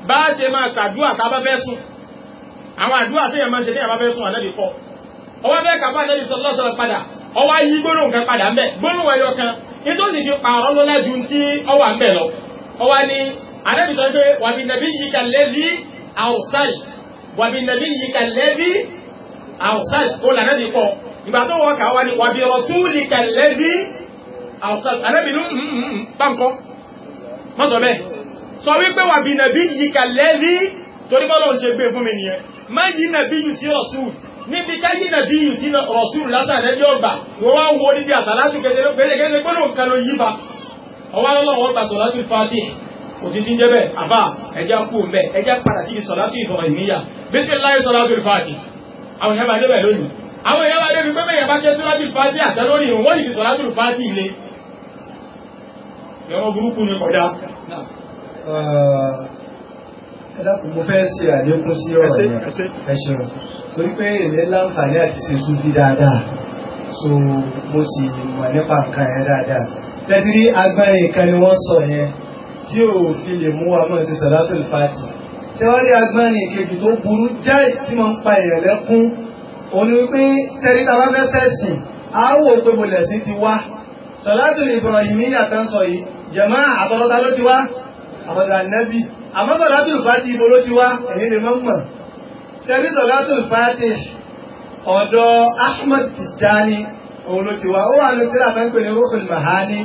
bá ṣe máa ọwọ́ bẹ́ẹ̀ kàfà nẹ́bí sọlọ́sọlọ́ padà ọwọ́ yí gbólóhùn kan padà ńbẹ gbólóhùn ẹyọ kan nítorí sì fi pààrọ̀ lọ́lá ju ti ọwọ́ ńbẹ lọ ọwọ́ ni anẹ́bí sọ pé wàbí nàbí yìí kan lẹ́bí àwùsàl wàbí nàbí yìí kan lẹ́bí àwùsàl ó là nẹ́bí kọ ìgbà tó wọ́ kà wá ni wàbí rọ̀súlì kan lẹ́bí àwùsàl anẹ́bí ló báńkọ́ mọ́sọ̀ bẹ́ẹ̀ sọ wípé wàbí nàbí yìí kan lẹ́bí torí bọ́lọ́ níbi táyé náà bí yìí sínú rọ̀súrù látàrí ẹbí ọgbà wọ́n wá ń wo níbi àsàlásù kẹsẹ̀rẹ́ pẹ̀lẹ́gẹ́sẹ̀ gbọ́dọ̀ nǹkan ló yípa ọwọ́ ọlọ́wọ́ gbà sọ̀látù fàtì kò sí ti ń jẹ́ bẹ́ẹ̀ àbá ẹja kú mẹ́ ẹja padà sí sọ̀látù ìbọ̀rìníyà bísí láyé sọ̀látù fàtì àwọn èèyàn bá débẹ̀ lónìí àwọn èèyàn bá débi pé bẹ́ẹ̀ bá jẹ́ sọ̀látù fàtì àtẹ́lórí wọ́n yìí sọ̀látù fàtì ilé ẹ̀rọ burúkú ni kọjá ẹ̀dá kò mo fẹ́ ṣe àlékún sí ọ̀rọ̀ ẹ̀ṣẹ̀ torí pé èmi láǹfààní àti ṣe súnfí dáadáa so mo sì mọ̀ nípa nǹkan yẹn dáadáa tẹ́tírí agbára ìkan ni wọ́n sọ yẹn tí ò fi lè mú wa mọ̀ sí sọ̀dátùl fàtì tí wọ́n rí agbára ìkejì tó burú jáì tí mo ń pa èèyàn lẹ́kún òun ni wípé tẹ́rí táwọn fẹ́ sẹ́sìn àáwò pé mo lẹ̀ sí ti wá sọ̀dátùl Ibrahimiyya tán sọ yìí jẹ̀mọ́ àtọ́lọ́ta ló ti wá àtọ́lọ́ta nẹ́bì àmọ́ sọ̀dátùl fàtì ibo ló ti wá èyí lè mọ́ mọ̀ ṣẹ̀rí sọ̀látùl Fatih ọ̀dọ̀ Ahmad Tijani òun ló ti wá ó wà ní tíra tó ń pè ní Ruhul Mahani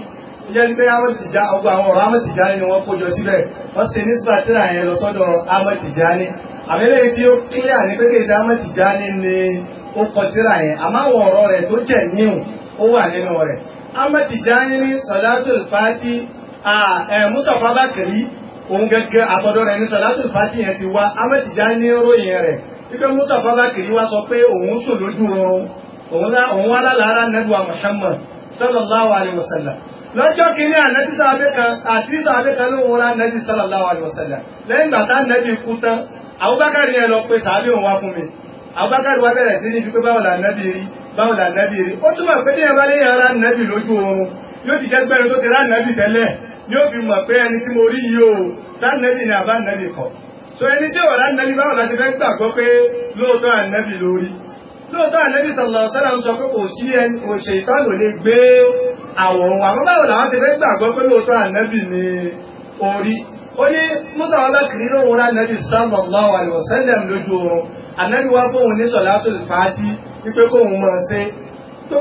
jẹ́ pé Ahmad Tijani ọgbà àwọn ọ̀rọ̀ Ahmad Tijani ni wọ́n kójọ síbẹ̀ wọ́n ṣe ní sípà tíra yẹn lọ sọ́dọ̀ Ahmad Tijani àbẹ́lẹ́ tí ó clear ní pé kí ṣe Ahmad Tijani ni ó kọ tíra yẹn àmọ́ àwọn ọ̀rọ̀ rẹ̀ tó jẹ́ níhùn ní sọ̀látùl Fatih yẹn ti wá Ahmad Tijani ròyìn rẹ̀ wípé musa fábàkiri wá sọ pé òun sùn lójú oorun òun wá lálára nẹ́dùá Muhammad sallallahu alayhi wa sallam lọ́jọ́ kìíní ànẹ́bí sàbẹ̀ kan àti sàbẹ̀ kan ló ń wọra ànẹ́bí sallallahu alayhi wa sallam lẹ́yìn ìgbà tá ànẹ́bí kú tán Abubakar yẹn lọ pé sàbẹ̀ òun wá fún mi Abubakar wá bẹ̀rẹ̀ sí ní fipé báwo là ànẹ́bí rí báwo là ànẹ́bí rí ó túmọ̀ pé ní ẹ̀bá lẹ́yìn ara ànẹ́bí lójú oorun yóò ti jẹ́ gbẹ́rin tó ti rá ànẹ́bí tẹ́lẹ̀ yóò fi mọ̀ pé ẹni tí mo rí yìí o sànẹ́bí ni àbá ànẹ́bí kọ̀ so ẹni tí ọ̀rá nẹ́bí báwọn láti fẹ́ gbàgbọ́ pé lóòótọ́ ànẹ́bí lórí lóòótọ́ ànẹ́bí sallallahu alaihi wasallam ń sọ pé kò sí ẹni kò ṣe ìtọ́nù lè gbé àwọ̀ wọn àmọ́ báwọn làwọn ti fẹ́ gbàgbọ́ pé lóòótọ́ ànẹ́bí ni orí ó ní musa alákìrí ló wọra ànẹ́bí sallallahu alaihi wasallam lójú oorun ànẹ́bí wá fóun ní salatul fati wípé kóun mọ̀ ṣe tó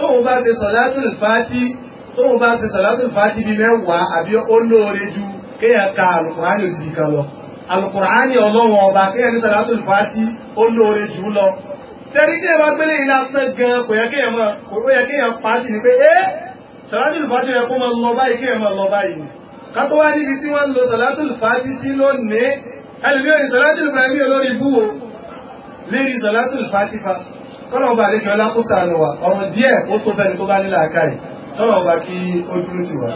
tóun bá ṣe salatul fati tóun bá ṣe salatul fati bíi mẹ́wàá àbí ó lóore ju kéèyàn ka àlùkò alukur'ani ọlọ́wọ́ ọba kí ẹni sọ̀rọ̀ fàájì ó lóore jù lọ tẹ́rí tí ẹ bá gbélé iná sẹ́ gan kò yẹ kéèyàn mọ̀ kò yẹ kéèyàn pàtì ní pé ẹ́ sọ̀rọ̀ fàájì yẹ kó mọ lọ báyìí kéèyàn mọ lọ báyìí ni kátó wá níbi tí wọ́n lo sọ̀rọ̀ fàájì sí lónìí ẹlòmíràn ní sọ̀rọ̀ fàájì olórí bú o lérí sọ̀rọ̀ fàájì fa kọ́nà ọba àlejò ọlá kó sànù wa ọ̀rọ̀ díẹ̀ ó tó fẹ́ni tó bá nílà àkàrẹ̀ kọ́nà ọba kí ó dúró tì wá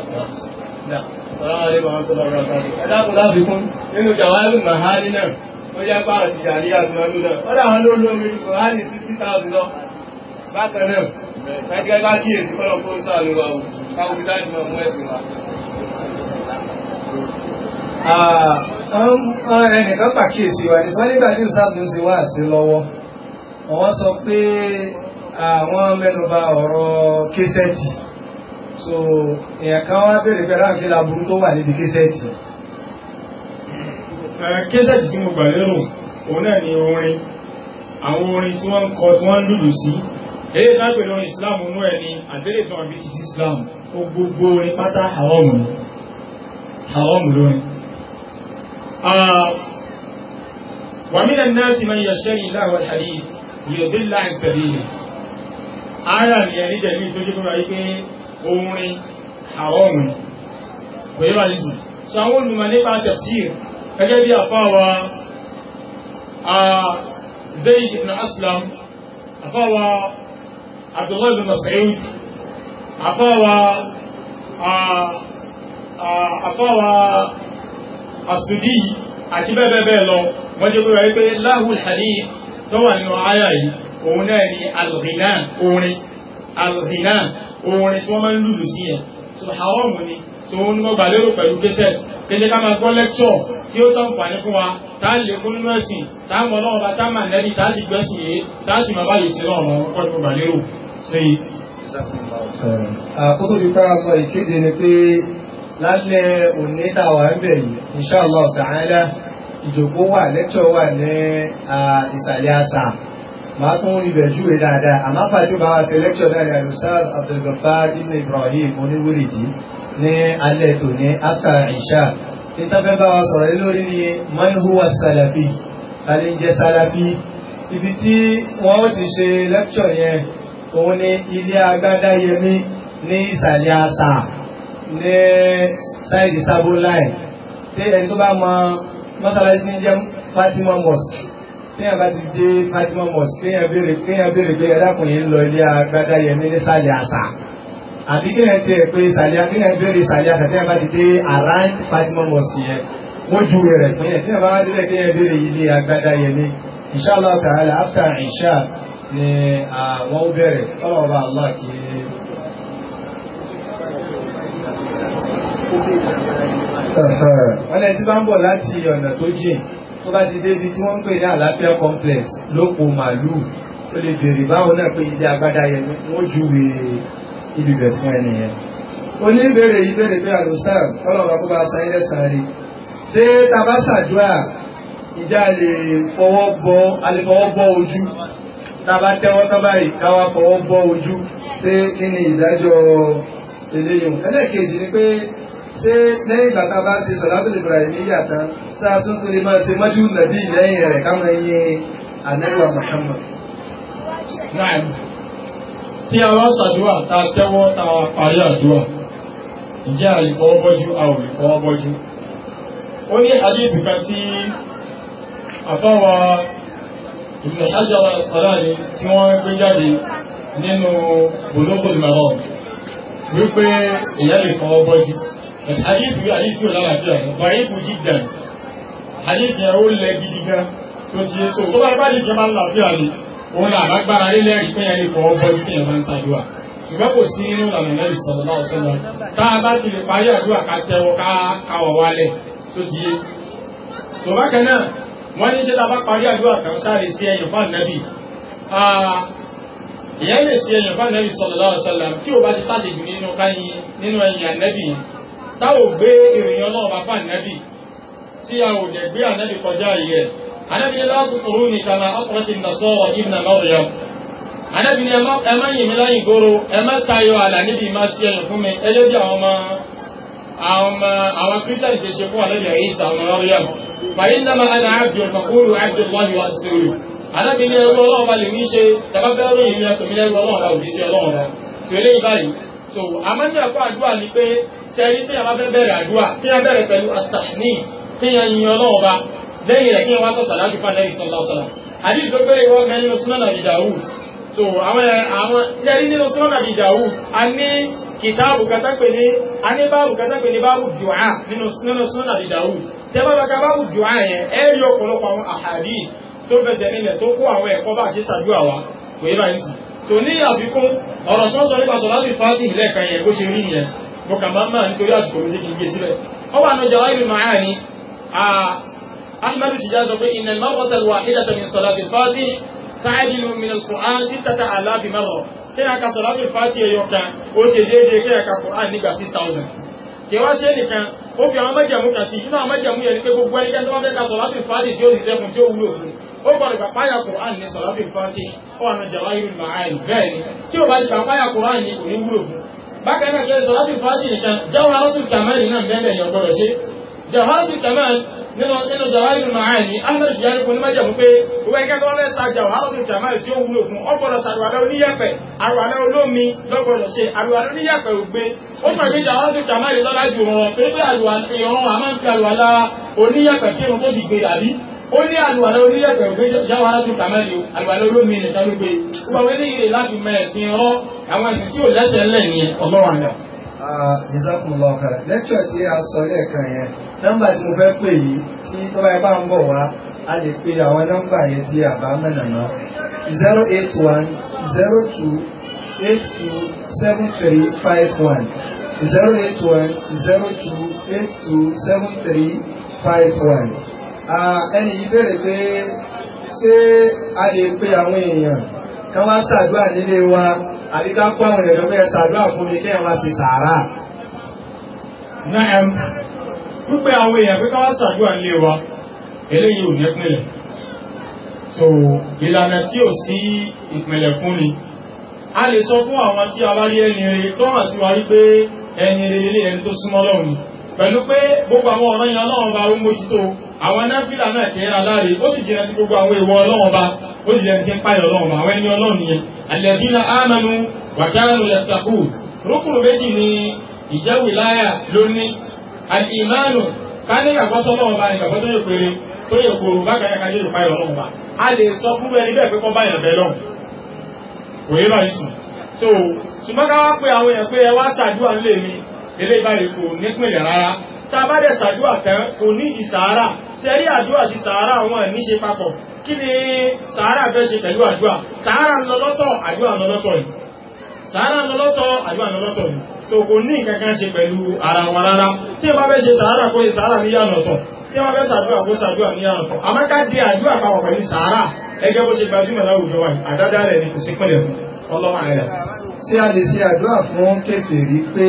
ẹ̀dàkùn láfikún nínú jàwáàbù mahali náà ó yá pa àti jàrí àtìmọ́lú náà ó dáwọn ló lórí mahali 60,000 lọ bákan náà ẹgbẹ́ bá kí èsì kọ́lọ̀ kó sọ àlúwà ẹnìkan pàkíyèsí wa ní sọ́nígbà tí ìsáàtì ń ṣe sí lọ́wọ́ wọ́n sọ pé àwọn mẹ́nubà ọ̀rọ̀ késẹ́tì so èèyàn kan wá bèèrè pé aláàfin laburú tó wà níbi késẹ́ẹ̀tì késẹ́ẹ̀tì tí mo gbà lérò òun náà ni orin àwọn orin tí wọ́n ń kọ tí wọ́n ń lùlù sí èyí lágbèrè orin Islam mú ẹ ní àdélé kan bí ti Islam ó gbogbo orin pátá haram ni haram lórin wàmínà náà ti máa yẹ̀ṣẹ́ ìlà àwọn hadith yóò dé láì sẹ̀lẹ̀ ayà ni ẹ̀rí jẹ̀lú ìtọ́jú fún wa yí pé orin àwọ̀rùn pẹ̀lú àìsì so àwọn olùmọ̀ nípa tafsir gẹ́gẹ́ bí àfáwà Zayd ibn Aslam àfáwà Abdullah ibn Mas'ud àfáwà àfáwà As-Sudi àti bẹ́ẹ̀bẹ́ẹ̀ lọ wọ́n jẹ́ pẹ́rẹ́ pé lahul hadith tó wà nínú àyà yìí òun náà ni al orin al orin tí wọ́n máa ń lùlù sí yẹn so haram ni so ó ní wọ́n gbà lérò pẹ̀lú kéṣẹ́ kéṣẹ́ ká máa gbọ́ lẹ́kṣọ̀ tí ó sàǹfààní fún wa tá a lè kún nínú ẹ̀sìn tá a mọ̀ lọ́wọ́ bá tá a mà lẹ́ni tá a sì gbẹ́sìn yé tá a sì máa bá lè ṣe lọ́rùn ọ̀rọ̀ kọ́ ni mo gbà lérò ṣe yìí. àkótó fi kára mọ ìkéde ni pé lálẹ́ òní táwa ń bẹ̀ yìí inshallah ta'ala ìjòkó wà lẹ́kṣọ̀ wà ní ìsàlẹ̀ àṣà màá tún ibẹ̀ júwe dáadáa àmọ́ fàájú bá wa ṣe lẹ́kṣọ̀ náà ní alùsáàd abdulgafar ibn ibrahim oníwèrèdì ní alẹ́ tó ní after isha nítafẹ́ bá wa sọ̀rọ̀ lórí ni man huwa salafi alẹ́ ń jẹ́ salafi ibi tí wọ́n ti ṣe lẹ́kṣọ̀ yẹn òun ni ilé agbádá yẹmí ní ìsàlẹ̀ àṣà ní sáìdì sábó láì tí ẹni kéèyàn bá ti dé Fatima mosque kéèyàn béèrè kéèyàn béèrè pé ẹ̀dàkùnrin ń lọ ilé agbádá yẹn ní sàlẹ̀ àṣà àbí kéèyàn ti rẹ̀ pé sàlẹ̀ kéèyàn béèrè sàlẹ̀ àṣà kéèyàn bá ti dé around Fatima mosque yẹn wọ́n ju rẹ̀ fún yẹn kéèyàn bá wá délẹ̀ kéèyàn béèrè ilé agbádá yẹn ní inshallah ta'ala after isha ni àwọn ó bẹ̀rẹ̀ ọlọ́wọ́ bá Allah kì í. wọ́n lẹ́yìn tí bá ń bọ̀ láti ọ̀nà tó jìn tó bá ti débi tí wọ́n ń pè ní àlàáfíà complex lóko màlúù ó lè béèrè báwo náà pé ibi agbádá yẹn wọ́n júwe ibi bẹ̀ fún ẹni yẹn. oníbèrè yìí bèrè pé àlùsàn ọlọ́run bá kó bá san ilé san rí ṣé tàbá ṣàdúrà ìjà lè fọwọ́ bọ àlefọwọ́ bọ ojú tàbá tẹ́wọ́ tán báyìí káwá fọwọ́ bọ ojú ṣé kí ni ìdájọ́ eléyìí ẹlẹ́ẹ̀kejì ni pé ṣé lẹ́yìn ìgbà tá a bá ṣe sọ̀dátù Ibrahimiyya tán ṣá a tún lè máa ṣe mọ́jú nàbí lẹ́yìn rẹ̀ káwọn ẹyin anẹ́wà Muhammad. náà tí a wá ṣàdúrà tá a tẹ́wọ́ tá a parí àdúrà ǹjẹ́ a a ò lè ó ní àdéhùn kan tí àfáwà Ibn Hajar tí wọ́n gbé jáde nínú Bulughul Maram wípé ìyá lè fọwọ́ àdífù bí àdífù lálàáfíà báyìí kù jígbà àdífù yẹn ó lẹ gidi gan tó ti yé so tó bá bá nìkan máa ń làáfíà ni òun là lágbára rí lẹ́rìí pé yẹn lè kọ́ ọgbọ́n tí yẹn máa ń ṣàdúrà ṣùgbọ́n kò sí nínú ìlànà náà ìṣẹ̀lẹ̀ náà sọ́nà tá a bá ti lè parí àdúrà ká tẹ́wọ́ ká káwọ̀ wálẹ̀ tó ti yé tó bá kan náà wọ́n ní ṣe tá a bá parí àdúrà kan sáré sí ẹyìn fún ànábì ìyẹn lè ṣe ẹyìn fún ànábì sallallahu alaihi wasallam tí ò bá ti sáṣejù nínú káyìn nínú ẹyìn ànábì yẹn tá ò gbé ìròyìn ọlọ́run bá fáà nẹ́bì tí a ò dẹ̀ gbé ànẹ́bì kọjá yìí ẹ̀ ànẹ́bì ní láti kúrú ní kàmá ọkùnrin ti nà sọ ọ ìbùnà Maryam ànẹ́bì ní ẹ má yìn mí láyìn gbòòrò ẹ má tayọ àlà níbi ìmá sí ẹyìn fún mi ẹ lójú àwọn ọmọ àwọn ọmọ àwọn kírísítàní ṣe ṣe fún àlẹ́bì ẹ̀yìn sàmù Maryam fàyín náà máa nà ábì ọ̀nà kúrú ábì wáyé wá sí olù ànẹ́bì ní ẹrú ọlọ́run bá lè ní ṣe tàbá fẹ́ rí ìrìn ẹsùn mi lẹ́rú ọlọ́run bá òbí sí ọlọ́run bá tòlé ìbáyìí so àmọ́ ní ẹ̀kọ́ àdúrà tẹ̀rí tí àwọn abẹ́ bẹ̀rẹ̀ àdúrà tí a bẹ̀rẹ̀ pẹ̀lú àtàní tí a yin ọlọ́wọ́ bá lẹ́yìn rẹ̀ kí wọ́n sọ sàlájú fún alẹ́yìn sọ́lá ọ̀sọ́lá àdìs tó gbére wọ́n mẹ́ nínú súnmọ́nà ìdàwù so àwọn àwọn tẹ̀rí nínú súnmọ́nà ìdàwù a ní kìtàbù kátàpé ní a ní báàbù kátàpé ní báàbù dùá nínú súnmọ́nà ìdàwù tẹ́bàbàkà báàbù dùá yẹn ẹ rí ọ̀pọ̀lọpọ̀ àwọn àhàdì tó fẹsẹ̀ nílẹ̀ tó kó àwọn ẹ̀kọ́ bá ṣe ṣàdúrà wa kò yẹ báyìí sí so ní àfikún ọ̀rọ̀ tó ń sọ nípa sọ̀rọ̀ láti fásitì lẹ́ẹ̀kan yẹn bó ṣe mo kà máa ń máa nítorí àsìkò mi kí n gé síbẹ̀ ó wà nínú Jawahirul Ma'ani ahmadu tijá sọ pé inna al-marrata al-wahidata min salati al-fatih ta'dilu min al-Qur'an sittata alafi marra kíra ka salati al-fatih ẹyọ kan ó ṣe déédéé kíra ka Qur'an nígbà six thousand kí wá ṣe nìkan ó fi àwọn májẹ̀mú kan sí inú àwọn májẹ̀mú yẹn ni pé gbogbo ẹnikẹ́ni tó bá fẹ́ ka salati al-fatih gbọ́dọ̀ gbà páyà ní salati al-fatih ó wà nínú bẹ́ẹ̀ ni tí ó bá gbà páyà Qur'an ní kò ní wúlò fún bákan náà kẹsọ̀ láti fásitì nìkan jawharatul kamal náà bẹ́ẹ̀ ni ọgbọ́dọ̀ ṣe jawharatul kamal nínú jawahirul ma'ani ahmed jihari kò ní má jẹun pé wọ́n ẹgbẹ́ tó lẹ́sà jawharatul kamal tí ó wúlò fún ọgbọ́dọ̀ sàrùwàlẹ́ oníyẹ̀pẹ̀ àrùwàlẹ́ olómi lọ́gbọ́dọ̀ ṣe àrùwàlẹ́ oníyẹ̀pẹ̀ ògbé ó mọ̀ pé jawharatul kamal lọ́lá ju wọn pé pé àrùwàlẹ́ ó ní àlùwàlá oníyẹ̀pẹ̀ ògbé yáwá látò kàmẹ́lì o àlùwàlá olómi nìkan ló gbé ó bá wọlé yìí láti mọ ẹ̀sìn rọ àwọn ẹ̀sìn tí ò lẹ́sẹ̀ ńlẹ̀ nìyẹn ọlọ́run àná. jazakumullahu khairan lẹ́kítọ̀ tí a sọ lẹ́ẹ̀kan yẹn nọ́mbà tí mo fẹ́ pè yìí tí tó bá yẹ bá ń bọ̀ wá a lè pe àwọn nọ́mbà yẹn tí a bá mọ̀nà náà zero eight one zero two eight two seven three five one zero eight one zero two eight two seven three five one ẹni yìí bèèrè pé ṣé a lè pe àwọn èèyàn kan wá ṣàdúrà nílé wa àbí ká kó àwọn èèyàn lọ́pẹ́ ṣàdúrà fún mi kí ẹ̀ wá sí sàárà. Na'am, pípẹ́ àwọn èèyàn pé ká wá ṣàdúrà nílé wa eléyìí ò nípìnlẹ̀. So ìlànà tí ò sí ìpìnlẹ̀ fún ni. A lè sọ fún àwọn tí a bá rí ẹni rere tó hàn sí wa wípé ẹni rere lé ẹni tó súnmọ́ lọ́wọ́ ni. Pẹ̀lú pé gbogbo àwọn ọ̀rọ̀ yẹn Ọlọ́run bá ó mójútó àwọn náfìlà náà kì í ra láre ó sì jìnà sí gbogbo àwọn èèwọ̀ ọlọ́wọ́n ba ó sì jẹni kí ń páyọ̀ ọlọ́wọ́n ba àwọn ẹni ọlọ́run yẹn alladhina amanu wa kanu rúkùrù méjì ni ìjẹ́wì lónìí lóní al-imanu ká ní ìgbàgbọ́ sọ́lọ́wọ́n ba ìgbàgbọ́ tó yẹ tàbádẹ̀ sàdúà tán kò ní ìsàárà sẹ́rí àdúà sí sàárà wọn ní ṣe papọ̀ kí ni sàárà fẹ́ ṣe pẹ̀lú àdúà sàárà lọ́lọ́tọ̀ àdúà lọ́lọ́tọ̀ yìí sàárà lọ́lọ́tọ̀ àdúà lọ́lọ́tọ̀ yìí so kò ní kankan ṣe pẹ̀lú ara wọn rárá tí wọ́n fẹ́ ṣe sàárà kó ṣe sàárà ní yànà ọ̀tọ̀ tí wọ́n fẹ́ sàdúà kó sàdúà ní yànà ọ̀tọ̀ àmọ́ ká di àdúà papọ̀ pẹ̀lú sàárà ẹgbẹ́ bó ṣe gbajúmọ̀ láwùjọ wa àdádá rẹ̀ ni kò sí pẹ̀lẹ̀ fún ọlọ́mọ àìrà. ṣé a lè ṣe àdúà fún kèfèrí pé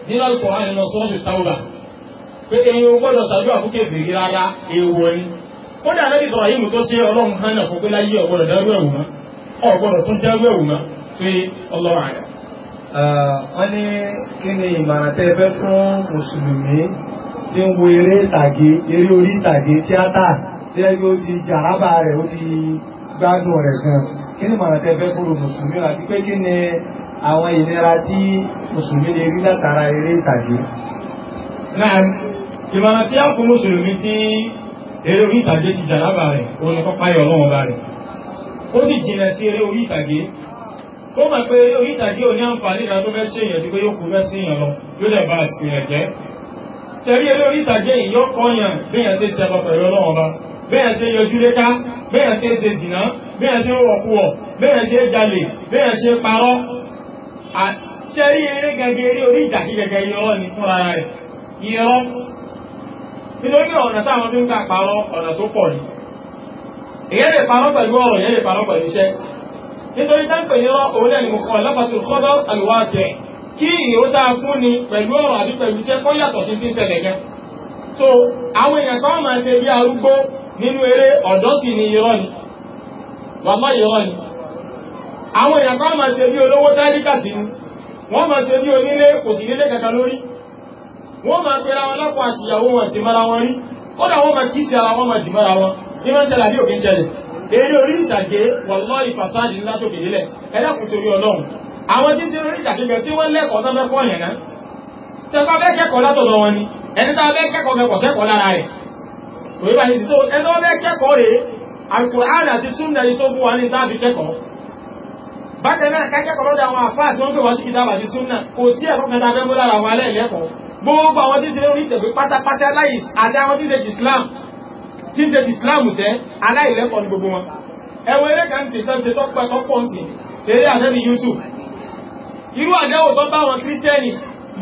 nínú Al-Qur'an nínú sọ́ọ̀tù Tawbah pé èyí ò gbọ́dọ̀ ṣàdúrà fún kèfèrí rárá èèwọ̀ ni kódà lórí Ibrahim tó ṣe ọlọ́run hánà fún pé láyé ọ̀gbọ́dọ̀ mọ́ kí ni ìmọ̀ràn fún mùsùlùmí àti pé kí ni àwọn ìnira tí mùsùlùmí lè rí látara eré ìtàgé. náà ìmọ̀ràn tí a fún mùsùlùmí tí eré orí ìtàgé ti jà lábàá rẹ̀ òun ni kọ́pá yọ̀ lọ́wọ́ bá rẹ̀ ó sì jìnà sí eré orí ìtàgé ó mọ̀ pé orí ìtàgé ò ní àǹfààní ìdá tó fẹ́ ṣe èèyàn tí pé yóò kú fẹ́ sí èèyàn lọ yóò dẹ̀ bá àṣì rẹ̀ jẹ́ tẹ̀rí eré orí ìtàgé yìí yóò kọ́yàn ṣe rí eré gẹ́gẹ́ eré orí ìdàkí gẹ́gẹ́ irọ́ ní fúnra rẹ̀ irọ́ nítorí ọ̀nà táwọn tó ń gbà parọ́ ọ̀nà tó pọ̀ ni èyẹ́ lè parọ́ pẹ̀lú ọ̀rọ̀ èyẹ́ lè parọ́ pẹ̀lú iṣẹ́ nítorí táǹpẹ̀ irọ́ òun náà ni mo kọ́ lọ́pàtì kọ́dọ̀ àlùwà jẹ kí ìró tá a kún ni pẹ̀lú ọ̀rọ̀ àbí pẹ̀lú iṣẹ́ kọ́ yàtọ̀ sí ti ń ṣẹlẹ̀ gan so àwọn èèyàn kan máa ṣe bí arúgbó nínú eré ọ̀dọ́ ni irọ́ ni wàmọ́ irọ́ àwọn èèyàn kan máa ṣe bí olówó tálíkà sí ni wọ́n máa ṣe bí onílé kò sí nílé kàkà lórí wọ́n máa pera wọn lápò àti ìyàwó wọn sí mara wọn rí kódà wọ́n máa kí sí ara wọn máa jì mara wọn ní wọ́n ṣẹlẹ̀ àbí òkè ṣẹlẹ̀ eré orí ìtàgé wallahi ìfàsáàdì ńlá tó kèdè lẹ̀ ẹlẹ́kùn torí ọlọ́run àwọn tí ń ṣe orí ìtàgé bẹ̀ tí wọ́n lẹ́kọ̀ọ́ tán mẹ́kọ́ yẹn náà tẹ́fà bẹ́ kẹ́kọ̀ọ́ látọ̀dọ̀ wọn ni ẹni tá bẹ́ kẹ́kọ̀ọ́ mẹ́kọ̀ sẹ́kọ̀ọ́ lára rẹ̀ òyìnbá yìí ti sọ ẹni wọ́n bẹ́ kẹ́kọ̀ọ́ rèé Al-Qur'an àti súnmọ́ ẹni tó fún wa ní táàbí kẹ́kọ̀ọ́ bákan náà kákẹ́kọ̀ọ́ lọ́dọ̀ àwọn àfáà tí wọ́n pè wá sí kìtàbà ní súnà kò sí ẹ̀kọ́ kẹta fẹ́mú lára àwọn alẹ́ ìlẹ́kọ̀ọ́ gbogbo àwọn tí ń ṣe orí ìtẹ̀gbé pátápátá láì àti àwọn tí ń ṣe islam tí ń ṣe islam sẹ́ aláìlẹ́kọ̀ọ́ ní gbogbo wọn ẹ̀wọ̀n eré kan ṣe tán ṣe tọ́pọ̀ tọ́pọ̀ ń sìn eré àdẹ́bí Yusuf irú àdẹ́wò tó bá wọn kírísítẹ́nì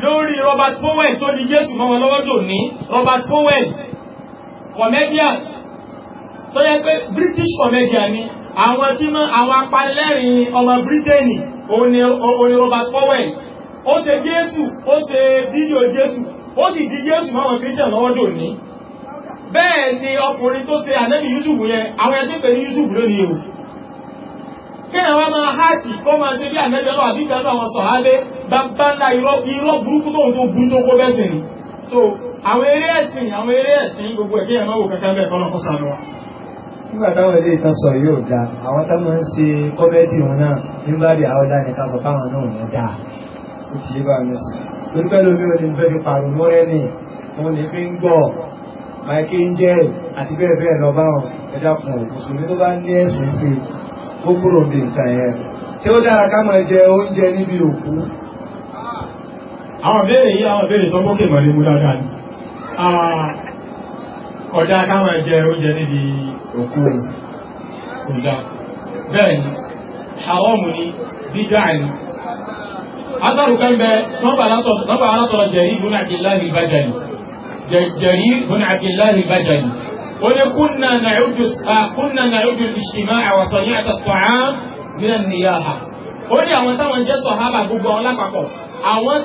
lórí Robert Powell tó ní Jésù mọ́ wọn lọ́wọ́ dòní Robert Powell comedian tó yẹ pé British comedian ni àwọn tí mọ́ àwọn apanilẹ́rìn ọmọ Bírítéènì òní Robert Powell ó ṣe Jésù ó ṣe fídíò Jésù ó sì di Jésù mọ́ àwọn Christian lọ́wọ́ ní bẹ́ẹ̀ ni ọkùnrin tó ṣe ànẹ́bì Yusuf yẹn àwọn ẹ̀sìn pè ní Yusuf lónìí o kí àwọn ọmọ hàtì kó máa ṣe bí ànẹ́bì ọlọ́ àbí àwọn sọ̀hábé irọ́ burúkú tóun tó bú tó so àwọn eré ẹ̀sìn àwọn eré ẹ̀sìn gbogbo ẹ̀kí ẹ̀mọ́wò kankan bẹ́ẹ̀ nígbà táwọn ilé ìtàn sọ yóò dáa àwọn tó máa ń ṣe kọ́mẹ́tì wọn náà nígbà bí àwọn dáa nìkan sọ káwọn náà wọn dáa ó ti yé bá mi sí torí pẹ́ lómi ò ní fẹ́ fi pààrọ̀ mọ́rẹ́ nì òun ní fi ń gbọ́ michael angel àti bẹ́ẹ̀ bẹ́ẹ̀ lọ bá wọn ẹ̀dá kan mùsùlùmí tó bá ní ẹ̀sìn sí ó kúrò ní nǹkan yẹn ṣé ó dára ká máa jẹ oúnjẹ níbi òkú. àwọn béèrè yìí àwọn béèrè tó gbókè mọ̀lẹ́mú dáadáa ni ah, kódà ká máa jẹ oúnjẹ níbi òkú rẹ̀ kò dá bẹ́ẹ̀ ni haram ni bídá ni agbárùkẹ́ ń bẹ nọ́bà alátọ̀rọ̀ jẹ̀rí ibùn abdullahi bajali jẹ̀rí ibùn abdullahi bajali ó ní kúnnà nàíjù ìṣìmá àwàsànyí àtàtọ̀ àám mílẹ̀ níyàhà ó ní àwọn táwọn jẹ́ sọ̀hábà gbogbo àwọn lápapọ̀ àwọn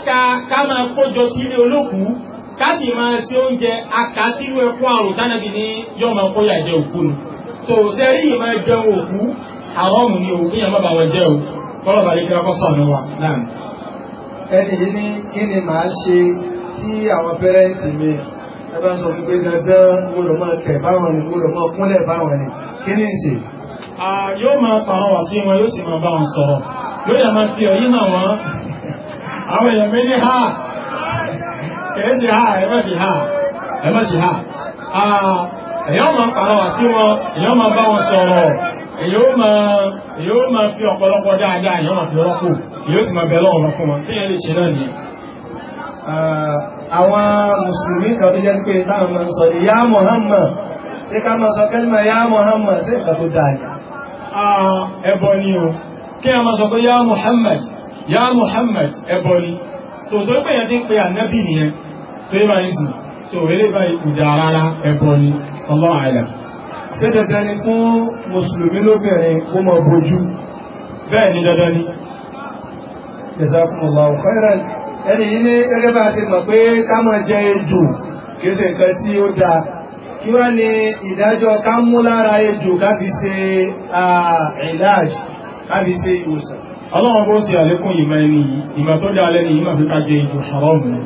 ká máa kójọ sílé olókùú Kasi ma ṣe oúnjẹ akásírú ẹkún àrùn tánàbí ní yọ máa kó yà jẹ òkú nu tó ṣe rí ìmọ̀ jẹun òkú àwọn ọmọ ní òkú yẹn má bà wọn jẹ o kọ́lọ̀ bá lè kí ọkọ̀ sọ̀rọ̀ wa náà. ẹni yìí ní kí ni màá ṣe tí àwọn pẹ́rẹ́ǹtì mi ẹ bá sọ wípé dandan gbọ́dọ̀ máa tẹ̀ báwọn ni gbọ́dọ̀ máa kúnlẹ̀ báwọn ni kí ni ń ṣe. yóò máa pa àwọn wàásù wọn yóò sì máa bá wọn sọ̀rọ̀ lóyè máa fi ọ̀yìn náà wọ́n àwọn èèyàn mi ní háà kẹ̀ẹ́ ṣe ha ẹ má ṣe ha ẹ má ṣe ha èyàn máa pàrọwà sí wọn èyàn máa bá wọn sọ̀rọ̀ èyàn máa fi ọ̀pọ̀lọpọ̀ dáadáa èyàn máa fi rọ́pò èyàn sì máa bẹ̀rẹ̀ ọ̀rọ̀ fún wọn kéèyàn lè ṣe náà ni. àwọn mùsùlùmí kan tó jẹ́ pé táwọn máa ń sọ ní yá Muhammad Muhammad ṣé ìgbà tó dáa ni. ẹbọ o kí a máa sọ Muhammad yá Muhammad ẹbọ so tó pè yẹn ti ń pe ànábì nìyẹn so yẹ báyìí sùn so eré báyìí kò dáa rárá ẹbọ ni Allahu a'lam. ṣé dandan ni fún mùsùlùmí lóbìnrin kó máa bójú bẹ́ẹ̀ ni dandan ni. jazakumullahu khairan ẹni yìí ní gẹ́gẹ́ bá a ṣe mọ̀ pé ká máa jẹ ejò kì í nǹkan tí ó dáa kí wá ní ìdájọ́ ká mú lára ejò ká fi ṣe ìlàjì ká fi ṣe ìwòsàn ọlọ́wọ́n bó ṣe àlékún ìmọ̀ ẹni ìmọ̀ tó dáa lẹ́ni ìmọ̀ fi ká jẹ ìjọ haram ni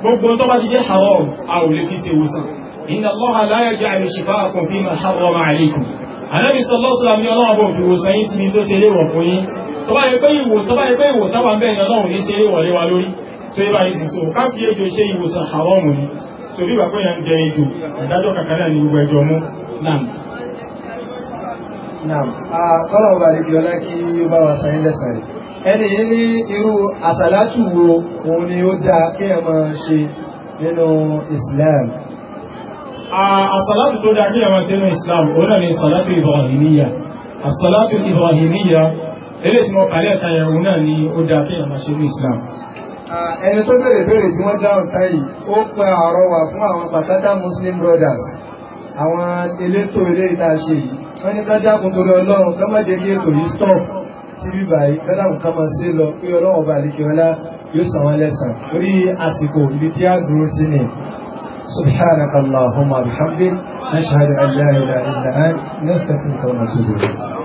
gbogbo tó bá ti jẹ́ haram a ò lè fi ṣe wòsàn inna Allaha la yaj'alu shifa'akum fima harrama 'alaykum Ànábì sallallahu alaihi wasallam fi wòsàn yín sí tó ṣe ni ọlọ́wọ́n ní fi ejò kọ́lọ̀ ọba lè jọlá kí ó bá wa sàn ilẹ̀ sàn ẹni yìí ní irú àsàlátù wo òun ni ó dáa kí ẹ máa ṣe nínú Islam àsàlátù tó dáa kí ẹ máa ṣe nínú Islam òun náà ni sàlátù Ibrahimiyya àsàlátù Ibrahimiyya ilé tí wọ́n kàlẹ̀ ẹ̀ka ẹ̀rùn náà ni ó dáa kí ẹ máa ṣe ní Islam ẹni tó bèrè bèrè tí wọ́n dáhùn táyì ó pe Muslim Brothers àwọn elétò ilé ìta ṣe yìí wọ́n ní ká dákun torí ọlọ́run ká má jẹ́ kí ètò yìí stop sí bíbà yìí ká dákun ká máa ṣe lọ pé ọlọ́run ọba àlekè ọlá yóò san wọ́n lẹ́san orí àsìkò ibi tí a dúró sí ni subhanakallahumma bihamdik nashhadu an la ilaha illa anta nastaghfiruka wa natubu ilayk